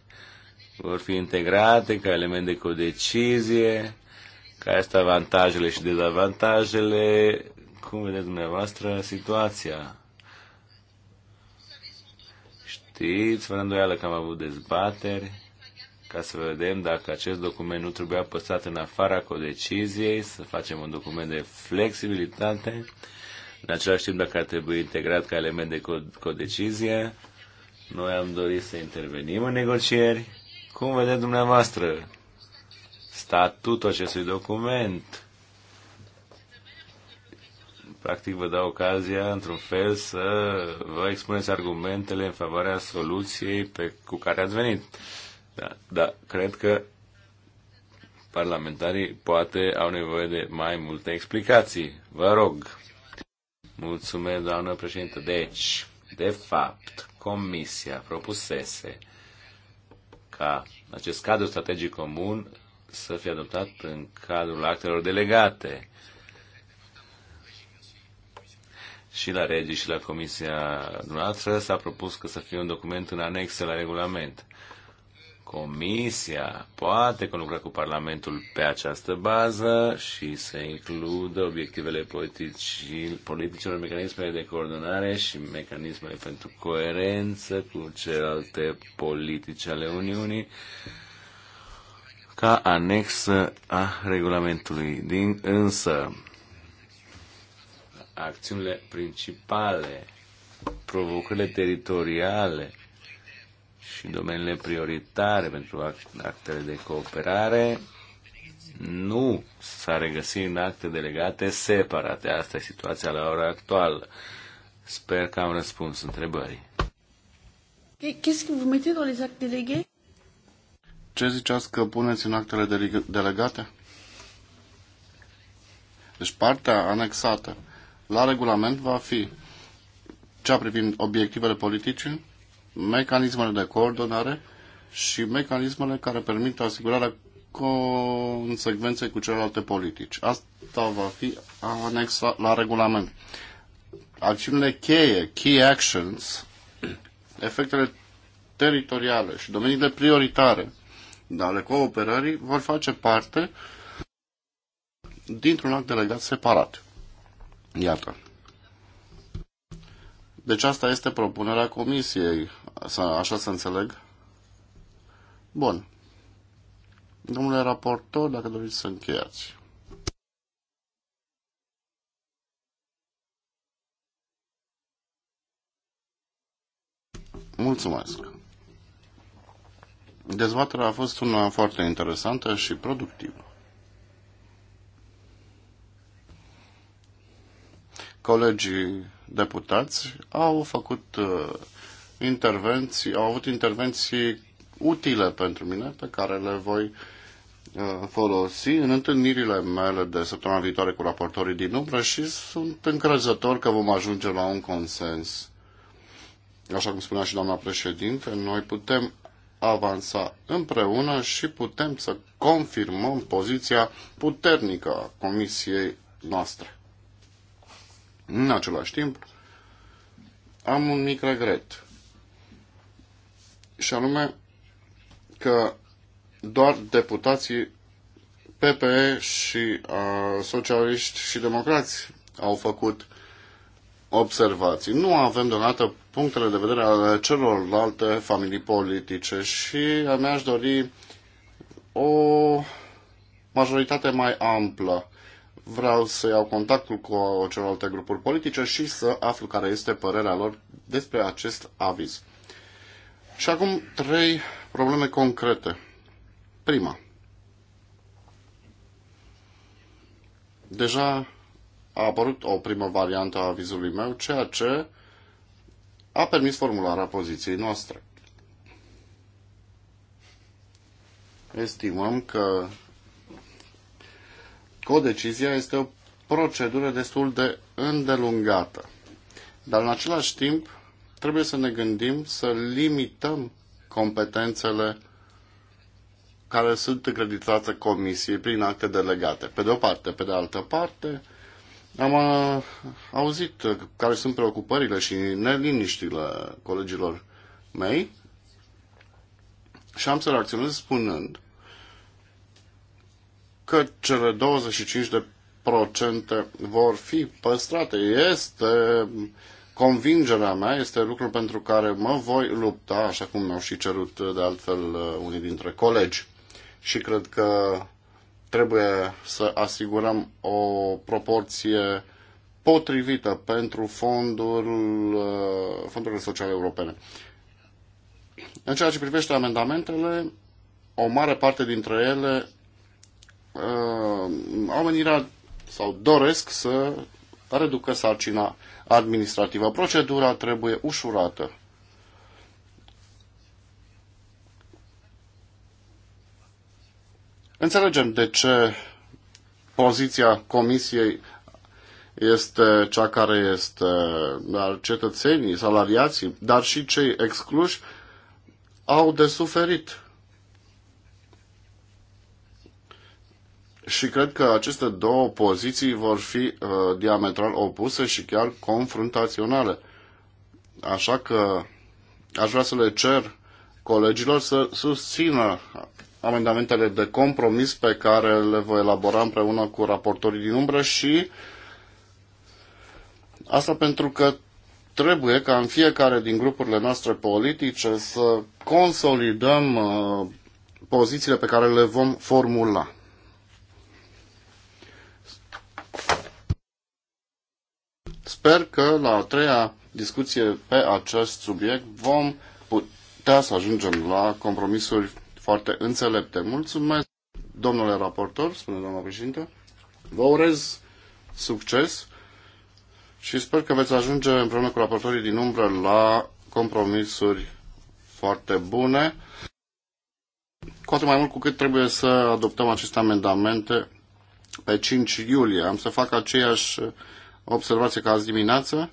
S3: Vor fi integrate ca element de codecizie, care este avantajele și dezavantajele. Cum vedeți dumneavoastră situația? știți, fără îndoială că am avut dezbateri ca să vedem dacă acest document nu trebuia păstrat în afara codeciziei, să facem un document de flexibilitate, în același timp dacă ar trebui integrat ca element de codecizie. Noi am dorit să intervenim în negocieri. Cum vedeți dumneavoastră statutul acestui document? practic vă dau ocazia, într-un fel, să vă expuneți argumentele în favoarea soluției pe, cu care ați venit. Da, da, cred că parlamentarii poate au nevoie de mai multe explicații. Vă rog. Mulțumesc, doamnă președintă. Deci, de fapt, Comisia propusese ca acest cadru strategic comun să fie adoptat în cadrul actelor delegate și la Regi și la Comisia dumneavoastră s-a propus că să fie un document în anexă la regulament. Comisia poate conlucra cu Parlamentul pe această bază și să includă obiectivele politici, politicilor, mecanismele de coordonare și mecanismele pentru coerență cu celelalte politici ale Uniunii ca anexă a regulamentului. Din însă, acțiunile principale, provocările teritoriale și domeniile prioritare pentru actele de cooperare nu s-a regăsit în acte delegate separate. Asta e situația la ora actuală. Sper că am
S2: răspuns întrebării.
S1: ce que mettez dans les actes délégués?
S2: Ce ziceați că puneți în actele delegate? Deci partea anexată la regulament va fi cea privind obiectivele politice, mecanismele de coordonare și mecanismele care permit asigurarea consecvenței cu celelalte politici. Asta va fi anexa la regulament. Acțiunile cheie, key actions, efectele teritoriale și domeniile prioritare ale cooperării vor face parte dintr-un act delegat separat. Iată. Deci asta este propunerea comisiei. Așa să înțeleg? Bun. Domnule raportor, dacă doriți să încheiați. Mulțumesc. Dezbaterea a fost una foarte interesantă și productivă. colegii deputați au făcut uh, intervenții, au avut intervenții utile pentru mine, pe care le voi uh, folosi în întâlnirile mele de săptămâna viitoare cu raportorii din umbră și sunt încrezător că vom ajunge la un consens. Așa cum spunea și doamna președinte, noi putem avansa împreună și putem să confirmăm poziția puternică a comisiei noastre. În același timp, am un mic regret. Și anume că doar deputații PPE și a, socialiști și democrați au făcut observații. Nu avem deodată punctele de vedere ale celorlalte familii politice și mi-aș dori o majoritate mai amplă vreau să iau contactul cu celelalte grupuri politice și să aflu care este părerea lor despre acest aviz. Și acum trei probleme concrete. Prima. Deja a apărut o primă variantă a avizului meu, ceea ce a permis formularea poziției noastre. Estimăm că codecizia este o procedură destul de îndelungată. Dar în același timp trebuie să ne gândim să limităm competențele care sunt încredințate comisiei prin acte delegate. Pe de o parte, pe de altă parte, am uh, auzit care sunt preocupările și neliniștile colegilor mei și am să reacționez spunând că cele 25 de procente vor fi păstrate. Este convingerea mea, este lucrul pentru care mă voi lupta, așa cum mi-au și cerut de altfel uh, unii dintre colegi. Și cred că trebuie să asigurăm o proporție potrivită pentru fondul, uh, fondurile sociale europene. În ceea ce privește amendamentele, o mare parte dintre ele Uh, oamenii sau doresc să reducă sarcina administrativă. Procedura trebuie ușurată. Înțelegem de ce poziția Comisiei este cea care este, dar cetățenii, salariații, dar și cei excluși au de suferit și cred că aceste două poziții vor fi uh, diametral opuse și chiar confruntaționale. Așa că aș vrea să le cer colegilor să susțină amendamentele de compromis pe care le voi elabora împreună cu raportorii din umbră și asta pentru că trebuie ca în fiecare din grupurile noastre politice să consolidăm uh, pozițiile pe care le vom formula. Sper că la a treia discuție pe acest subiect vom putea să ajungem la compromisuri foarte înțelepte. Mulțumesc, domnule raportor, spune doamna președinte. Vă urez succes și sper că veți ajunge împreună cu raportorii din umbră la compromisuri foarte bune. Cu atât mai mult cu cât trebuie să adoptăm aceste amendamente pe 5 iulie. Am să fac aceeași observație ca azi dimineață.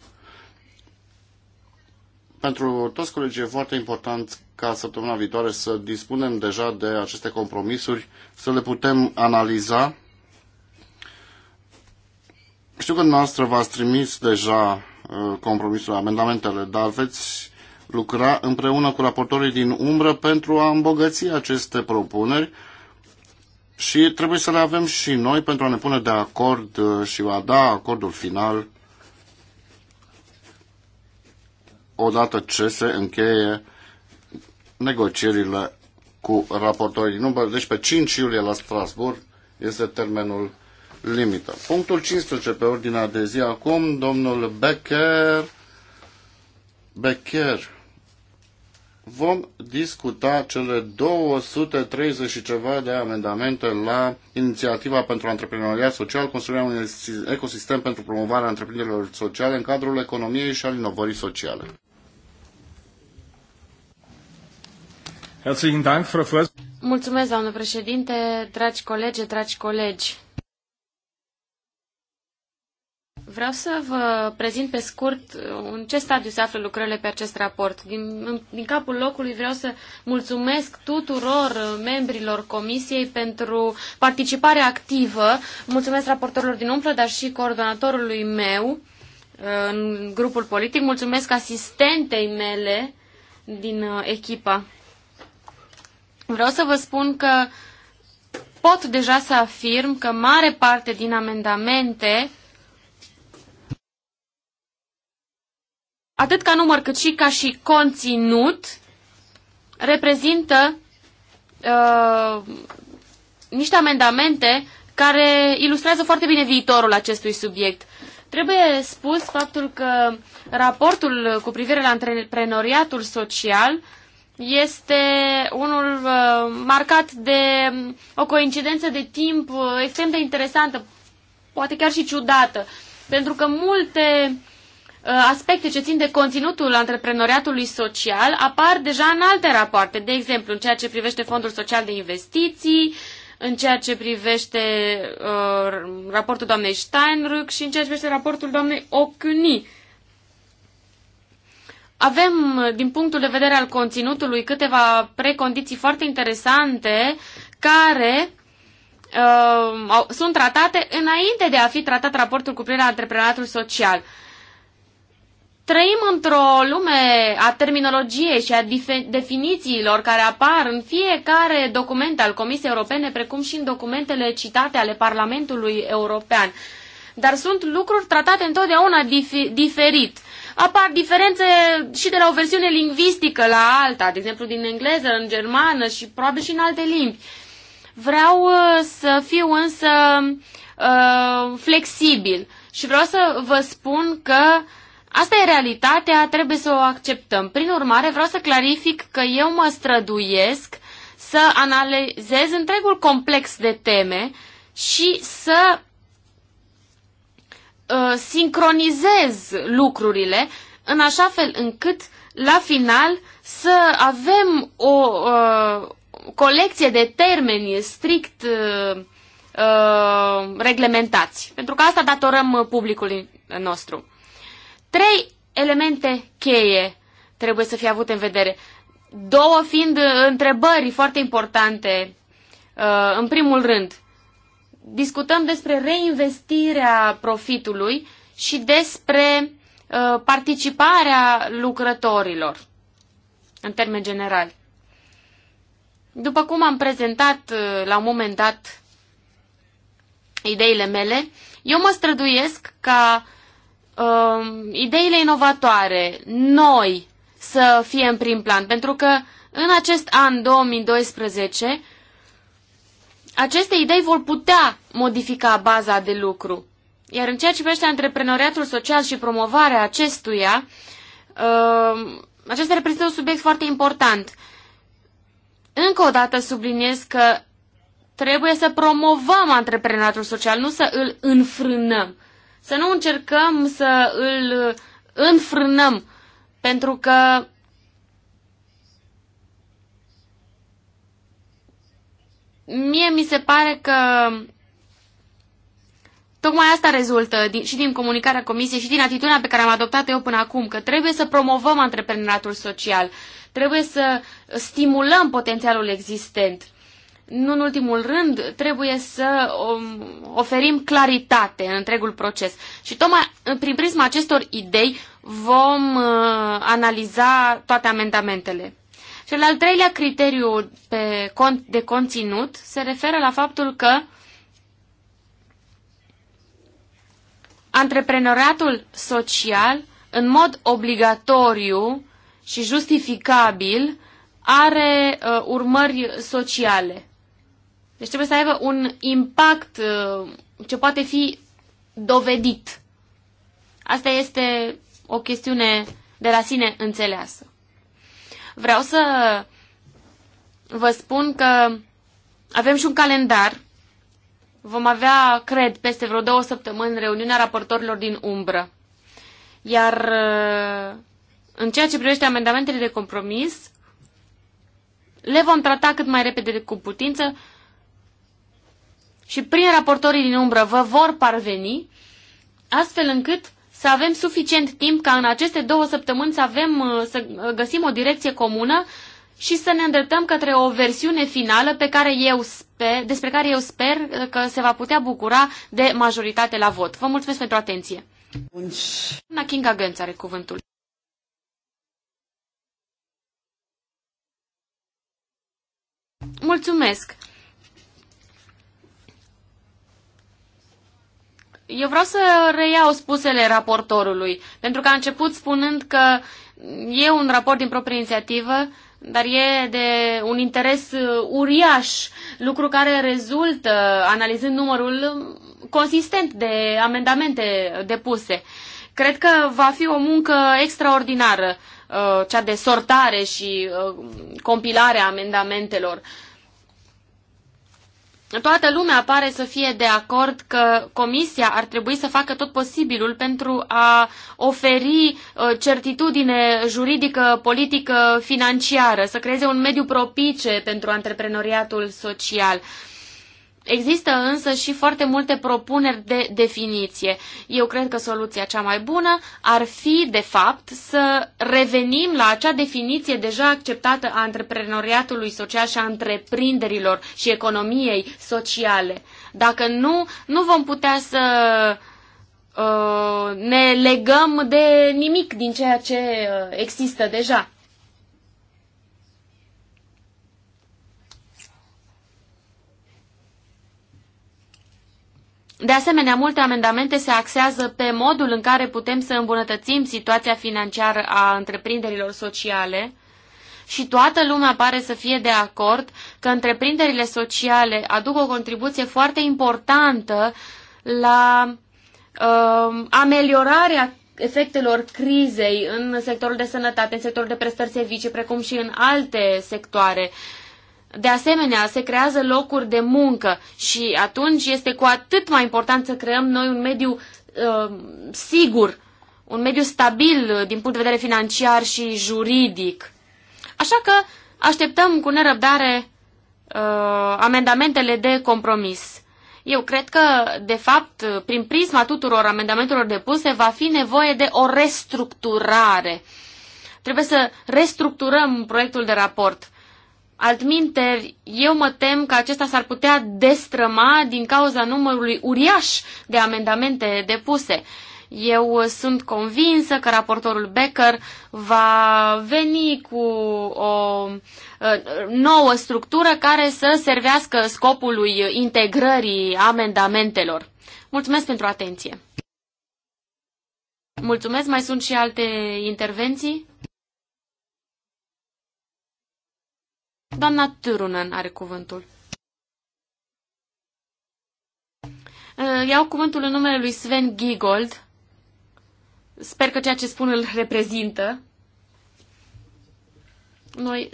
S2: Pentru toți colegii e foarte important ca săptămâna viitoare să dispunem deja de aceste compromisuri, să le putem analiza. Știu că noastră v-ați trimis deja uh, compromisul, amendamentele, dar veți lucra împreună cu raportorii din umbră pentru a îmbogăți aceste propuneri și trebuie să le avem și noi pentru a ne pune de acord uh, și a da acordul final odată ce se încheie negocierile cu raportorii număr. Deci pe 5 iulie la Strasburg este termenul limită. Punctul 15 pe ordinea de zi acum, domnul Becker. Becker vom discuta cele 230 și ceva de amendamente la inițiativa pentru antreprenoriat social, construirea unui ecosistem pentru promovarea întreprinderilor sociale în cadrul economiei și al inovării sociale.
S1: Mulțumesc, doamnă președinte, dragi colegi, dragi colegi. Vreau să vă prezint pe scurt în ce stadiu se află lucrările pe acest raport. Din, din capul locului vreau să mulțumesc tuturor membrilor comisiei pentru participarea activă. Mulțumesc raportorilor din umplă, dar și coordonatorului meu în grupul politic. Mulțumesc asistentei mele din uh, echipa. Vreau să vă spun că pot deja să afirm că mare parte din amendamente atât ca număr cât și ca și conținut, reprezintă uh, niște amendamente care ilustrează foarte bine viitorul acestui subiect. Trebuie spus faptul că raportul cu privire la antreprenoriatul social este unul uh, marcat de o coincidență de timp uh, extrem de interesantă, poate chiar și ciudată, pentru că multe Uh, aspecte ce țin de conținutul antreprenoriatului social apar deja în alte rapoarte, de exemplu în ceea ce privește Fondul Social de Investiții, în ceea ce privește uh, raportul doamnei Steinrück și în ceea ce privește raportul doamnei Ocuni. Avem, uh, din punctul de vedere al conținutului, câteva precondiții foarte interesante care uh, au, sunt tratate înainte de a fi tratat raportul cu privire la antreprenoriatul social. Uh, Trăim într-o lume a terminologiei și a definițiilor care apar în fiecare document al Comisiei Europene, precum și în documentele citate ale Parlamentului European. Dar sunt lucruri tratate întotdeauna dif- diferit. Apar diferențe și de la o versiune lingvistică la alta, de exemplu din engleză, în germană și probabil și în alte limbi. Vreau uh, să fiu însă uh, flexibil și vreau să vă spun că uh, Asta e realitatea, trebuie să o acceptăm. Prin urmare, vreau să clarific că eu mă străduiesc să analizez întregul complex de teme și să uh, sincronizez lucrurile în așa fel încât la final să avem o uh, colecție de termeni strict uh, uh reglementați. Pentru că asta datorăm publicului nostru. Trei elemente cheie trebuie să fie avute în vedere. Două fiind uh, întrebări foarte importante. Uh, în primul rând, discutăm despre reinvestirea profitului și despre uh, participarea lucrătorilor, în termen general. După cum am prezentat la un moment dat ideile mele, eu mă străduiesc ca uh, uh, ideile inovatoare, noi, să fie în prim plan. Pentru că în acest an 2012, aceste idei vor putea modifica baza de lucru. Iar în ceea ce privește antreprenoriatul social și promovarea acestuia, uh, acesta reprezintă un subiect foarte important. Încă o dată subliniez că trebuie să promovăm antreprenoriatul social, nu să îl înfrânăm. Să nu încercăm să îl înfrânăm, pentru că mie mi se pare că tocmai asta rezultă din, și din comunicarea Comisiei și din atitudinea pe care am adoptat-o eu până acum, că trebuie să promovăm antreprenoriatul social, trebuie să stimulăm potențialul existent nu în ultimul rând, trebuie să um, oferim claritate în întregul proces. Și tocmai prin prisma acestor idei vom uh, analiza toate amendamentele. Cel al treilea criteriu pe cont, de conținut se referă la faptul că antreprenoriatul social, în mod obligatoriu și justificabil, are uh, urmări sociale. Deci trebuie să aibă un impact uh, ce poate fi dovedit. Asta este o chestiune de la sine înțeleasă. Vreau să vă spun că avem și un calendar. Vom avea, cred, peste vreo două săptămâni reuniunea raportorilor din umbră. Iar uh, în ceea ce privește amendamentele de compromis, le vom trata cât mai repede cu putință și prin raportorii din umbră vă vor parveni, astfel încât să avem suficient timp ca în aceste două săptămâni să, avem, uh, să uh, găsim o direcție comună și să ne îndreptăm către o versiune finală pe care eu sper, despre care eu sper uh, că se va putea bucura de majoritate la vot. Vă mulțumesc pentru atenție. Bun. Doamna Kinga Gânț are cuvântul. Mulțumesc! Eu vreau să reiau spusele raportorului, pentru că a început spunând că e un raport din proprie inițiativă, dar e de un interes uriaș, lucru care rezultă, analizând numărul consistent de amendamente depuse. Cred că va fi o muncă extraordinară, uh, cea de sortare și uh, compilare a amendamentelor toată lumea pare să fie de acord că Comisia ar trebui să facă tot posibilul pentru a oferi uh, certitudine juridică, politică, financiară, să creeze un mediu propice pentru antreprenoriatul social. Există însă și foarte multe propuneri de definiție. Eu cred că soluția cea mai bună ar fi, de fapt, să revenim la acea definiție deja acceptată a antreprenoriatului social și a întreprinderilor și economiei sociale. Dacă nu, nu vom putea să uh, ne legăm de nimic din ceea ce uh, există deja. De asemenea, multe amendamente se axează pe modul în care putem să îmbunătățim situația financiară a întreprinderilor sociale și toată lumea pare să fie de acord că întreprinderile sociale aduc o contribuție foarte importantă la uh, ameliorarea efectelor crizei în sectorul de sănătate, în sectorul de prestări servicii, precum și în alte sectoare. Uh, de asemenea, se creează locuri de muncă și atunci este cu atât mai important să creăm noi un mediu uh, sigur, un mediu stabil uh, din punct de vedere financiar și juridic. Așa că așteptăm cu nerăbdare uh, amendamentele de compromis. Eu cred că, de fapt, prin prisma tuturor amendamentelor depuse, va fi nevoie de o restructurare. Trebuie să restructurăm proiectul de raport. Altminteri, eu mă tem că acesta s-ar putea destrăma din cauza numărului uriaș de amendamente depuse. Eu sunt convinsă că raportorul Becker va veni cu o ă, nouă structură care să servească scopului integrării amendamentelor. Mulțumesc pentru atenție! Mulțumesc, mai sunt și alte intervenții? Doamna Turunen are cuvântul. Iau cuvântul în numele lui Sven Gigold. Sper că ceea ce spun îl reprezintă. Noi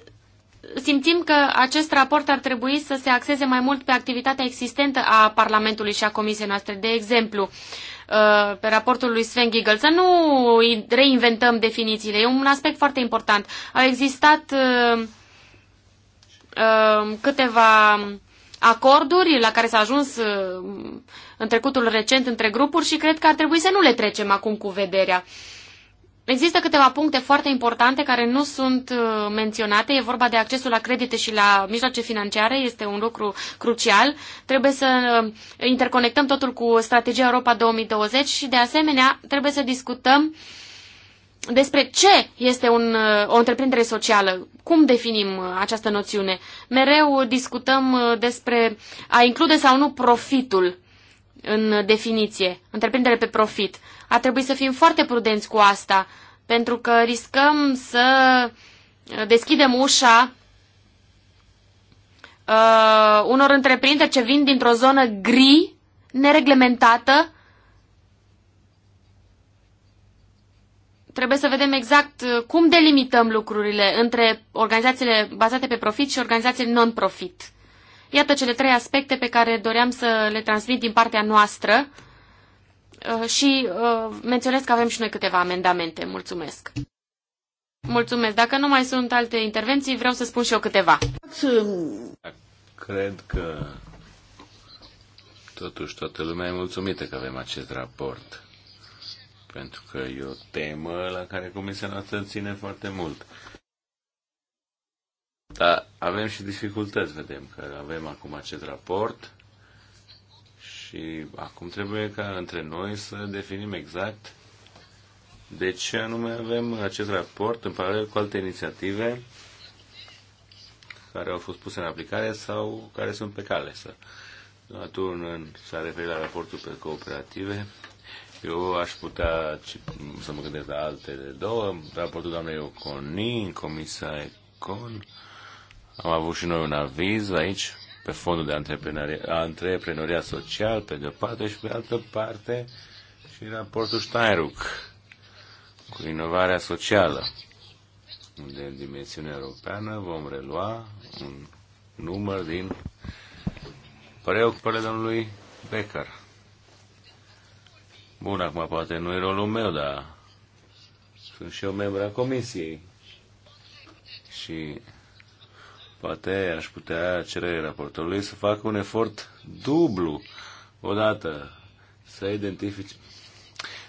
S1: simțim că acest raport ar trebui să se axeze mai mult pe activitatea existentă a Parlamentului și a Comisiei noastre. De exemplu, uh, pe raportul lui Sven Giegel, să nu reinventăm definițiile. E un aspect foarte important. Au existat uh, Um, câteva acorduri la care s-a ajuns uh, în trecutul recent între grupuri și cred că ar trebui să nu le trecem acum cu vederea. Există câteva puncte foarte importante care nu sunt uh, menționate. E vorba de accesul la credite și la mijloace financiare. Este un lucru crucial. Trebuie să uh, interconectăm totul cu strategia Europa 2020 și, de asemenea, trebuie să discutăm uh, despre ce este un, uh, o întreprindere socială, cum definim uh, această noțiune. Mereu discutăm uh, despre a include sau nu profitul în definiție, întreprindere pe profit. Ar trebui să fim foarte prudenți cu asta, pentru că riscăm să deschidem ușa uh, unor întreprinderi ce vin dintr-o zonă gri, nereglementată, Trebuie să vedem exact uh, cum delimităm lucrurile între organizațiile bazate pe profit și organizațiile non-profit. Iată cele trei aspecte pe care doream să le transmit din partea noastră uh, și uh, menționez că avem și noi câteva amendamente. Mulțumesc! Mulțumesc! Dacă nu mai sunt alte intervenții, vreau să spun și eu câteva.
S3: Cred că totuși toată lumea e mulțumită că avem acest raport pentru că e o temă la care Comisia noastră ține foarte mult. Dar avem și dificultăți, vedem că avem acum acest raport și acum trebuie ca între noi să definim exact de ce anume avem acest raport în paralel cu alte inițiative care au fost puse în aplicare sau care sunt pe cale să. Atunci s-a referit la raportul pe cooperative eu aș putea să mă gândesc la de două. Raportul doamnei Oconin, Comisia Econ. Am avut și noi un aviz aici pe fondul de antreprenoria, antreprenoria social, pe de-o parte, și pe altă parte și raportul Steinruck cu inovarea socială de dimensiune europeană vom relua un număr din preocupările domnului Becker. Bun, acum poate nu e rolul meu, dar sunt și eu membru a comisiei. Și poate aș putea cere raportorului să facă un efort dublu. Odată să identifice.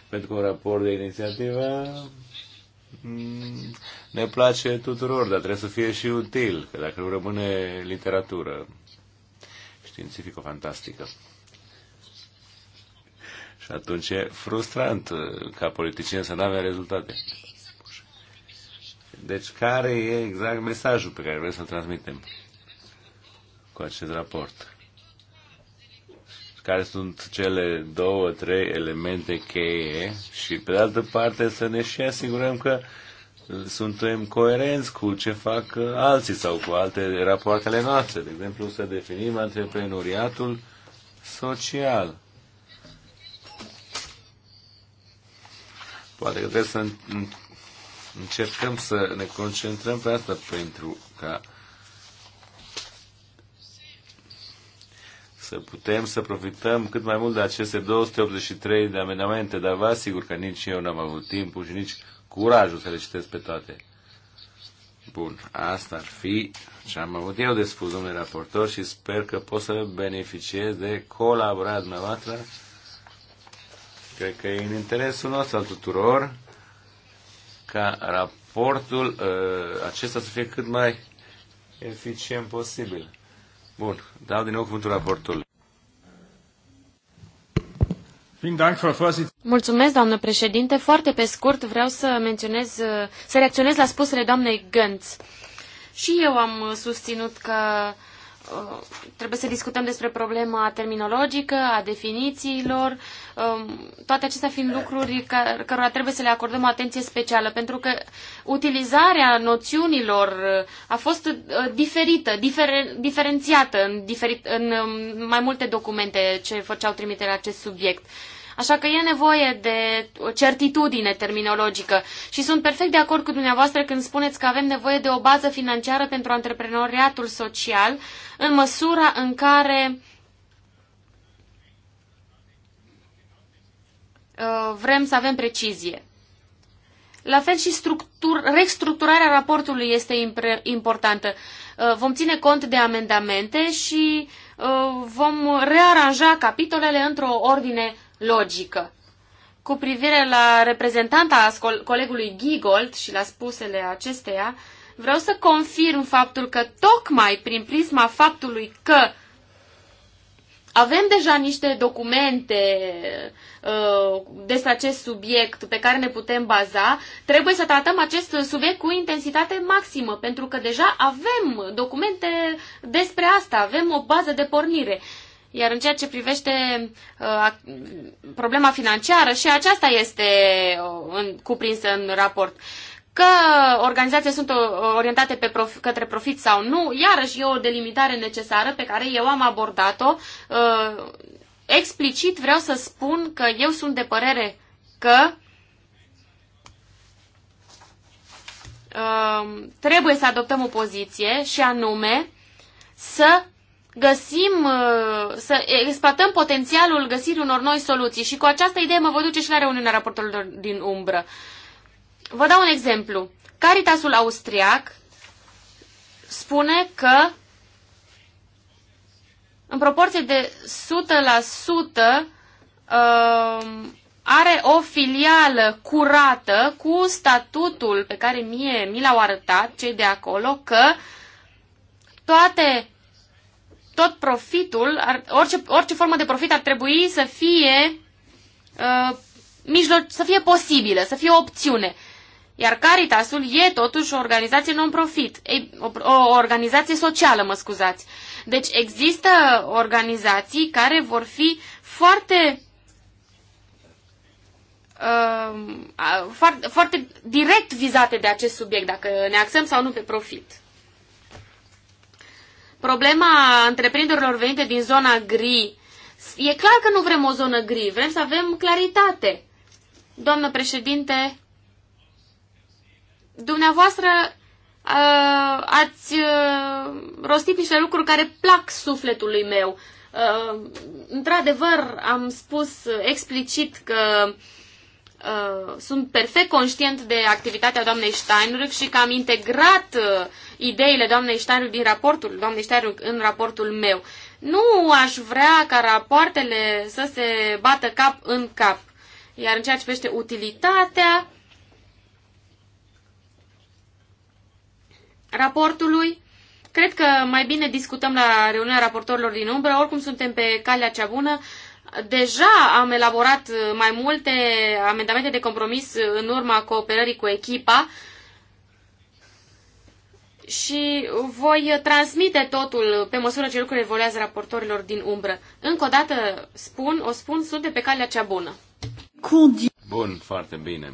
S3: Pentru că un raport de inițiativă mm, ne place tuturor, dar trebuie să fie și util, că dacă nu rămâne literatură științifică fantastică. Și atunci e frustrant uh, ca politicien să nu avem rezultate. Deci care e exact mesajul pe care vrem să-l transmitem cu acest raport? Care sunt cele două, trei elemente cheie și pe de altă parte să ne și asigurăm că uh, suntem coerenți cu ce fac uh, alții sau cu alte rapoartele noastre. De exemplu, să definim antreprenoriatul social Poate că trebuie să încercăm să ne concentrăm pe asta pentru ca să putem să profităm cât mai mult de aceste 283 de amendamente, dar vă asigur că nici eu n-am avut timpul și nici curajul să le citesc pe toate. Bun, asta ar fi ce am avut eu de spus, domnule raportor, și sper că pot să beneficiez de colaborarea dumneavoastră Cred că e în interesul nostru al tuturor ca raportul uh, acesta să fie cât mai eficient posibil. Bun, dau din nou cuvântul raportului.
S1: Mulțumesc, doamnă președinte. Foarte pe scurt vreau să menționez, uh, să reacționez la spusele doamnei Gânț. Și eu am susținut că uh, Uh, trebuie să discutăm despre problema terminologică, a definițiilor, um, toate acestea fiind lucruri cărora trebuie să le acordăm atenție specială, pentru că utilizarea noțiunilor uh, a fost uh, diferită, diferen, diferențiată în, diferit, în um, mai multe documente ce făceau trimitere la acest subiect. Așa că e nevoie de o certitudine terminologică și sunt perfect de acord cu dumneavoastră când spuneți că avem nevoie de o bază financiară pentru antreprenoriatul social în măsura în care uh, vrem să avem precizie. La fel și restructurarea raportului este importantă. Uh, vom ține cont de amendamente și uh, vom rearanja capitolele într-o ordine logică. Cu privire la reprezentanta colegului Gigold și la spusele acesteia, vreau să confirm faptul că tocmai prin prisma faptului că avem deja niște documente uh, despre acest subiect pe care ne putem baza, trebuie să tratăm acest subiect cu intensitate maximă, pentru că deja avem documente despre asta, avem o bază de pornire. Iar în ceea ce privește uh, problema financiară, și aceasta este uh, în, cuprinsă în raport. Că organizațiile sunt uh, orientate pe prof, către profit sau nu, iarăși e o delimitare necesară pe care eu am abordat-o. Uh, explicit vreau să spun că eu sunt de părere că uh, trebuie să adoptăm o poziție și anume să găsim, uh, să exploatăm potențialul găsirii unor noi soluții. Și cu această idee mă voi duce și la reuniunea raportorilor din umbră. Vă dau un exemplu. Caritasul austriac spune că în proporție de 100% um, are o filială curată cu statutul pe care mie mi l-au arătat cei de acolo că toate tot profitul, ar, orice, orice formă de profit ar trebui să fie uh, mijloc, să fie posibilă, să fie o opțiune. Iar Caritasul e totuși o organizație non-profit, o, o organizație socială, mă scuzați. Deci există organizații care vor fi foarte uh, foarte, foarte direct vizate de acest subiect, dacă ne axăm sau nu pe profit problema întreprinderilor venite din zona gri. E clar că nu vrem o zonă gri, vrem să avem claritate. Doamnă președinte, dumneavoastră uh, ați uh, rostit niște lucruri care plac sufletului meu. Uh, într-adevăr, am spus explicit că uh, Uh, sunt perfect conștient de activitatea doamnei Steinruck și că am integrat uh, ideile doamnei Steinruck din raportul doamnei Steinruck în raportul meu. Nu aș vrea ca rapoartele să se bată cap în cap. Iar în ceea ce privește utilitatea raportului, cred că mai bine discutăm la reuniunea raportorilor din umbră, oricum suntem pe calea cea bună. Deja am elaborat uh, mai multe amendamente de compromis uh, în urma cooperării cu echipa și voi transmite totul pe măsură ce lucrurile evoluează raportorilor din umbră. Încă o dată spun, o spun, sunt de pe calea cea bună.
S3: Bun, foarte bine.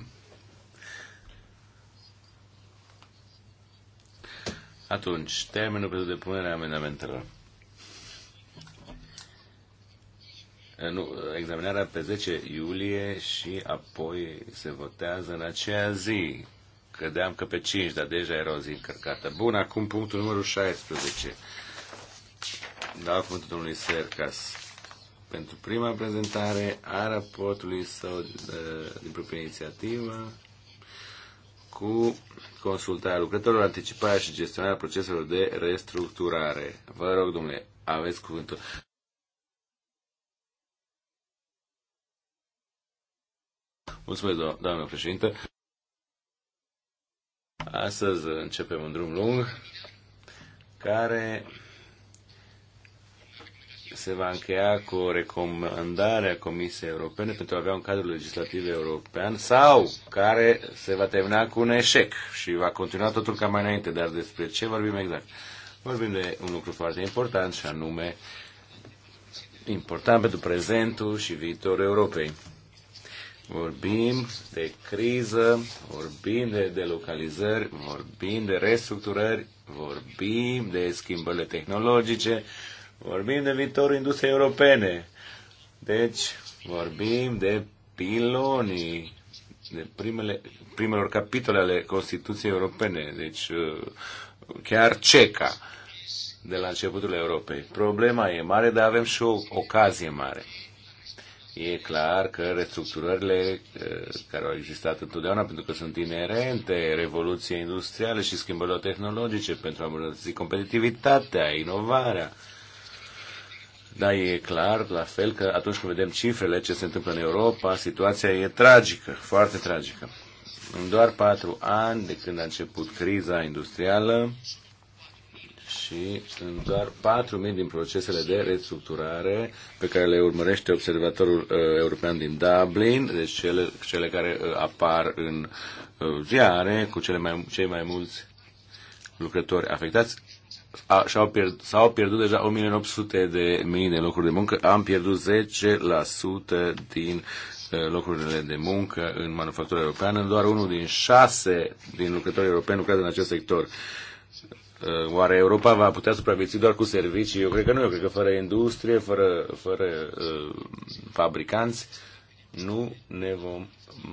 S3: Atunci, termenul pentru depunerea amendamentelor. Eh, nu, examinarea pe 10 iulie și apoi se votează în aceea zi. Credeam că pe 5, dar deja era o zi încărcată. Bun, acum punctul numărul 16. Dau cuvântul domnului Sercas pentru prima prezentare a raportului său de, eh, din propria inițiativă cu consultarea lucrătorilor, anticiparea și gestionarea proceselor de restructurare. Vă rog, domnule, aveți cuvântul. Mulțumesc, doamnă președinte. Astăzi începem un drum lung care se va încheia cu o recomandare a Comisiei Europene pentru a avea un cadru legislativ european sau care se va termina cu un eșec și va continua totul ca mai înainte. Dar despre ce vorbim exact? Vorbim de un lucru foarte important și anume important pentru prezentul și viitorul Europei. Vorbim de criză, vorbim de delocalizări, vorbim de restructurări, vorbim de schimbările tehnologice, vorbim de viitorul industriei europene. Deci, vorbim de pilonii, de primele, primelor capitole ale Constituției Europene, deci uh, chiar CECA de la începutul Europei. Problema e mare, dar avem și o ocazie mare. E clar că restructurările uh, care au existat întotdeauna, pentru că sunt inerente revoluției industriale și schimbărilor tehnologice pentru a îmbunătăți competitivitatea, inovarea, dar e clar, la fel, că atunci când vedem cifrele ce se întâmplă în Europa, situația e tragică, foarte tragică. În doar patru ani de când a început criza industrială, și sunt doar 4.000 din procesele de restructurare pe care le urmărește Observatorul uh, European din Dublin, deci cele, cele care uh, apar în uh, ziare cu cele mai, cei mai mulți lucrători afectați. A, și-au pierd, s-au pierdut deja 1.800 de mii de locuri de muncă, am pierdut 10% din uh, locurile de muncă în manufactura europeană. Doar unul din șase din lucrători europeni lucrează în acest sector. Uh, oare Europa va putea supraviețui doar cu servicii? Eu cred că nu, eu cred că fără industrie, fără, fără uh, fabricanți, nu ne vom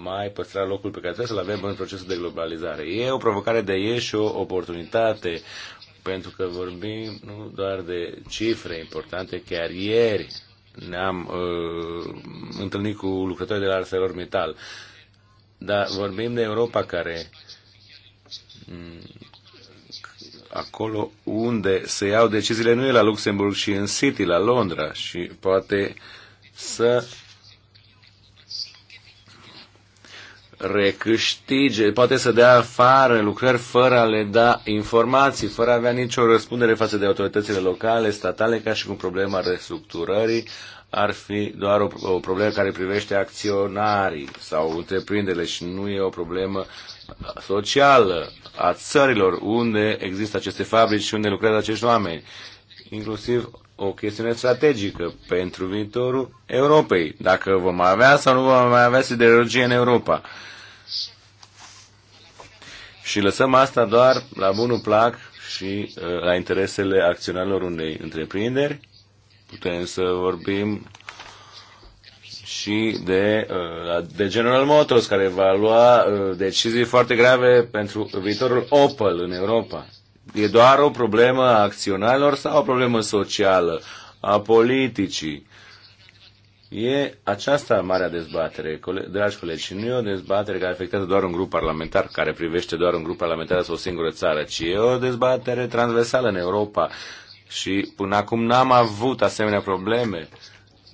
S3: mai păstra locul pe care trebuie să-l avem în procesul de globalizare. E o provocare de ieși și o oportunitate, pentru că vorbim nu doar de cifre importante, chiar ieri ne-am uh, întâlnit cu lucrători de la ArcelorMittal, dar vorbim de Europa care mm, acolo unde se iau deciziile nu e la Luxemburg, și în City, la Londra și poate să recâștige, poate să dea afară lucrări fără a le da informații, fără a avea nicio răspundere față de autoritățile locale, statale, ca și cu problema restructurării ar fi doar o, o problemă care privește acționarii sau întreprinderile și nu e o problemă socială a țărilor unde există aceste fabrici și unde lucrează acești oameni. Inclusiv o chestiune strategică pentru viitorul Europei, dacă vom avea sau nu vom mai avea siderurgie în Europa. Și lăsăm asta doar la bunul plac și uh, la interesele acționarilor unei întreprinderi Putem să vorbim și de, uh, de General Motors, care va lua uh, decizii foarte grave pentru viitorul Opel în Europa. E doar o problemă a acționarilor sau o problemă socială, a politicii? E aceasta marea dezbatere, dragi colegi, și nu e o dezbatere care afectează doar un grup parlamentar, care privește doar un grup parlamentar sau o singură țară, ci e o dezbatere transversală în Europa și până acum n-am avut asemenea probleme.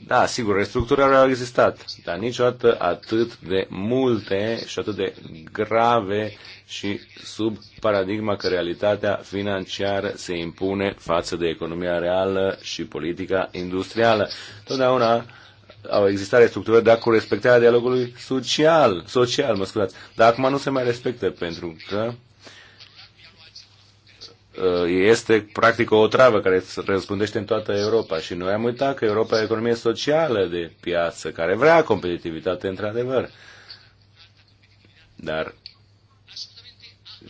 S3: Da, sigur, restructurarea au existat, dar niciodată atât de multe și atât de grave și sub paradigma că realitatea financiară se impune față de economia reală și politica industrială. Totdeauna au existat restructurări, dar cu respectarea dialogului social, social, mă scuzați. Dar acum nu se mai respectă pentru că Uh, este practic o travă care se răspândește în toată Europa și noi am uitat că Europa e o economie socială de piață care vrea competitivitate într-adevăr. Dar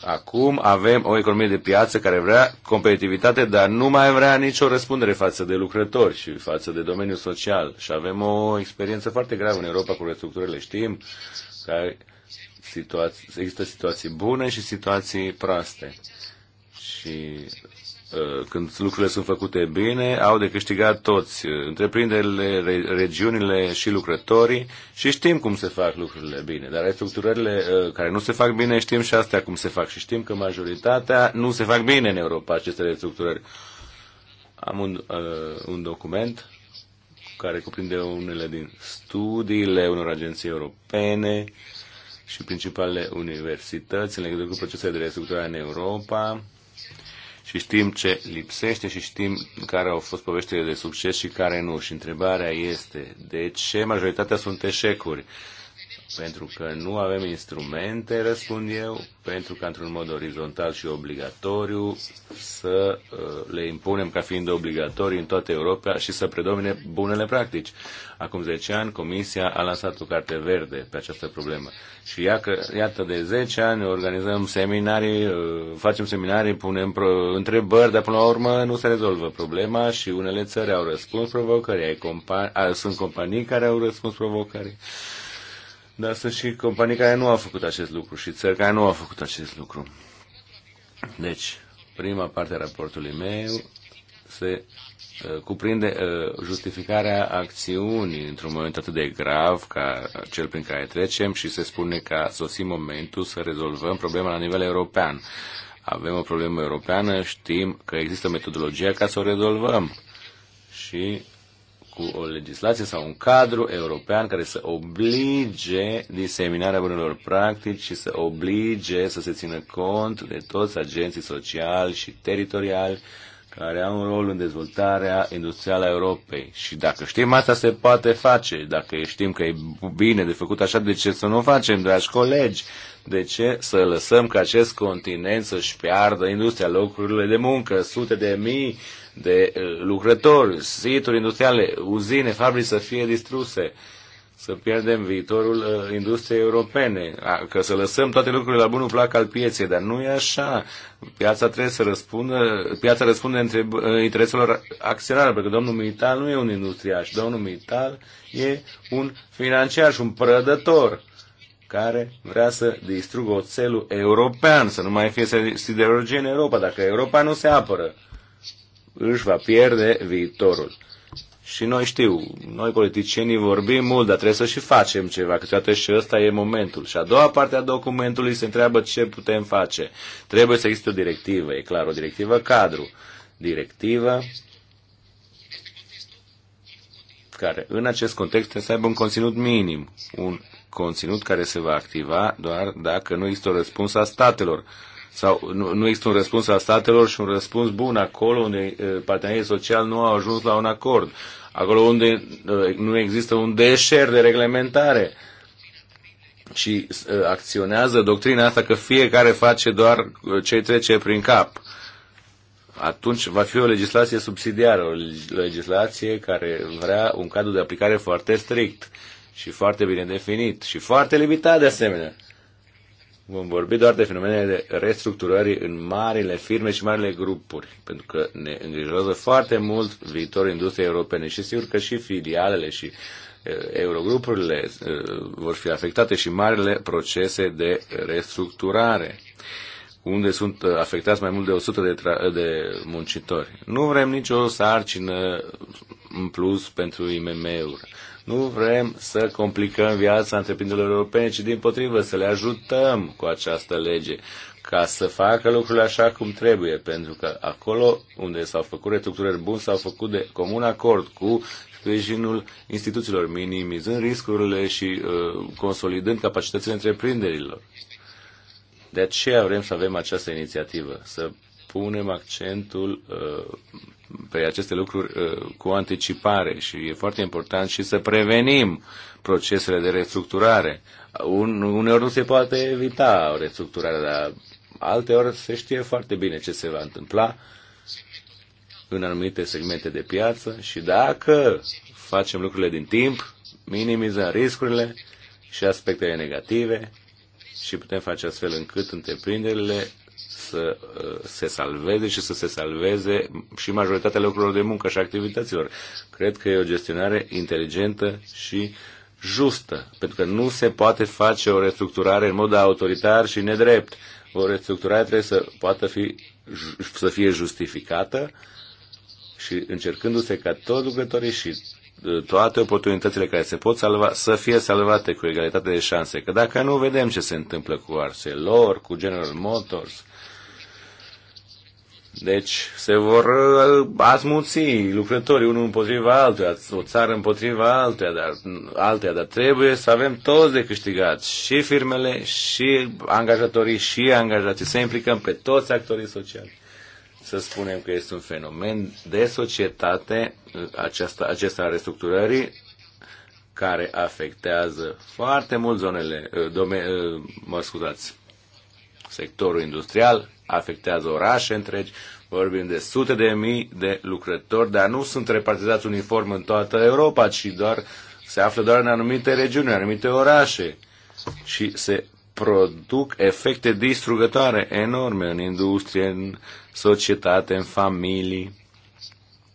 S3: acum avem o economie de piață care vrea competitivitate, dar nu mai vrea nicio răspundere față de lucrători și față de domeniul social. Și avem o experiență foarte gravă în Europa cu restructurile, Știm că situa- există situații bune și situații proaste și uh, când lucrurile sunt făcute bine, au de câștigat toți, uh, întreprinderile, regiunile și lucrătorii și știm cum se fac lucrurile bine, dar restructurările uh, care nu se fac bine știm și astea cum se fac și știm că majoritatea nu se fac bine în Europa aceste restructurări. Am un, uh, un document care cuprinde unele din studiile unor agenții europene și principalele universități în legătură cu procesele de restructurare în Europa și știm ce lipsește și știm care au fost poveștile de succes și care nu. Și întrebarea este, de ce majoritatea sunt eșecuri? pentru că nu avem instrumente, răspund eu, pentru că într-un mod orizontal și obligatoriu să uh, le impunem ca fiind obligatorii în toată Europa și să predomine bunele practici. Acum 10 ani Comisia a lansat o carte verde pe această problemă și iată de 10 ani organizăm seminarii, uh, facem seminarii, punem întrebări, dar până la urmă nu se rezolvă problema și unele țări au răspuns provocării, ai compa- sunt companii care au răspuns provocării dar sunt și companii care nu au făcut acest lucru și țări care nu au făcut acest lucru. Deci, prima parte a raportului meu se uh, cuprinde uh, justificarea acțiunii într-un moment atât de grav ca cel prin care trecem și se spune că a sosit momentul să rezolvăm problema la nivel european. Avem o problemă europeană, știm că există metodologia ca să o rezolvăm și cu o legislație sau un cadru european care să oblige diseminarea bunelor practici și să oblige să se țină cont de toți agenții sociali și teritoriali care au un rol în dezvoltarea industrială a Europei. Și dacă știm asta, se poate face. Dacă știm că e bine de făcut așa, de ce să nu facem, dragi colegi? De ce să lăsăm ca acest continent să-și piardă industria, locurile de muncă, sute de mii de lucrători, situri industriale, uzine, fabrici să fie distruse, să pierdem viitorul uh, industriei europene, A, că să lăsăm toate lucrurile la bunul plac al pieței, dar nu e așa. Piața trebuie să răspundă, piața răspunde între, uh, intereselor acționare, pentru că domnul Mital nu e un industriaș, domnul Mital e un financiar și un prădător care vrea să distrugă oțelul european, să nu mai fie siderurgie în Europa, dacă Europa nu se apără își va pierde viitorul. Și noi știu, noi politicienii vorbim mult, dar trebuie să și facem ceva, Că toate și ăsta e momentul. Și a doua parte a documentului se întreabă ce putem face. Trebuie să existe o directivă, e clar, o directivă cadru. Directivă care în acest context trebuie să aibă un conținut minim, un conținut care se va activa doar dacă nu există o răspuns a statelor sau nu, nu există un răspuns al statelor și un răspuns bun acolo unde partenerii sociali nu au ajuns la un acord, acolo unde nu există un deșert de reglementare și acționează doctrina asta că fiecare face doar ce trece prin cap. Atunci va fi o legislație subsidiară, o legislație care vrea un cadru de aplicare foarte strict și foarte bine definit și foarte limitat de asemenea. Vom vorbi doar de fenomenele de restructurării în marile firme și marile grupuri, pentru că ne îngrijorează foarte mult viitorul industriei europene și sigur că și filialele și eurogrupurile vor fi afectate și marile procese de restructurare, unde sunt uh, afectați mai mult de 100 de, de muncitori. Nu vrem nicio sarcină în plus pentru IMM-uri. Nu vrem să complicăm viața întreprinderilor europene, ci din potrivă să le ajutăm cu această lege ca să facă lucrurile așa cum trebuie, pentru că acolo unde s-au făcut restructurări bune, s-au făcut de comun acord cu sprijinul instituțiilor, minimizând riscurile și uh, consolidând capacitățile întreprinderilor. De aceea vrem să avem această inițiativă, să punem accentul uh, pe aceste lucruri uh, cu anticipare și e foarte important și să prevenim procesele de restructurare. Uneori nu se poate evita o restructurare, dar alteori se știe foarte bine ce se va întâmpla în anumite segmente de piață și dacă facem lucrurile din timp, minimizăm riscurile și aspectele negative și putem face astfel încât întreprinderile să uh, se salveze și să se salveze și majoritatea locurilor de muncă și activităților. Cred că e o gestionare inteligentă și justă, pentru că nu se poate face o restructurare în mod autoritar și nedrept. O restructurare trebuie să poată fi, să fie justificată și încercându-se ca toți lucrătorii și uh, toate oportunitățile care se pot salva, să fie salvate cu egalitate de șanse. Că dacă nu, vedem ce se întâmplă cu Arcelor, cu General Motors, deci se vor uh, asmuți lucrătorii unul împotriva altuia, o țară împotriva altuia, dar, altuia, dar trebuie să avem toți de câștigat, și firmele, și angajatorii, și angajații, să implicăm pe toți actorii sociali. Să spunem că este un fenomen de societate, uh, aceasta, acesta restructurării, care afectează foarte mult zonele, uh, dome, mă scuzați, sectorul industrial, afectează orașe întregi, vorbim de sute de mii de lucrători, dar nu sunt repartizați uniform în toată Europa, ci doar se află doar în anumite regiuni, în anumite orașe. Și se produc efecte distrugătoare enorme în industrie, în societate, în familii.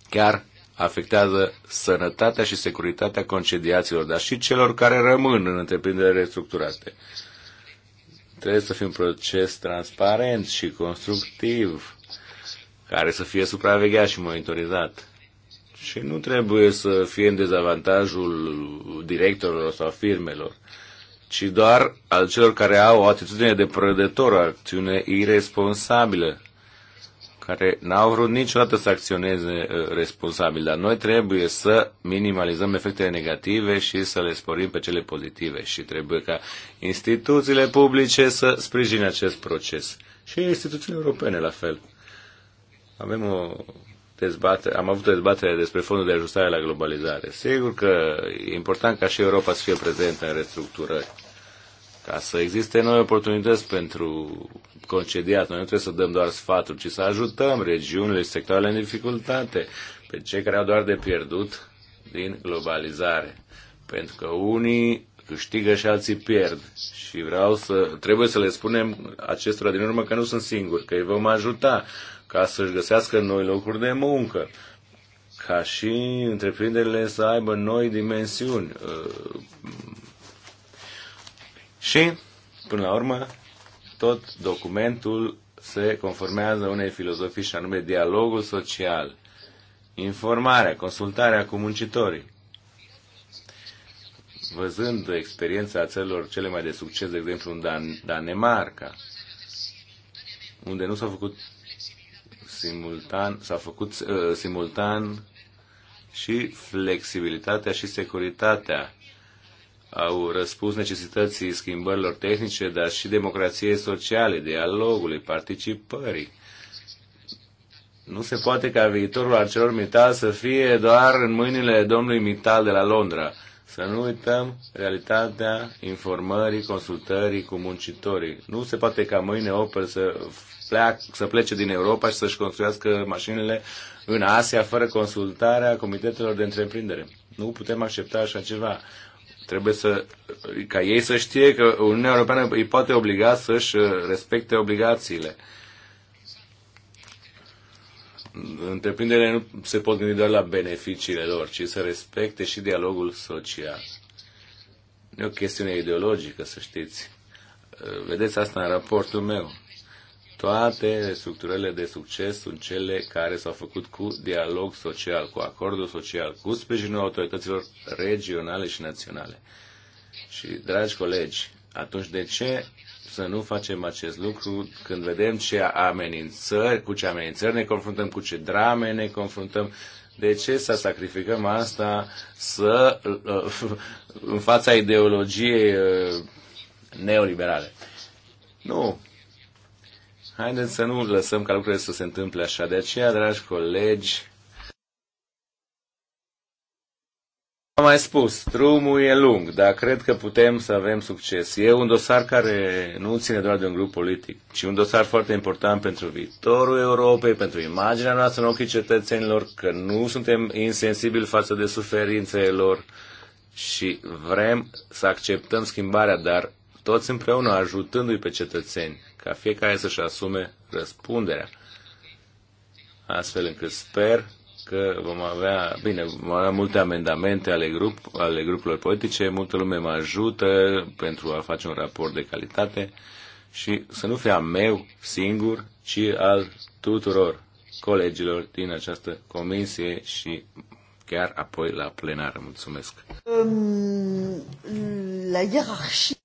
S3: Chiar afectează sănătatea și securitatea concediaților, dar și celor care rămân în întreprinderile restructurate. Trebuie să fie un proces transparent și constructiv, care să fie supravegheat și monitorizat. Și nu trebuie să fie în dezavantajul directorilor sau firmelor, ci doar al celor care au o atitudine de prădător, o acțiune irresponsabilă care n-au vrut niciodată să acționeze uh, responsabil, dar noi trebuie să minimalizăm efectele negative și să le sporim pe cele pozitive și trebuie ca instituțiile publice să sprijine acest proces și instituțiile europene la fel. Avem o dezbatere, am avut o dezbatere despre fondul de ajustare la globalizare. Sigur că e important ca și Europa să fie prezentă în restructurări, ca să existe noi oportunități pentru concediat. Noi nu trebuie să dăm doar sfaturi, ci să ajutăm regiunile și sectoarele în dificultate, pe cei care au doar de pierdut din globalizare. Pentru că unii câștigă și alții pierd. Și vreau să, trebuie să le spunem acestora din urmă că nu sunt singuri, că îi vom ajuta ca să-și găsească noi locuri de muncă, ca și întreprinderile să aibă noi dimensiuni. Uh, și, până la urmă, tot documentul se conformează unei filozofii și anume dialogul social, informarea, consultarea cu muncitorii. Văzând experiența țărilor cele mai de succes, de exemplu în Dan- Danemarca, unde nu s-a făcut simultan, s-a făcut uh, simultan și flexibilitatea și securitatea au răspuns necesității schimbărilor tehnice, dar și democrației sociale, dialogului, participării. Nu se poate ca viitorul acelor Mital să fie doar în mâinile domnului Mital de la Londra. Să nu uităm realitatea informării, consultării cu muncitorii. Nu se poate ca mâine Opel să, pleac, să plece din Europa și să-și construiască mașinile în Asia fără consultarea comitetelor de întreprindere. Nu putem accepta așa ceva. Trebuie să, ca ei să știe că Uniunea Europeană îi poate obliga să-și uh, respecte obligațiile. Întreprinderile nu se pot gândi doar la beneficiile lor, ci să respecte și dialogul social. Nu e o chestiune ideologică, să știți. Uh, vedeți asta în raportul meu. Toate structurile de succes sunt cele care s-au făcut cu dialog social, cu acordul social, cu sprijinul autorităților regionale și naționale. Și, dragi colegi, atunci de ce să nu facem acest lucru când vedem ce amenințări, cu ce amenințări ne confruntăm, cu ce drame ne confruntăm, de ce să sacrificăm asta să, uh, în fața ideologiei uh, neoliberale? Nu, Haideți să nu lăsăm ca lucrurile să se întâmple așa. De aceea, dragi colegi, am mai spus, drumul e lung, dar cred că putem să avem succes. E un dosar care nu ține doar de un grup politic, ci un dosar foarte important pentru viitorul Europei, pentru imaginea noastră în ochii cetățenilor, că nu suntem insensibili față de suferințele lor și vrem să acceptăm schimbarea, dar toți împreună ajutându-i pe cetățeni ca fiecare să-și asume răspunderea. Astfel încât sper că vom avea, bine, vom avea multe amendamente ale, grup, ale grupurilor politice, multă lume mă ajută pentru a face un raport de calitate și să nu fie a meu singur, ci al tuturor colegilor din această comisie și
S2: chiar apoi la plenară. Mulțumesc! Um, la ierarhie.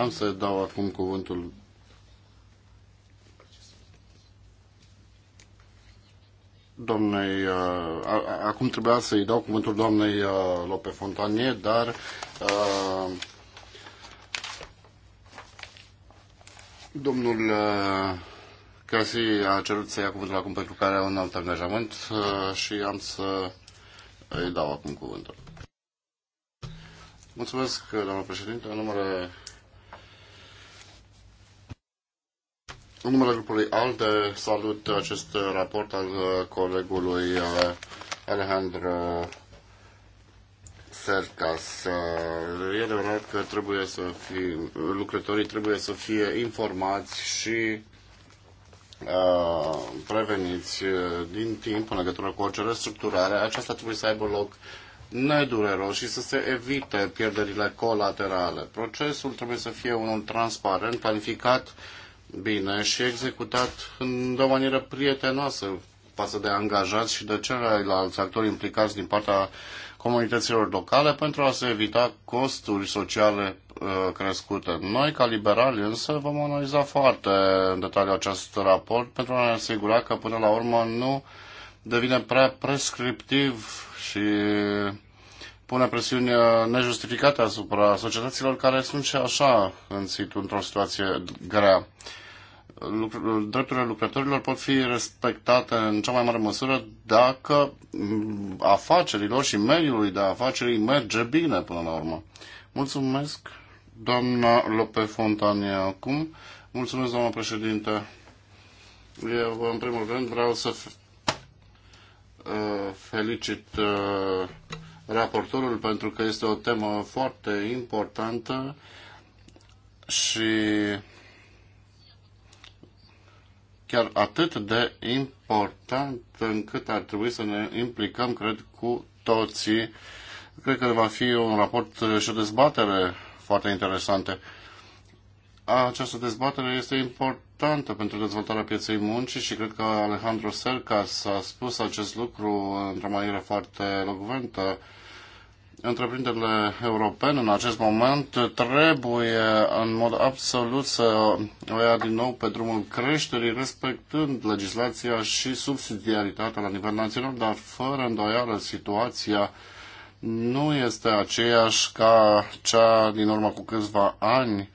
S2: Am să dau acum cuvântul doamnei, uh, acum trebuia să-i dau cuvântul doamnei uh, Lope Fontanie, dar uh, domnul uh, Casi a cerut să ia cuvântul acum pentru că are un alt angajament uh, și am să îi dau acum cuvântul. Mulțumesc, doamnă președinte, în numele În numele grupului ALDE salut acest raport al uh, colegului uh, Alejandro Sercas. Uh, e adevărat că trebuie să fie, lucrătorii trebuie să fie informați și preveniți din timp în legătură cu orice restructurare. Aceasta trebuie să aibă loc nedureros și să se evite pierderile colaterale. Procesul trebuie să fie unul transparent, planificat uh, bine și executat într-o manieră prietenoasă față de angajați și de ceilalți actori implicați din partea comunităților locale pentru a se evita costuri sociale uh, crescute. Noi, ca liberali, însă, vom analiza foarte în detaliu acest raport pentru a ne asigura că, până la urmă, nu devine prea prescriptiv și pune presiuni uh, nejustificate asupra societăților care sunt și așa în situ, într-o situație grea drepturile lucrătorilor pot fi respectate în cea mai mare măsură dacă mm, afacerilor și mediului de afaceri merge bine până la urmă. Mulțumesc, doamna Lope Fontanie, acum. Mulțumesc, doamna președinte. Eu, în primul rând, vreau să uh, felicit uh, raportorul pentru că este o temă foarte importantă și chiar atât de important încât ar trebui să ne implicăm, cred, cu toții. Cred că va fi un raport și o dezbatere foarte interesante. Această dezbatere este importantă pentru dezvoltarea pieței muncii și cred că Alejandro Sercas a spus acest lucru într-o manieră foarte elogventă Întreprinderile europene în acest moment trebuie în mod absolut să o ia din nou pe drumul creșterii, respectând legislația și subsidiaritatea la nivel național, dar fără îndoială situația nu este aceeași ca cea din urmă cu câțiva ani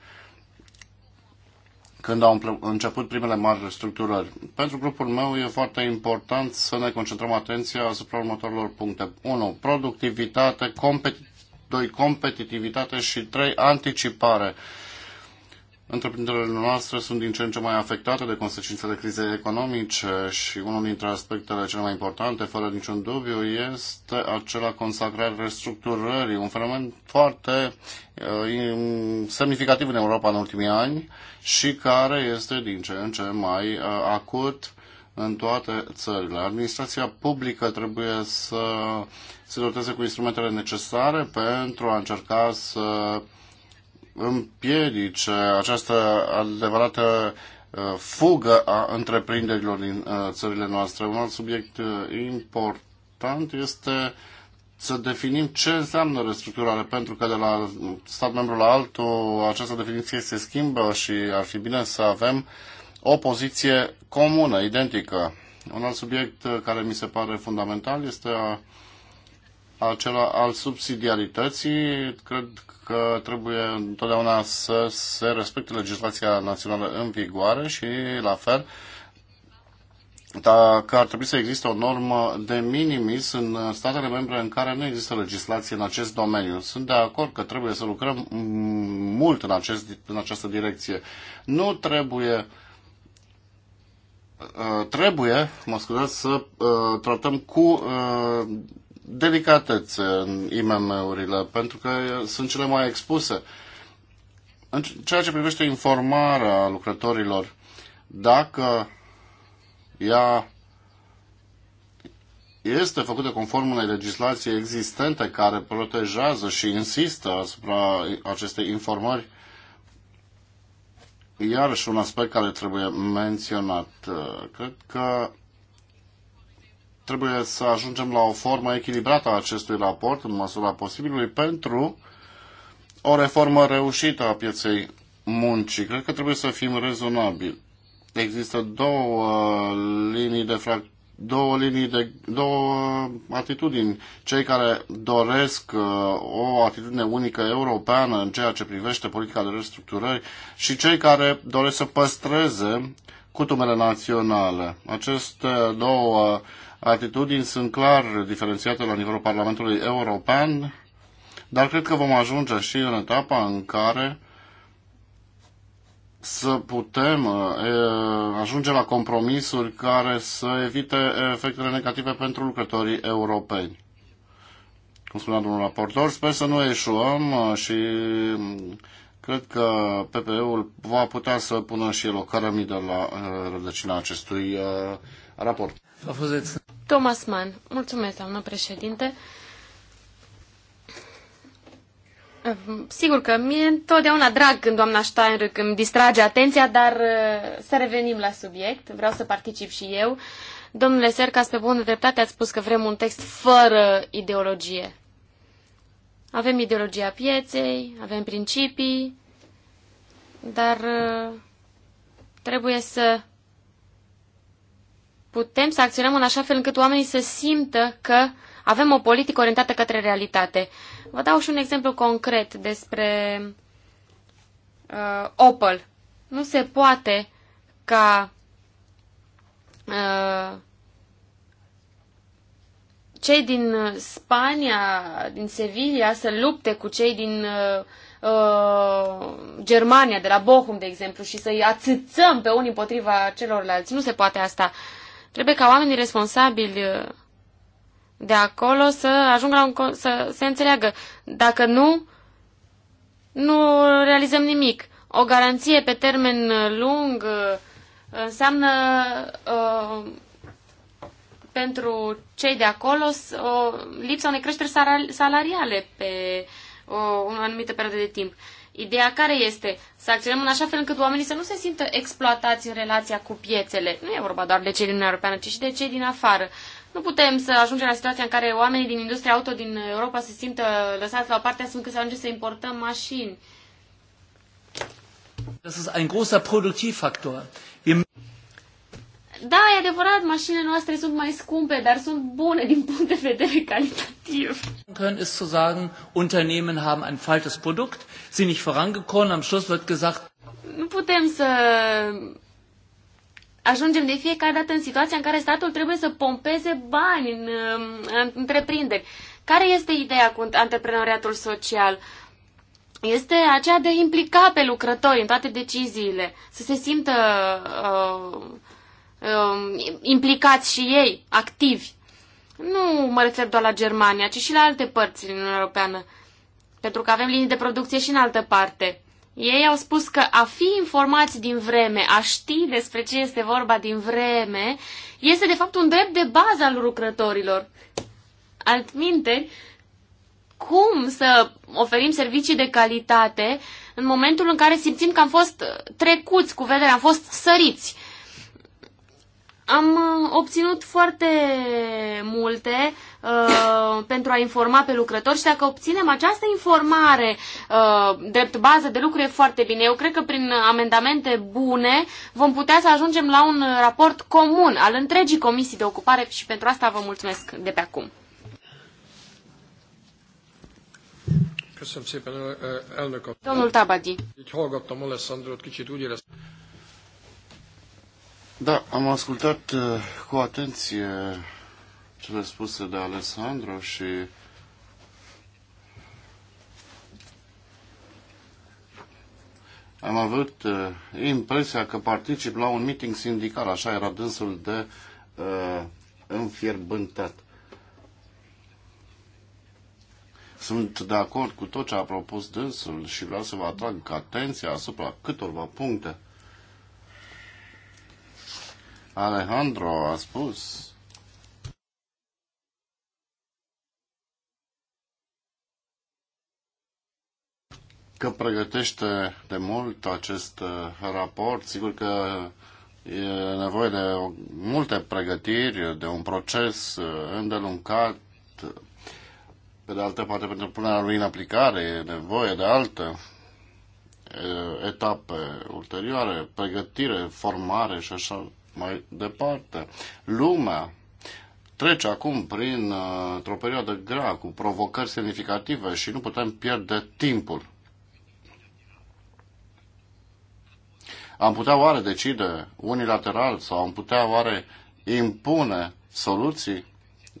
S2: când au început primele mari restructurări. Pentru grupul meu e foarte important să ne concentrăm atenția asupra următorilor puncte. 1. Productivitate, competi- 2. Competitivitate și 3. Anticipare. Uh, Întreprinderile noastre sunt din ce în ce mai afectate de consecințele crizei economice și unul dintre aspectele cele mai importante, fără niciun dubiu, este acela consacrat restructurării, un fenomen foarte uh, semnificativ în Europa în ultimii ani și care este din ce în ce mai uh, acut în toate țările. Administrația publică trebuie să se doteze cu instrumentele necesare pentru a încerca să împiedice această adevărată uh, fugă a întreprinderilor din uh, țările noastre. Un alt subiect uh, important este să definim ce înseamnă restructurare, pentru că de la stat membru la altul această definiție se schimbă și ar fi bine să avem o poziție comună, identică. Un alt subiect care mi se pare fundamental este acela al subsidiarității, cred că trebuie întotdeauna să se respecte legislația națională în vigoare și, la fel, dacă ar trebui să existe o normă de minimis în statele membre în care nu există legislație în acest domeniu. Sunt de acord că trebuie să lucrăm mult în, acest, în această direcție. Nu trebuie uh, trebuie, mă scuzați, să uh, tratăm cu uh, delicatețe în IMM-urile, pentru că sunt cele mai expuse. În ceea ce privește informarea lucrătorilor, dacă ea este făcută conform unei legislații existente care protejează și insistă asupra acestei informări, iarăși un aspect care trebuie menționat. Cred că trebuie să ajungem la o formă echilibrată a acestui raport în măsura posibilului pentru o reformă reușită a pieței muncii. Cred că trebuie să fim rezonabili. Există două linii de frac- două linii de două atitudini. Cei care doresc uh, o atitudine unică europeană în ceea ce privește politica de restructurări și cei care doresc să păstreze cutumele naționale. Aceste două uh, atitudini sunt clar diferențiate la nivelul Parlamentului European, dar cred că vom ajunge și în etapa în care să putem uh, ajunge la compromisuri care să evite efectele negative pentru lucrătorii europeni. Cum spunea domnul raportor, sper să nu eșuăm uh, și mm, cred că PPE-ul va putea să pună și el o cărămidă la uh, rădăcina acestui raport.
S1: Thomas Mann. Mulțumesc, doamnă președinte. Sigur că mie întotdeauna drag când doamna Steinrück îmi distrage atenția, dar uh, să revenim la subiect. Vreau să particip și eu. Domnule Sercas, pe bună dreptate ați spus că vrem un text fără ideologie. Avem ideologia pieței, avem principii, dar uh, trebuie să putem să acționăm în așa fel încât oamenii să simtă că avem o politică orientată către realitate. Vă dau și un exemplu concret despre uh, Opel. Nu se poate ca uh, cei din Spania, din Sevilla, să lupte cu cei din uh, uh, Germania, de la Bochum, de exemplu, și să-i ațâțăm pe unii împotriva celorlalți. Nu se poate asta. Trebuie ca oamenii responsabili uh, de acolo să ajungă la un, să se înțeleagă. Dacă nu, nu realizăm nimic. O garanție pe termen uh, lung uh, înseamnă uh, pentru cei de acolo o lipsa unei creșteri salariale pe o, o anumită perioadă de timp. Ideea care este? Să acționăm în așa fel încât oamenii să nu se simtă exploatați în relația cu piețele. Nu e vorba doar de cei din Uniunea Europeană, ci și de cei din afară. Nu putem să ajungem la situația în care oamenii din industria auto din Europa se simtă lăsați la o parte astfel încât să ajungem să importăm mașini.
S3: Das ist ein großer Produktivfaktor.
S1: Da, e adevărat, mașinile noastre sunt mai scumpe, dar sunt bune din punct de vedere calitativ.
S3: Können ist zu sagen,
S2: Unternehmen haben ein falsches Produkt, sind nicht vorangekommen, am Schluss wird gesagt.
S1: Nu putem să ajungem de fiecare dată în situația în care statul trebuie să pompeze bani în, um, în întreprinderi. Care este ideea cu antreprenoriatul social? este aceea de a implica pe lucrători în toate deciziile, să se simtă uh, um, implicați și ei, activi. Nu mă refer doar la Germania, ci și la alte părți din Uniunea Europeană, pentru că avem linii de producție și în altă parte. Ei au spus că a fi informați din vreme, a ști despre ce este vorba din vreme, este de fapt un drept de bază al lucrătorilor. Altminteri, cum să oferim servicii de calitate în momentul în care simțim că am fost trecuți cu vederea, am fost săriți? am uh, obținut foarte multe uh, pentru a informa pe lucrători și dacă obținem această informare uh, drept bază de lucru e foarte bine. Eu cred că prin amendamente bune vom putea să ajungem la un raport comun al întregii comisii de ocupare și pentru asta vă mulțumesc de pe acum.
S2: Domnul Tabadi. Da, am ascultat uh, cu atenție uh, cele spuse de Alessandro și am avut uh, impresia că particip la un meeting sindical, așa era dânsul de uh, înfierbântat. Sunt de acord cu tot ce a propus dânsul și vreau să vă atrag atenția asupra câtorva puncte. Alejandro a spus că pregătește de mult acest uh, raport. Sigur că e nevoie de multe pregătiri, de un proces uh, îndelungat. Pe de altă parte, pentru punerea lui în aplicare e nevoie de alte uh, etape ulterioare, pregătire, formare și așa mai departe. Lumea trece acum prin uh, o perioadă grea, cu provocări semnificative și nu putem pierde timpul. Am putea oare decide unilateral sau am putea oare impune soluții?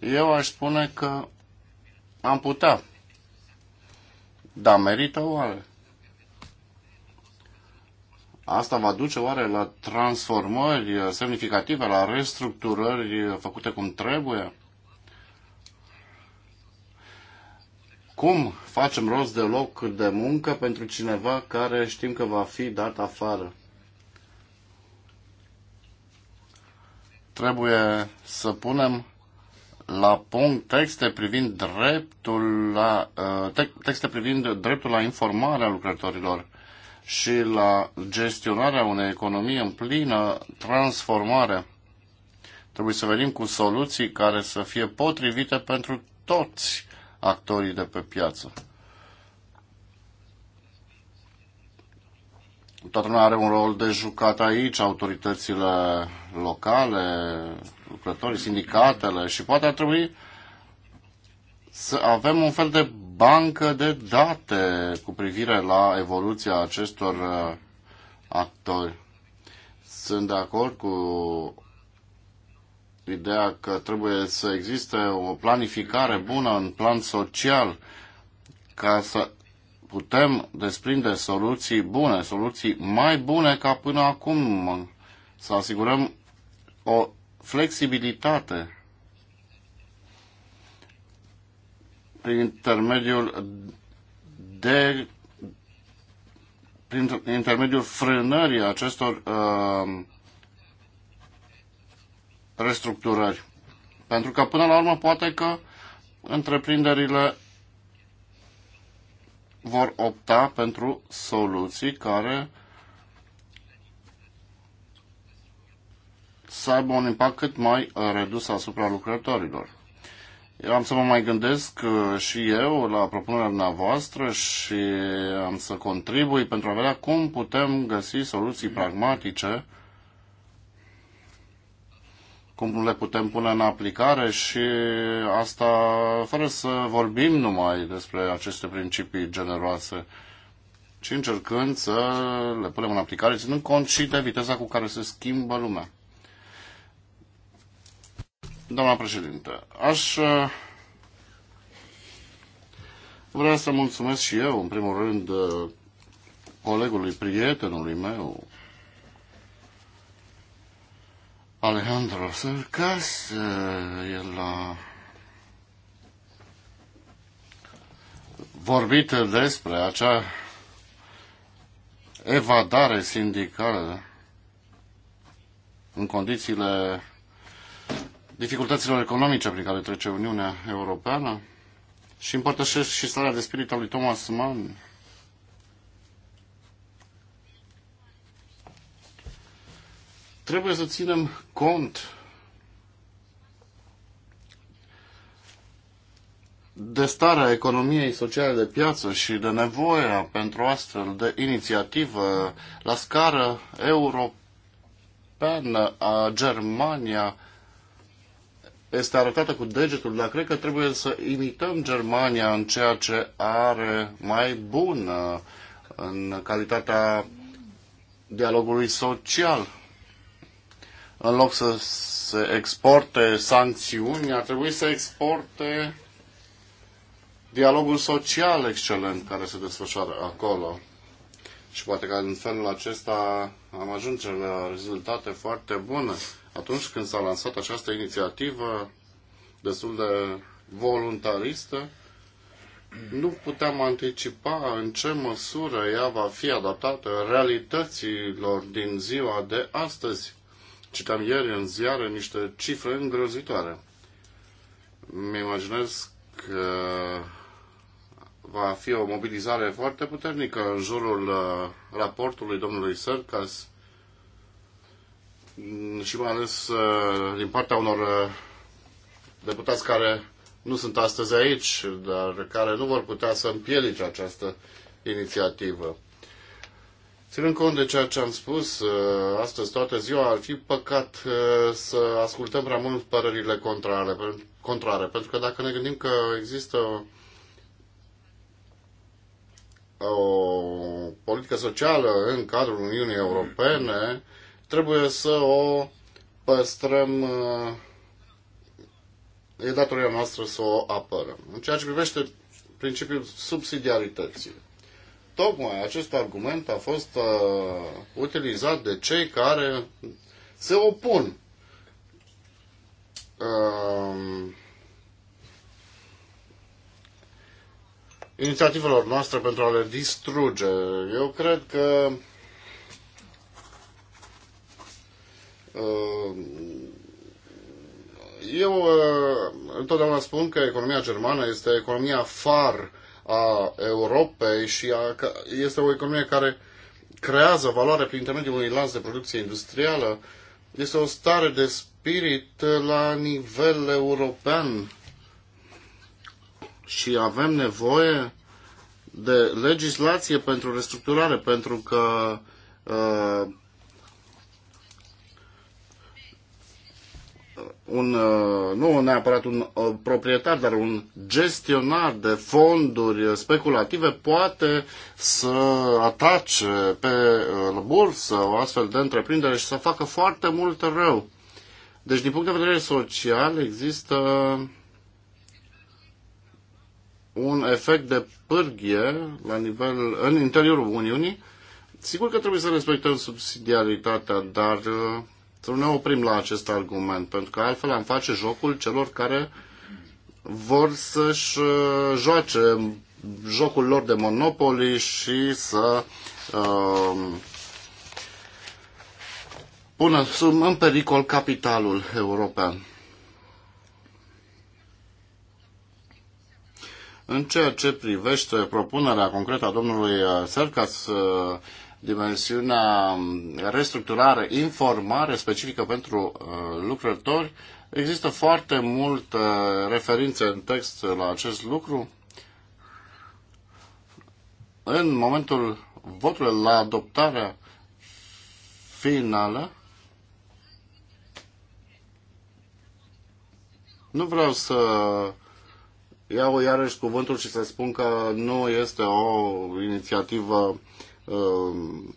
S2: Eu aș spune că am putea. Dar merită oare? Asta va duce oare la transformări semnificative, la restructurări făcute cum trebuie? Cum facem rost de loc de muncă pentru cineva care știm că va fi dat afară? Trebuie să punem la punct texte privind dreptul la, uh, texte privind dreptul la informare a lucrătorilor și la gestionarea unei economii în plină transformare. Trebuie să venim cu soluții care să fie potrivite pentru toți actorii de pe piață. Toată lumea are un rol de jucat aici, autoritățile locale, lucrătorii, sindicatele și poate ar trebui să avem un fel de bancă de date cu privire la evoluția acestor uh, actori. Sunt de acord cu ideea că trebuie să existe o planificare bună în plan social ca să putem desprinde soluții bune, soluții mai bune ca până acum, să asigurăm o flexibilitate prin intermediul de prin intermediul frânării acestor uh, restructurări. Pentru că până la urmă poate că întreprinderile vor opta pentru soluții care să aibă un impact cât mai uh, redus asupra lucrătorilor. Eu am să mă mai gândesc uh, și eu la propunerea dumneavoastră și am să contribui pentru a vedea cum putem găsi soluții pragmatice, cum le putem pune în aplicare și asta fără să vorbim numai despre aceste principii generoase, ci încercând să le punem în aplicare, ținând cont și de viteza cu care se schimbă lumea. Doamna președinte, aș uh, vrea să mulțumesc și eu, în primul rând, uh, colegului, prietenului meu, Alejandro Sărcas, uh, el a vorbit despre acea evadare sindicală în condițiile dificultăților economice prin care trece Uniunea Europeană și împărtășesc și starea de spirit a lui Thomas Mann. Trebuie să ținem cont de starea economiei sociale de piață și de nevoia pentru astfel de inițiativă la scară europeană a Germania, este arătată cu degetul, dar cred că trebuie să imităm Germania în ceea ce are mai bun în calitatea dialogului social. În loc să se exporte sancțiuni, ar trebui să exporte dialogul social excelent care se desfășoară acolo. Și poate că în felul acesta am ajuns la rezultate foarte bune atunci când s-a lansat această inițiativă destul de voluntaristă, nu puteam anticipa în ce măsură ea va fi adaptată realităților din ziua de astăzi. Citam ieri în ziare niște cifre îngrozitoare. Mi imaginez că va fi o mobilizare foarte puternică în jurul uh, raportului domnului Sărcas și mai ales uh, din partea unor uh, deputați care nu sunt astăzi aici, dar care nu vor putea să împiedice această inițiativă. Ținând cont de ceea ce am spus uh, astăzi toată ziua, ar fi păcat să ascultăm prea mult părerile contrare, contrare, pentru că dacă ne gândim că există o, o politică socială în cadrul Uniunii Europene, trebuie să o păstrăm, uh, e datoria noastră să o apărăm. În ceea ce privește principiul subsidiarității. Tocmai acest argument a fost uh, utilizat de cei care se opun uh, inițiativelor noastre pentru a le distruge. Eu cred că Uh, eu uh, întotdeauna spun că economia germană este economia far a Europei și a, este o economie care creează valoare prin intermediul unui lanț de producție industrială. Este o stare de spirit la nivel european și avem nevoie de legislație pentru restructurare, pentru că uh, un, uh, nu neapărat un uh, proprietar, dar un gestionar de fonduri speculative poate să atace pe uh, bursă o astfel de întreprindere și să facă foarte mult rău. Deci, din punct de vedere social, există un efect de pârghie la nivel, în interiorul Uniunii. Sigur că trebuie să respectăm subsidiaritatea, dar să nu ne oprim la acest argument, pentru că altfel am face jocul celor care vor să-și uh, joace jocul lor de monopoli și să uh, pună în pericol capitalul european. În ceea ce privește propunerea concretă a domnului Sercas, uh, dimensiunea um, restructurare, informare specifică pentru uh, lucrători. Există foarte multe uh, referințe în text la acest lucru. În momentul votului la adoptarea finală, nu vreau să iau iarăși cuvântul și să spun că nu este o inițiativă Ehm,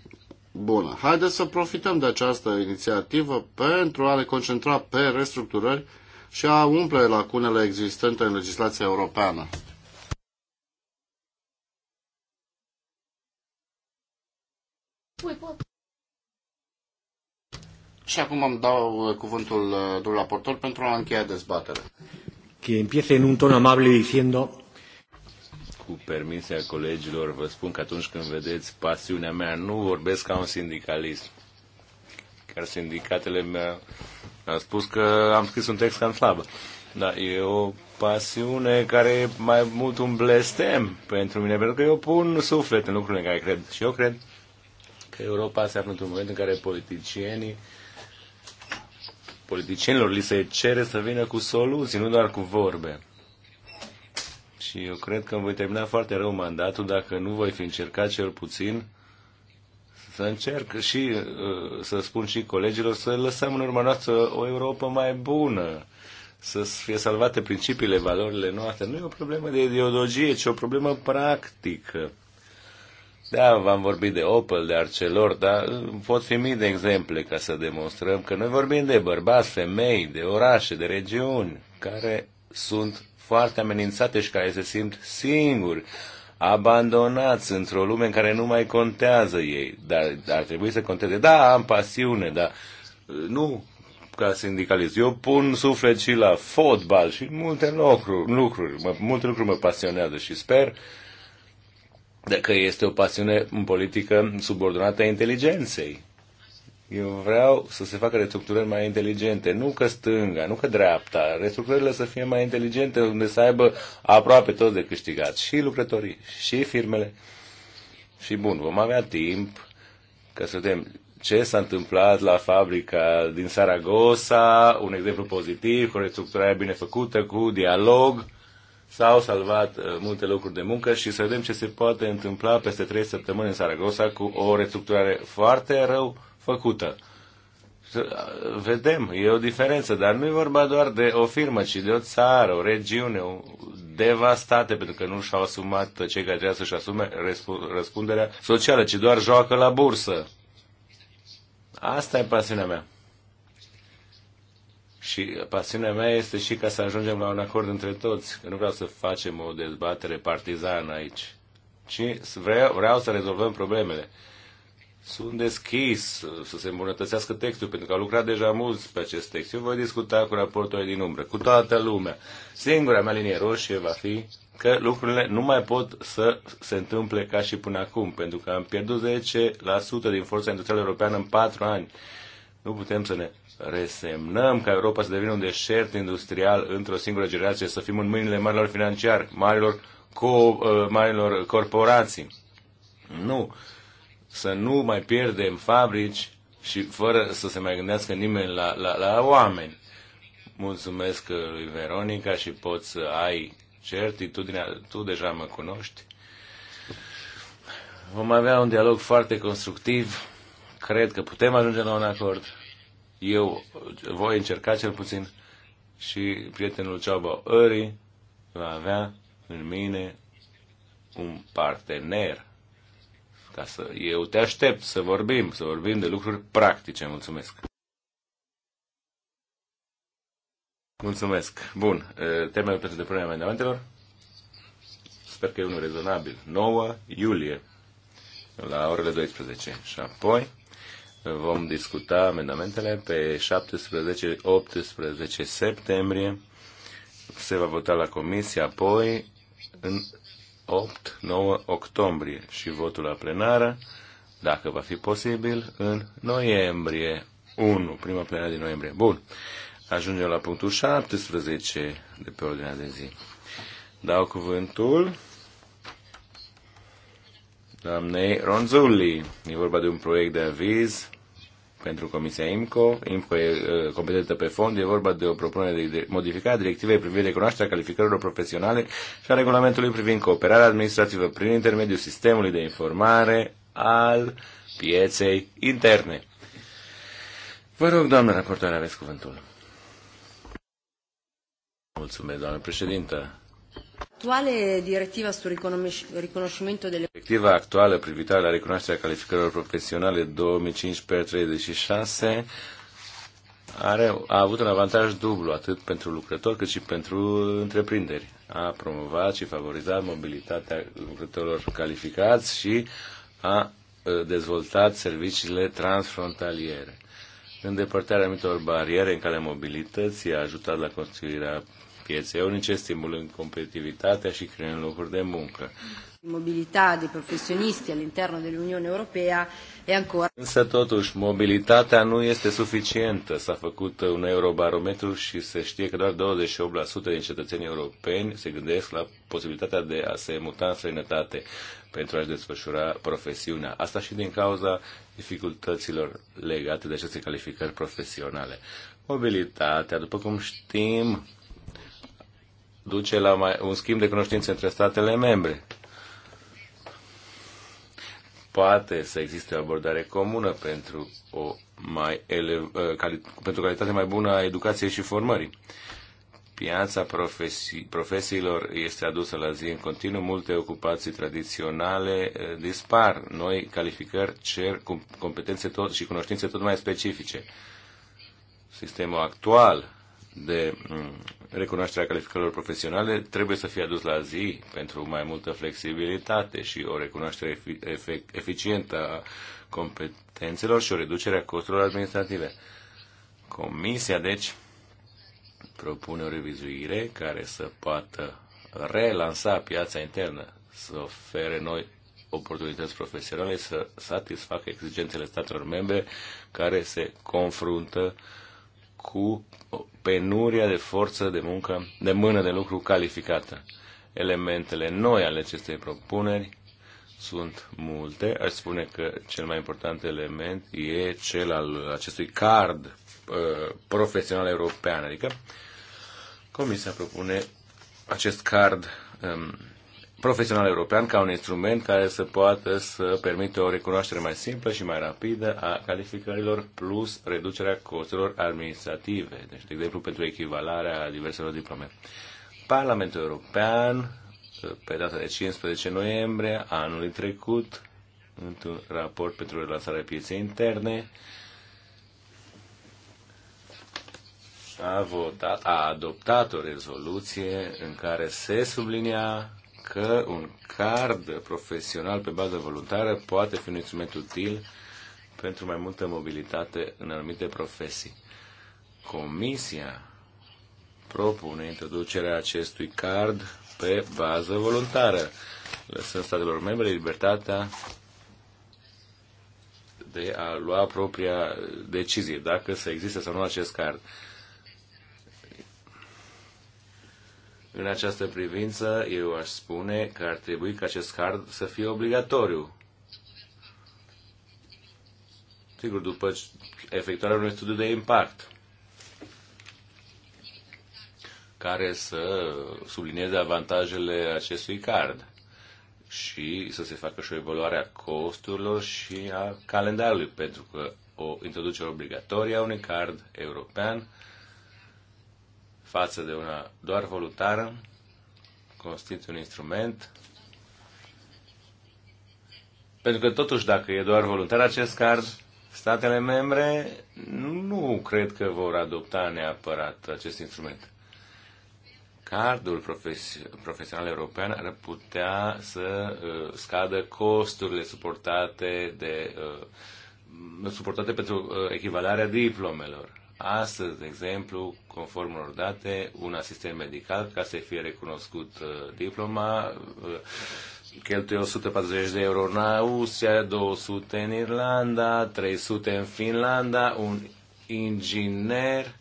S2: bună. Haideți să profităm de această inițiativă pentru a ne concentra pe restructurări și a umple lacunele existente în legislația europeană. Și acum îmi dau uh, cuvântul uh, domnului raportor pentru a încheia dezbaterea.
S3: Que empiece en un tono amable diciendo cu permisia colegilor, vă spun că atunci când vedeți pasiunea mea, nu vorbesc ca un sindicalist. Chiar sindicatele mea au spus că am scris un text cam slab. Da, e o pasiune care e mai mult un blestem pentru mine, pentru că eu pun suflet în lucrurile în care cred. Și eu cred că Europa se află într-un moment în care politicienii politicienilor li se cere să vină cu soluții, nu doar cu vorbe și eu cred că îmi voi termina foarte rău mandatul dacă nu voi fi încercat cel puțin să încerc și uh, să spun și colegilor să lăsăm în urma noastră o Europa mai bună, să fie salvate principiile, valorile noastre. Nu e o problemă de ideologie, ci o problemă practică. Da, v-am vorbit de Opel, de Arcelor, dar uh, pot fi mii de exemple ca să demonstrăm că noi vorbim de bărbați, femei, de orașe, de regiuni, care sunt foarte amenințate și care se simt singuri, abandonați într-o lume în care nu mai contează ei. Dar ar trebui să conteze. Da, am pasiune, dar uh, nu ca sindicalist. Eu pun suflet și la fotbal și multe lucruri, lucruri mă, multe lucruri mă pasionează și sper că este o pasiune în politică subordonată inteligenței. Eu vreau să se facă restructurări mai inteligente, nu că stânga, nu că dreapta, restructurările să fie mai inteligente, unde să aibă aproape toți de câștigat, și lucrătorii, și firmele. Și bun, vom avea timp ca să vedem ce s-a întâmplat la fabrica din Saragossa, un exemplu pozitiv, cu restructurarea bine făcută, cu dialog, s-au salvat uh, multe locuri de muncă și să vedem ce se poate întâmpla peste trei săptămâni în Saragossa cu o restructurare foarte rău făcută. Vedem, e o diferență, dar nu e vorba doar de o firmă, ci de o țară, o regiune devastate pentru că nu și-au asumat cei care trebuia să-și asume răspunderea socială, ci doar joacă la bursă. Asta e pasiunea mea. Și pasiunea mea este și ca să ajungem la un acord între toți, că nu vreau să facem o dezbatere partizană aici, ci vreau, vreau să rezolvăm problemele sunt deschis să se îmbunătățească textul, pentru că au lucrat deja mulți pe acest text. Eu voi discuta cu raportul din umbră, cu toată lumea. Singura mea linie roșie va fi că lucrurile nu mai pot să se întâmple ca și până acum, pentru că am pierdut 10% din forța industrială europeană în 4 ani. Nu putem să ne resemnăm ca Europa să devină un deșert industrial într-o singură generație, să fim în mâinile marilor financiari, marilor, co, uh, marilor corporații. Nu să nu mai pierdem fabrici și fără să se mai gândească nimeni la, la, la oameni. Mulțumesc lui Veronica și poți să ai certitudinea, tu deja mă cunoști. Vom avea un dialog foarte constructiv, cred că putem ajunge la un acord. Eu voi încerca cel puțin și prietenul Ceaubă Ori va avea în mine un partener ca să, eu te aștept să vorbim, să vorbim de lucruri practice. Mulțumesc! Mulțumesc! Bun, termenul pentru depunerea amendamentelor? Sper că e unul rezonabil. 9 iulie la orele 12 și apoi vom discuta amendamentele pe 17-18 septembrie. Se va vota la comisie, apoi în 8-9 octombrie și votul la plenară, dacă va fi posibil, în noiembrie 1, prima plenară din noiembrie. Bun. Ajungem la punctul 17 de pe ordinea de zi. Dau cuvântul doamnei Ronzulli. E vorba de un proiect de aviz pentru Comisia IMCO. IMCO e competentă pe fond. E vorba de o propunere de modificare a directivei privind recunoașterea calificărilor profesionale și a regulamentului privind cooperarea administrativă prin intermediul sistemului de informare al pieței interne. Vă rog, doamnă raportoare, aveți cuvântul. Mulțumesc, doamnă președintă.
S1: Actuale directiva sul riconoscimento delle...
S3: Directiva actuală privitoare la recunoașterea calificărilor profesionale 2015-36 are, a avut un avantaj dublu, atât pentru lucrători cât și pentru întreprinderi. A promovat și favorizat mobilitatea lucrătorilor calificați și a dezvoltat serviciile transfrontaliere. Îndepărtarea anumitor bariere în calea mobilității a ajutat la construirea pieței unice, stimulând competitivitatea și creând locuri de muncă. Mobilità
S1: dei professionisti all'interno dell'Unione Europea e ancora.
S3: Însă, totuși, mobilitatea nu este suficientă. S-a făcut un eurobarometru și se știe că doar 28% din cetățenii europeni se gândesc la posibilitatea de a se muta în străinătate pentru a-și desfășura profesiunea. Asta și din cauza dificultăților legate de aceste calificări profesionale. Mobilitatea, după cum știm, duce la mai, un schimb de cunoștințe între statele membre. Poate să existe o abordare comună pentru o mai elev, uh, cali, pentru calitate mai bună a educației și formării. Piața profesii, profesiilor este adusă la zi în continuu, multe ocupații tradiționale uh, dispar, noi calificări cer competențe tot, și cunoștințe tot mai specifice. Sistemul actual de mm, recunoașterea calificărilor profesionale trebuie să fie adus la zi pentru mai multă flexibilitate și o recunoaștere eficientă a competențelor și o reducere a costurilor administrative. Comisia, deci, propune o revizuire care să poată relansa piața internă, să ofere noi oportunități profesionale, să satisfacă exigențele statelor membre care se confruntă cu penuria de forță de muncă, de mână de lucru calificată. Elementele noi ale acestei propuneri sunt multe. Aș spune că cel mai important element e cel al acestui card uh, profesional european, adică Comisia propune acest card um, profesional european ca un instrument care să poată să permită o recunoaștere mai simplă și mai rapidă a calificărilor plus reducerea costurilor administrative, deci, de exemplu, pentru echivalarea diverselor diplome. Parlamentul European, pe data de 15 noiembrie anului trecut, într-un raport pentru relansarea pieței interne, a votat, a adoptat o rezoluție în care se sublinia că un card profesional pe bază voluntară poate fi un instrument util pentru mai multă mobilitate în anumite profesii. Comisia propune introducerea acestui card pe bază voluntară, lăsând statelor membre libertatea de a lua propria decizie, dacă să existe sau nu acest card. În această privință, eu aș spune că ar trebui ca acest card să fie obligatoriu. Sigur, după efectuarea unui studiu de impact care să sublinieze avantajele acestui card și să se facă și o evaluare a costurilor și a calendarului, pentru că o introducere obligatorie a unui card european față de una doar voluntară constituie un instrument pentru că totuși dacă e doar voluntar acest card, statele membre nu cred că vor adopta neapărat acest instrument. Cardul profes- profesional european ar putea să uh, scadă costurile suportate de uh, suportate pentru uh, echivalarea diplomelor. Astăzi, de exemplu, conform unor date, un asistent medical, ca să fie recunoscut uh, diploma, uh, cheltuie 140 de euro în Austria, 200 în Irlanda, 300 în Finlanda, un inginer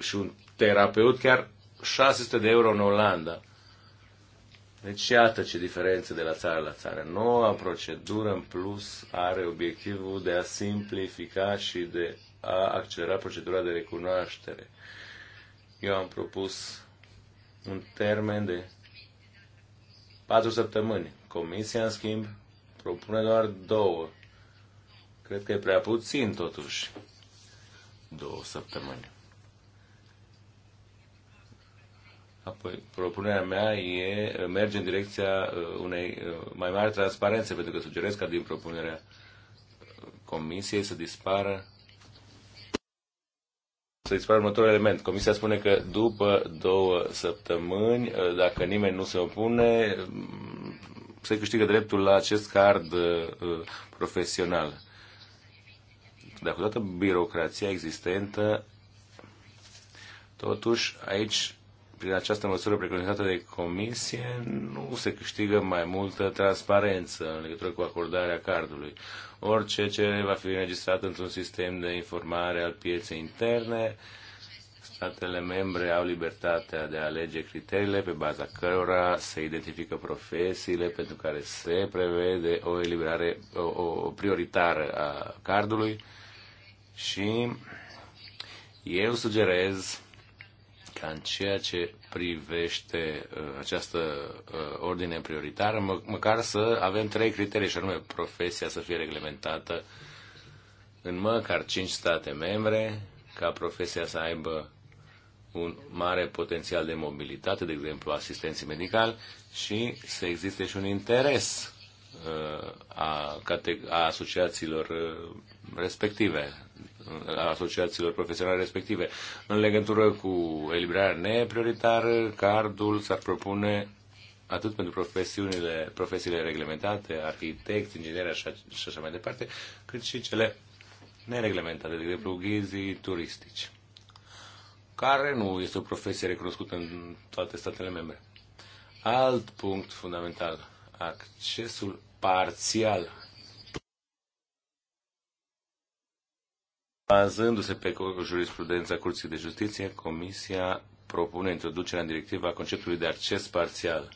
S3: și un terapeut chiar 600 de euro în Olanda. Deci iată ce diferențe de la țară la țară. Noua procedură în plus are obiectivul de a simplifica și de a accelera procedura de recunoaștere. Eu am propus un termen de patru săptămâni. Comisia, în schimb, propune doar două. Cred că e prea puțin, totuși. Două săptămâni. Apoi, propunerea mea e, merge în direcția uh, unei uh, mai mari transparențe, pentru că sugerez ca din propunerea uh, Comisiei să dispară să dispară următorul element. Comisia spune că după două săptămâni, dacă nimeni nu se opune, um, se câștigă dreptul la acest card profesional. Dar cu toată birocrația existentă, totuși aici prin această măsură preconizată de comisie nu se câștigă mai multă transparență în legătură cu acordarea cardului. Orice cerere va fi înregistrat într-un sistem de informare al pieței interne. Statele membre au libertatea de a alege criteriile pe baza cărora se identifică profesiile pentru care se prevede o eliberare o, o prioritară a cardului și eu sugerez ca în ceea ce privește uh, această uh, ordine prioritară, mă, măcar să avem trei criterii, și anume profesia să fie reglementată în măcar cinci state membre, ca profesia să aibă un mare potențial de mobilitate, de exemplu asistenții medicali, și să existe și un interes uh, a, a asociațiilor uh, respective, asociațiilor profesionale respective. În legătură cu eliberarea neprioritară, cardul s-ar propune atât pentru profesiunile, profesiile reglementate, arhitecți, ingineri și așa mai departe, cât și cele nereglementate, de exemplu ghizii turistici, care nu este o profesie recunoscută în toate statele membre. Alt punct fundamental, accesul parțial Bazându-se pe jurisprudența Curții de Justiție, Comisia propune introducerea în directiva a conceptului de acces parțial.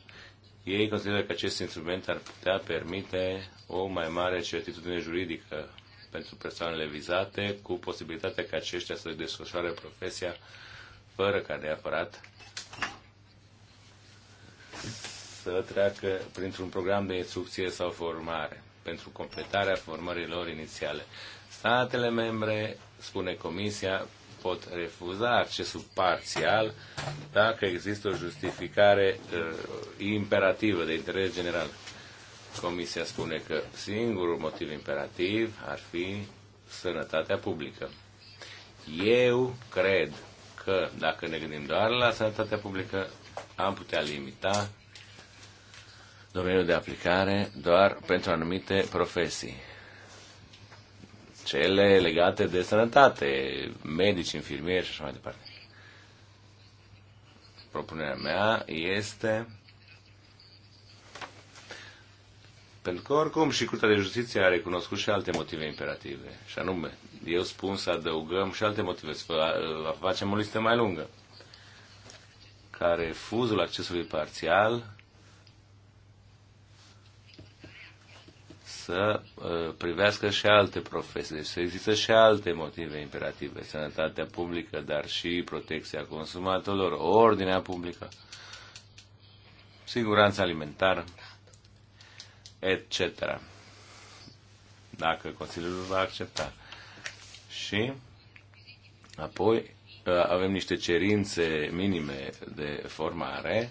S3: Ei consideră că acest instrument ar putea permite o mai mare certitudine juridică pentru persoanele vizate, cu posibilitatea ca aceștia să-și desfășoare profesia fără ca neapărat să treacă printr-un program de instrucție sau formare pentru completarea formărilor inițiale. Statele membre spune Comisia, pot refuza accesul parțial dacă există o justificare uh, imperativă de interes general. Comisia spune că singurul motiv imperativ ar fi sănătatea publică. Eu cred că dacă ne gândim doar la sănătatea publică, am putea limita domeniul de aplicare doar pentru anumite profesii cele legate de sănătate, medici, infirmieri și așa mai departe. Propunerea mea este Pentru că oricum și Curtea de Justiție a recunoscut și alte motive imperative. Și anume, eu spun să adăugăm și alte motive, să facem o listă mai lungă. care refuzul accesului parțial să uh, privească și alte profesii. Deci să există și alte motive imperative. Sănătatea publică, dar și protecția consumatorilor, ordinea publică, siguranța alimentară, etc. Dacă Consiliul va accepta. Și apoi uh, avem niște cerințe minime de formare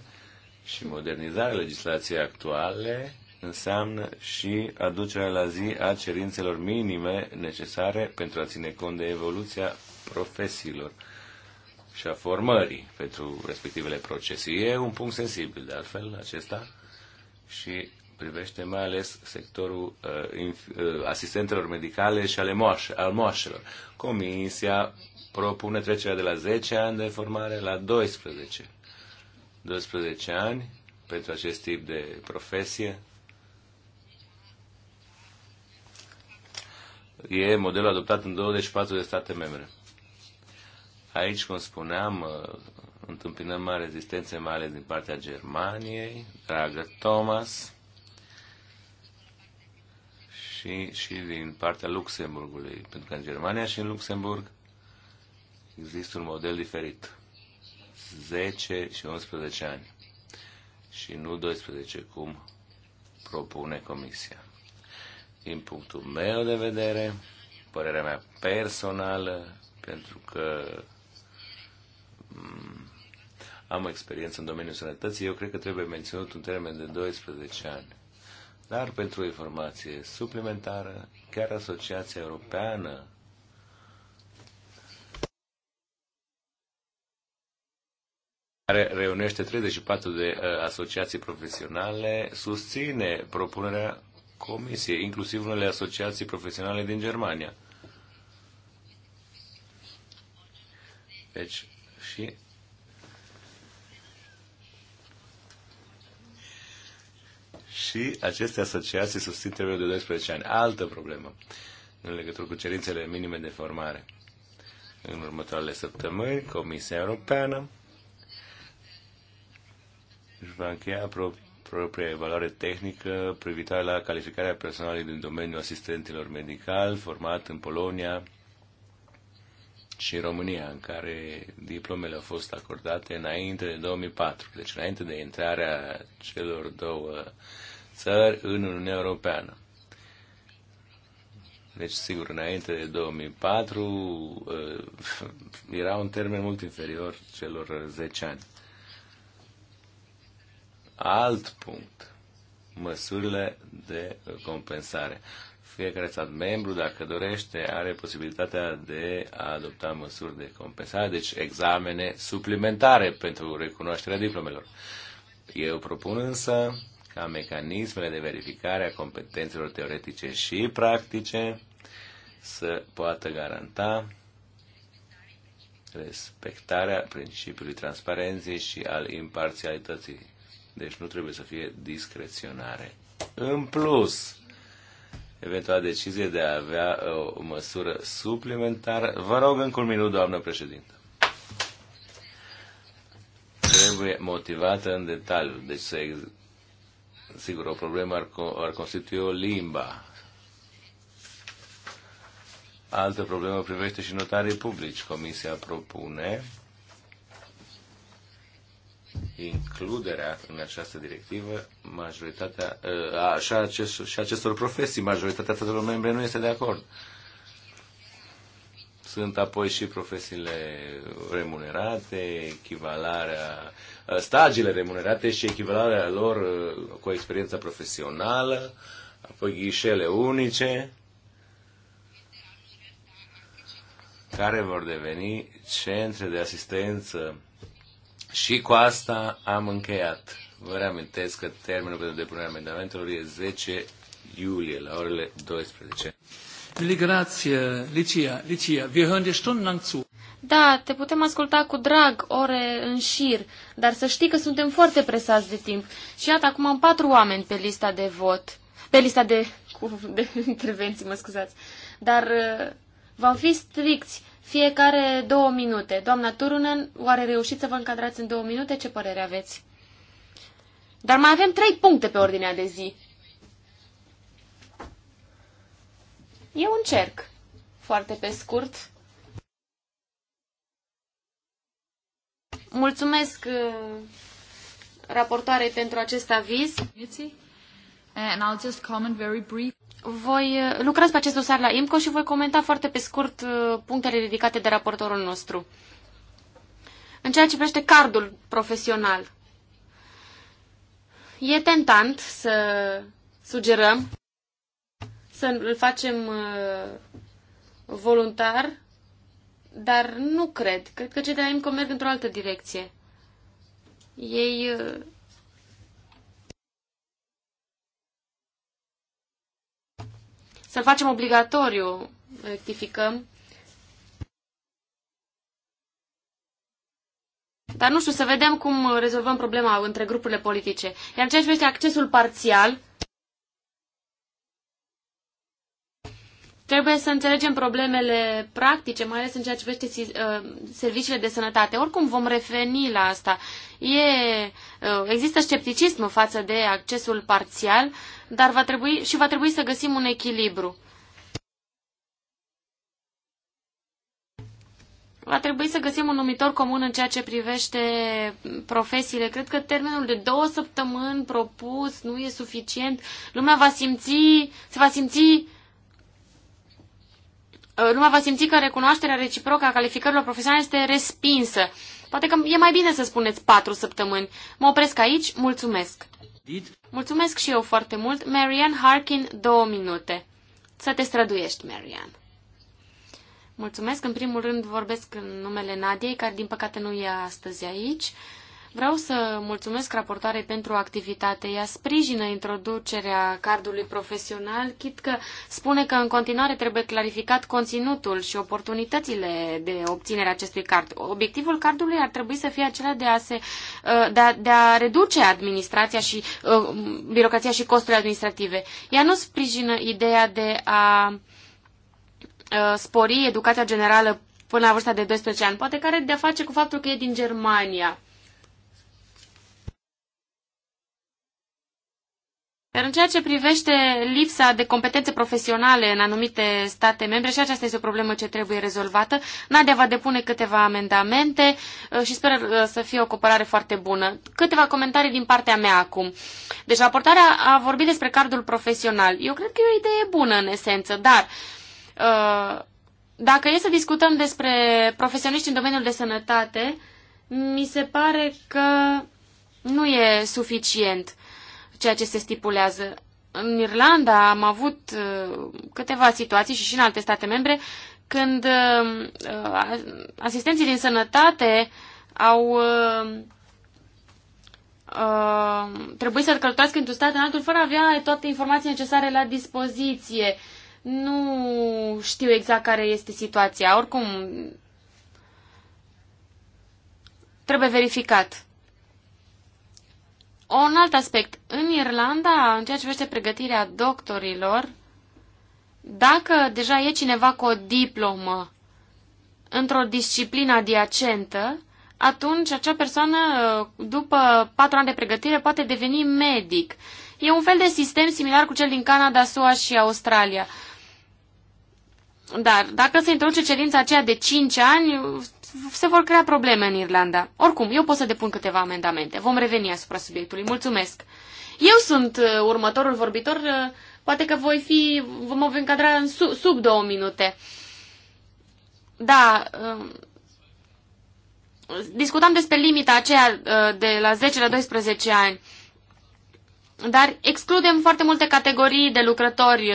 S3: și modernizare legislației actuale înseamnă și aducerea la zi a cerințelor minime necesare pentru a ține cont de evoluția profesiilor și a formării pentru respectivele procese. E un punct sensibil, de altfel, acesta și privește mai ales sectorul uh, inf- uh, asistentelor medicale și ale moaș- al moașelor. Comisia propune trecerea de la 10 ani de formare la 12. 12 ani pentru acest tip de profesie e modelul adoptat în 24 de state membre. Aici, cum spuneam, uh, întâmpinăm mai rezistențe, mai ales din partea Germaniei, dragă Thomas, și, și din partea Luxemburgului, pentru că în Germania și în Luxemburg există un model diferit. 10 și 11 ani și nu 12, cum propune Comisia din punctul meu de vedere, părerea mea personală, pentru că mm, am experiență în domeniul sănătății, eu cred că trebuie menținut un termen de 12 ani. Dar pentru o informație suplimentară, chiar Asociația Europeană care reunește 34 de uh, asociații profesionale, susține propunerea comisie, inclusiv unele asociații profesionale din Germania. Deci, și și aceste asociații susțin trebuie de 12 ani. Altă problemă în legătură cu cerințele minime de formare. În următoarele săptămâni, Comisia Europeană își va încheia propria evaluare tehnică privitoare la calificarea personalului din domeniul asistenților medical format în Polonia și România, în care diplomele au fost acordate înainte de 2004, deci înainte de intrarea celor două țări în Uniunea Europeană. Deci, sigur, înainte de 2004 ă, era un termen mult inferior celor 10 ani. Alt punct, măsurile de compensare. Fiecare stat membru, dacă dorește, are posibilitatea de a adopta măsuri de compensare, deci examene suplimentare pentru recunoașterea diplomelor. Eu propun însă ca mecanismele de verificare a competențelor teoretice și practice să poată garanta respectarea principiului transparenței și al imparțialității deci nu trebuie să fie discreționare. În plus, eventual decizie de a avea uh, o măsură suplimentară. Vă rog încă un minut, doamnă președintă. Trebuie motivată în detaliu. Deci, să ex... sigur, o problemă ar, ar constitui o limba. Altă problemă privește și notarii publici. Comisia propune includerea în această directivă majoritatea, ă, a, și, a acest, și acestor profesii. Majoritatea statelor membre nu este de acord. Sunt apoi și profesiile remunerate, echivalarea, ă, stagiile remunerate și echivalarea lor ă, cu experiența profesională, apoi ghișele unice, care vor deveni centre de asistență și cu asta am încheiat. Vă reamintesc că termenul pentru depunerea amendamentelor e 10 iulie la orele 12. Grazie, Licia, Licia, vi hören dir stundenlang zu.
S1: Da, te putem asculta cu drag, ore în șir, dar să știi că suntem foarte presați de timp. Și iată, acum am patru oameni pe lista de vot, pe lista de, cu, de intervenții, mă scuzați. Dar uh, vom fi stricți, fiecare două minute. Doamna Turunen, oare reușiți să vă încadrați în două minute? Ce părere aveți? Dar mai avem trei puncte pe ordinea de zi. Eu încerc, foarte pe scurt. Mulțumesc uh, raportoarei pentru acest aviz. Vieții? And I'll just comment very brief. Voi uh, lucrați pe acest dosar la IMCO și voi comenta foarte pe scurt uh, punctele ridicate de raportorul nostru. În ceea ce privește cardul profesional, e tentant să sugerăm să îl facem uh, voluntar, dar nu cred. Cred că cei de la IMCO merg într-o altă direcție. Ei să-l facem obligatoriu, rectificăm. Dar nu știu, să vedem cum rezolvăm problema între grupurile politice. Iar în ceea ce este accesul parțial, Trebuie să înțelegem problemele practice, mai ales în ceea ce privește uh, serviciile de sănătate. Oricum vom reveni la asta. E, uh, există scepticism față de accesul parțial, dar va trebui, și va trebui să găsim un echilibru. va trebui să găsim un numitor comun în ceea ce privește profesiile. Cred că termenul de două săptămâni propus nu e suficient. Lumea va simți, se va simți Uh, lumea va simți că recunoașterea reciprocă a calificărilor profesionale este respinsă. Poate că e mai bine să spuneți patru săptămâni. Mă opresc aici, mulțumesc. Mulțumesc și eu foarte mult, Marianne Harkin, două minute. Să te străduiești, Marianne. Mulțumesc. În primul rând vorbesc în numele Nadiei, care din păcate nu e astăzi aici. Vreau să mulțumesc raportoarei pentru activitate. Ea sprijină introducerea cardului profesional, chit că spune că în continuare trebuie clarificat conținutul și oportunitățile de obținere acestui card. Obiectivul cardului ar trebui să fie acela de a, se, uh, de a, de a reduce administrația și uh, birocrația și costurile administrative. Ea nu sprijină ideea de a uh, spori educația generală până la vârsta de 12 ani, poate care de a face cu faptul că e din Germania. Iar în ceea ce privește lipsa de competențe profesionale în anumite state membre, și aceasta este o problemă ce trebuie rezolvată, Nadia va depune câteva amendamente uh, și sper uh, să fie o cooperare foarte bună. Câteva comentarii din partea mea acum. Deci raportarea a vorbit despre cardul profesional. Eu cred că e o idee bună în esență, dar... Uh, dacă e să discutăm despre profesioniști în domeniul de sănătate, mi se pare că nu e suficient ceea ce se stipulează. În Irlanda am avut uh, câteva situații și și în alte state membre când uh, uh, asistenții din sănătate au trebuit să călătorească într-un stat în altul fără a avea toate informații necesare la dispoziție. Nu știu exact care este situația. Oricum, trebuie verificat. Un alt aspect. În Irlanda, în ceea ce privește pregătirea doctorilor, dacă deja e cineva cu o diplomă într-o disciplină adiacentă, atunci acea persoană, după patru ani de pregătire, poate deveni medic. E un fel de sistem similar cu cel din Canada, SUA și Australia. Dar dacă se introduce cerința aceea de 5 ani, se vor crea probleme în Irlanda. Oricum, eu pot să depun câteva amendamente. Vom reveni asupra subiectului. Mulțumesc! Eu sunt uh, următorul vorbitor. Uh, poate că voi fi, vom mă voi încadra în sub, sub două minute. Da, uh, discutam despre limita aceea de la 10 la 12 ani. Dar excludem foarte multe categorii de lucrători,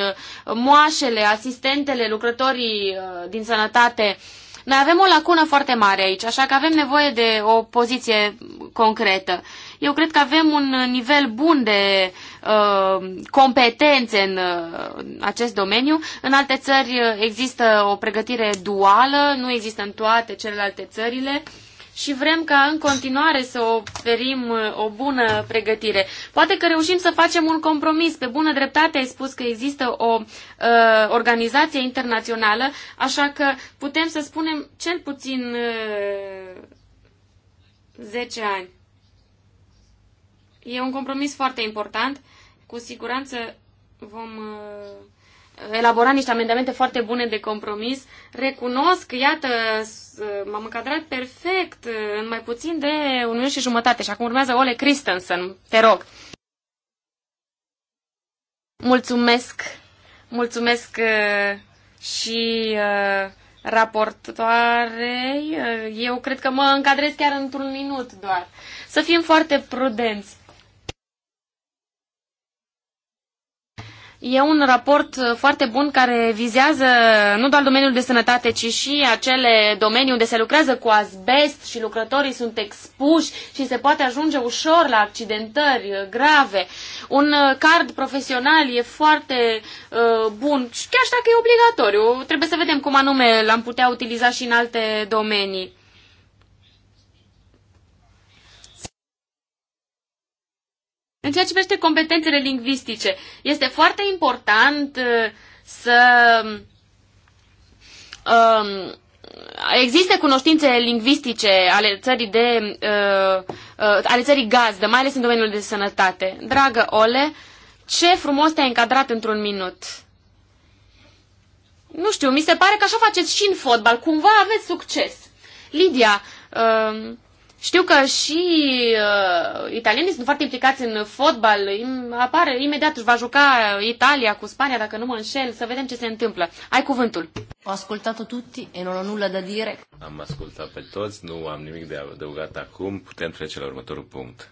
S1: moașele, asistentele, lucrătorii din sănătate. Noi avem o lacună foarte mare aici, așa că avem nevoie de o poziție concretă. Eu cred că avem un nivel bun de uh, competențe în uh, acest domeniu. În alte țări uh, există o pregătire duală, nu există în toate celelalte țările. Uh, și vrem ca în continuare să oferim uh, o bună pregătire. Poate că reușim să facem un compromis. Pe bună dreptate ai spus că există o uh, organizație internațională, așa că putem să spunem cel puțin uh, 10 ani. E un compromis foarte important. Cu siguranță vom... Uh, elaborat niște amendamente foarte bune de compromis. Recunosc că, iată, m-am încadrat perfect în mai puțin de un minut și jumătate și acum urmează Ole Christensen. Te rog. Mulțumesc. Mulțumesc uh, și uh, raportoarei. Uh, eu cred că mă încadrez chiar într-un minut doar. Să fim foarte prudenți E un raport uh, foarte bun care vizează nu doar domeniul de sănătate, ci și acele domenii unde se lucrează cu asbest și lucrătorii sunt expuși și se poate ajunge ușor la accidentări uh, grave. Un uh, card profesional e foarte uh, bun, chiar și dacă e obligatoriu. Trebuie să vedem cum anume l-am putea utiliza și în alte domenii. În ceea ce privește competențele lingvistice, este foarte important uh, să um, existe cunoștințe lingvistice ale țării, de, uh, uh, ale țării gazdă, mai ales în domeniul de sănătate. Dragă Ole, ce frumos te-ai încadrat într-un minut. Nu știu, mi se pare că așa faceți și în fotbal. Cumva aveți succes. Lidia, uh, știu că și uh, italienii sunt foarte implicați în fotbal. Apare imediat, își va juca Italia cu Spania, dacă nu mă înșel, să vedem ce se întâmplă. Ai cuvântul. Ho ascultat tutti e non ho nulla da dire.
S3: Am ascultat pe toți, nu am nimic de adăugat acum. Putem trece la următorul punct.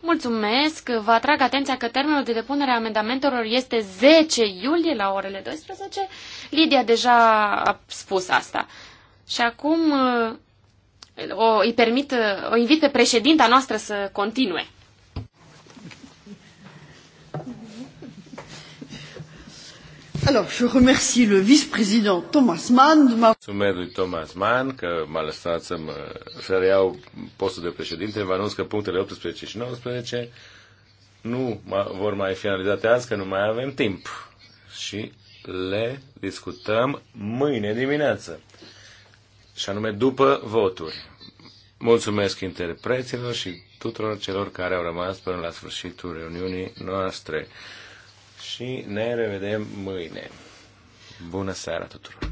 S1: Mulțumesc. Vă atrag atenția că termenul de depunere a amendamentelor este 10 iulie la orele 12. Lidia deja a spus asta. Și acum uh, o, îi permit, uh, o invit pe președinta noastră să continue.
S2: Alors, je remercie le vice-président Thomas Mann de ma...
S3: Mulțumesc lui Thomas Mann că m-a lăsat să, mă, să reiau postul de președinte. Vă anunț că punctele 18 și 19 nu vor mai fi analizate azi, că nu mai avem timp. Și le discutăm mâine dimineață și anume după voturi. Mulțumesc interpreților și tuturor celor care au rămas până la sfârșitul reuniunii noastre. Și ne revedem mâine. Bună seara tuturor!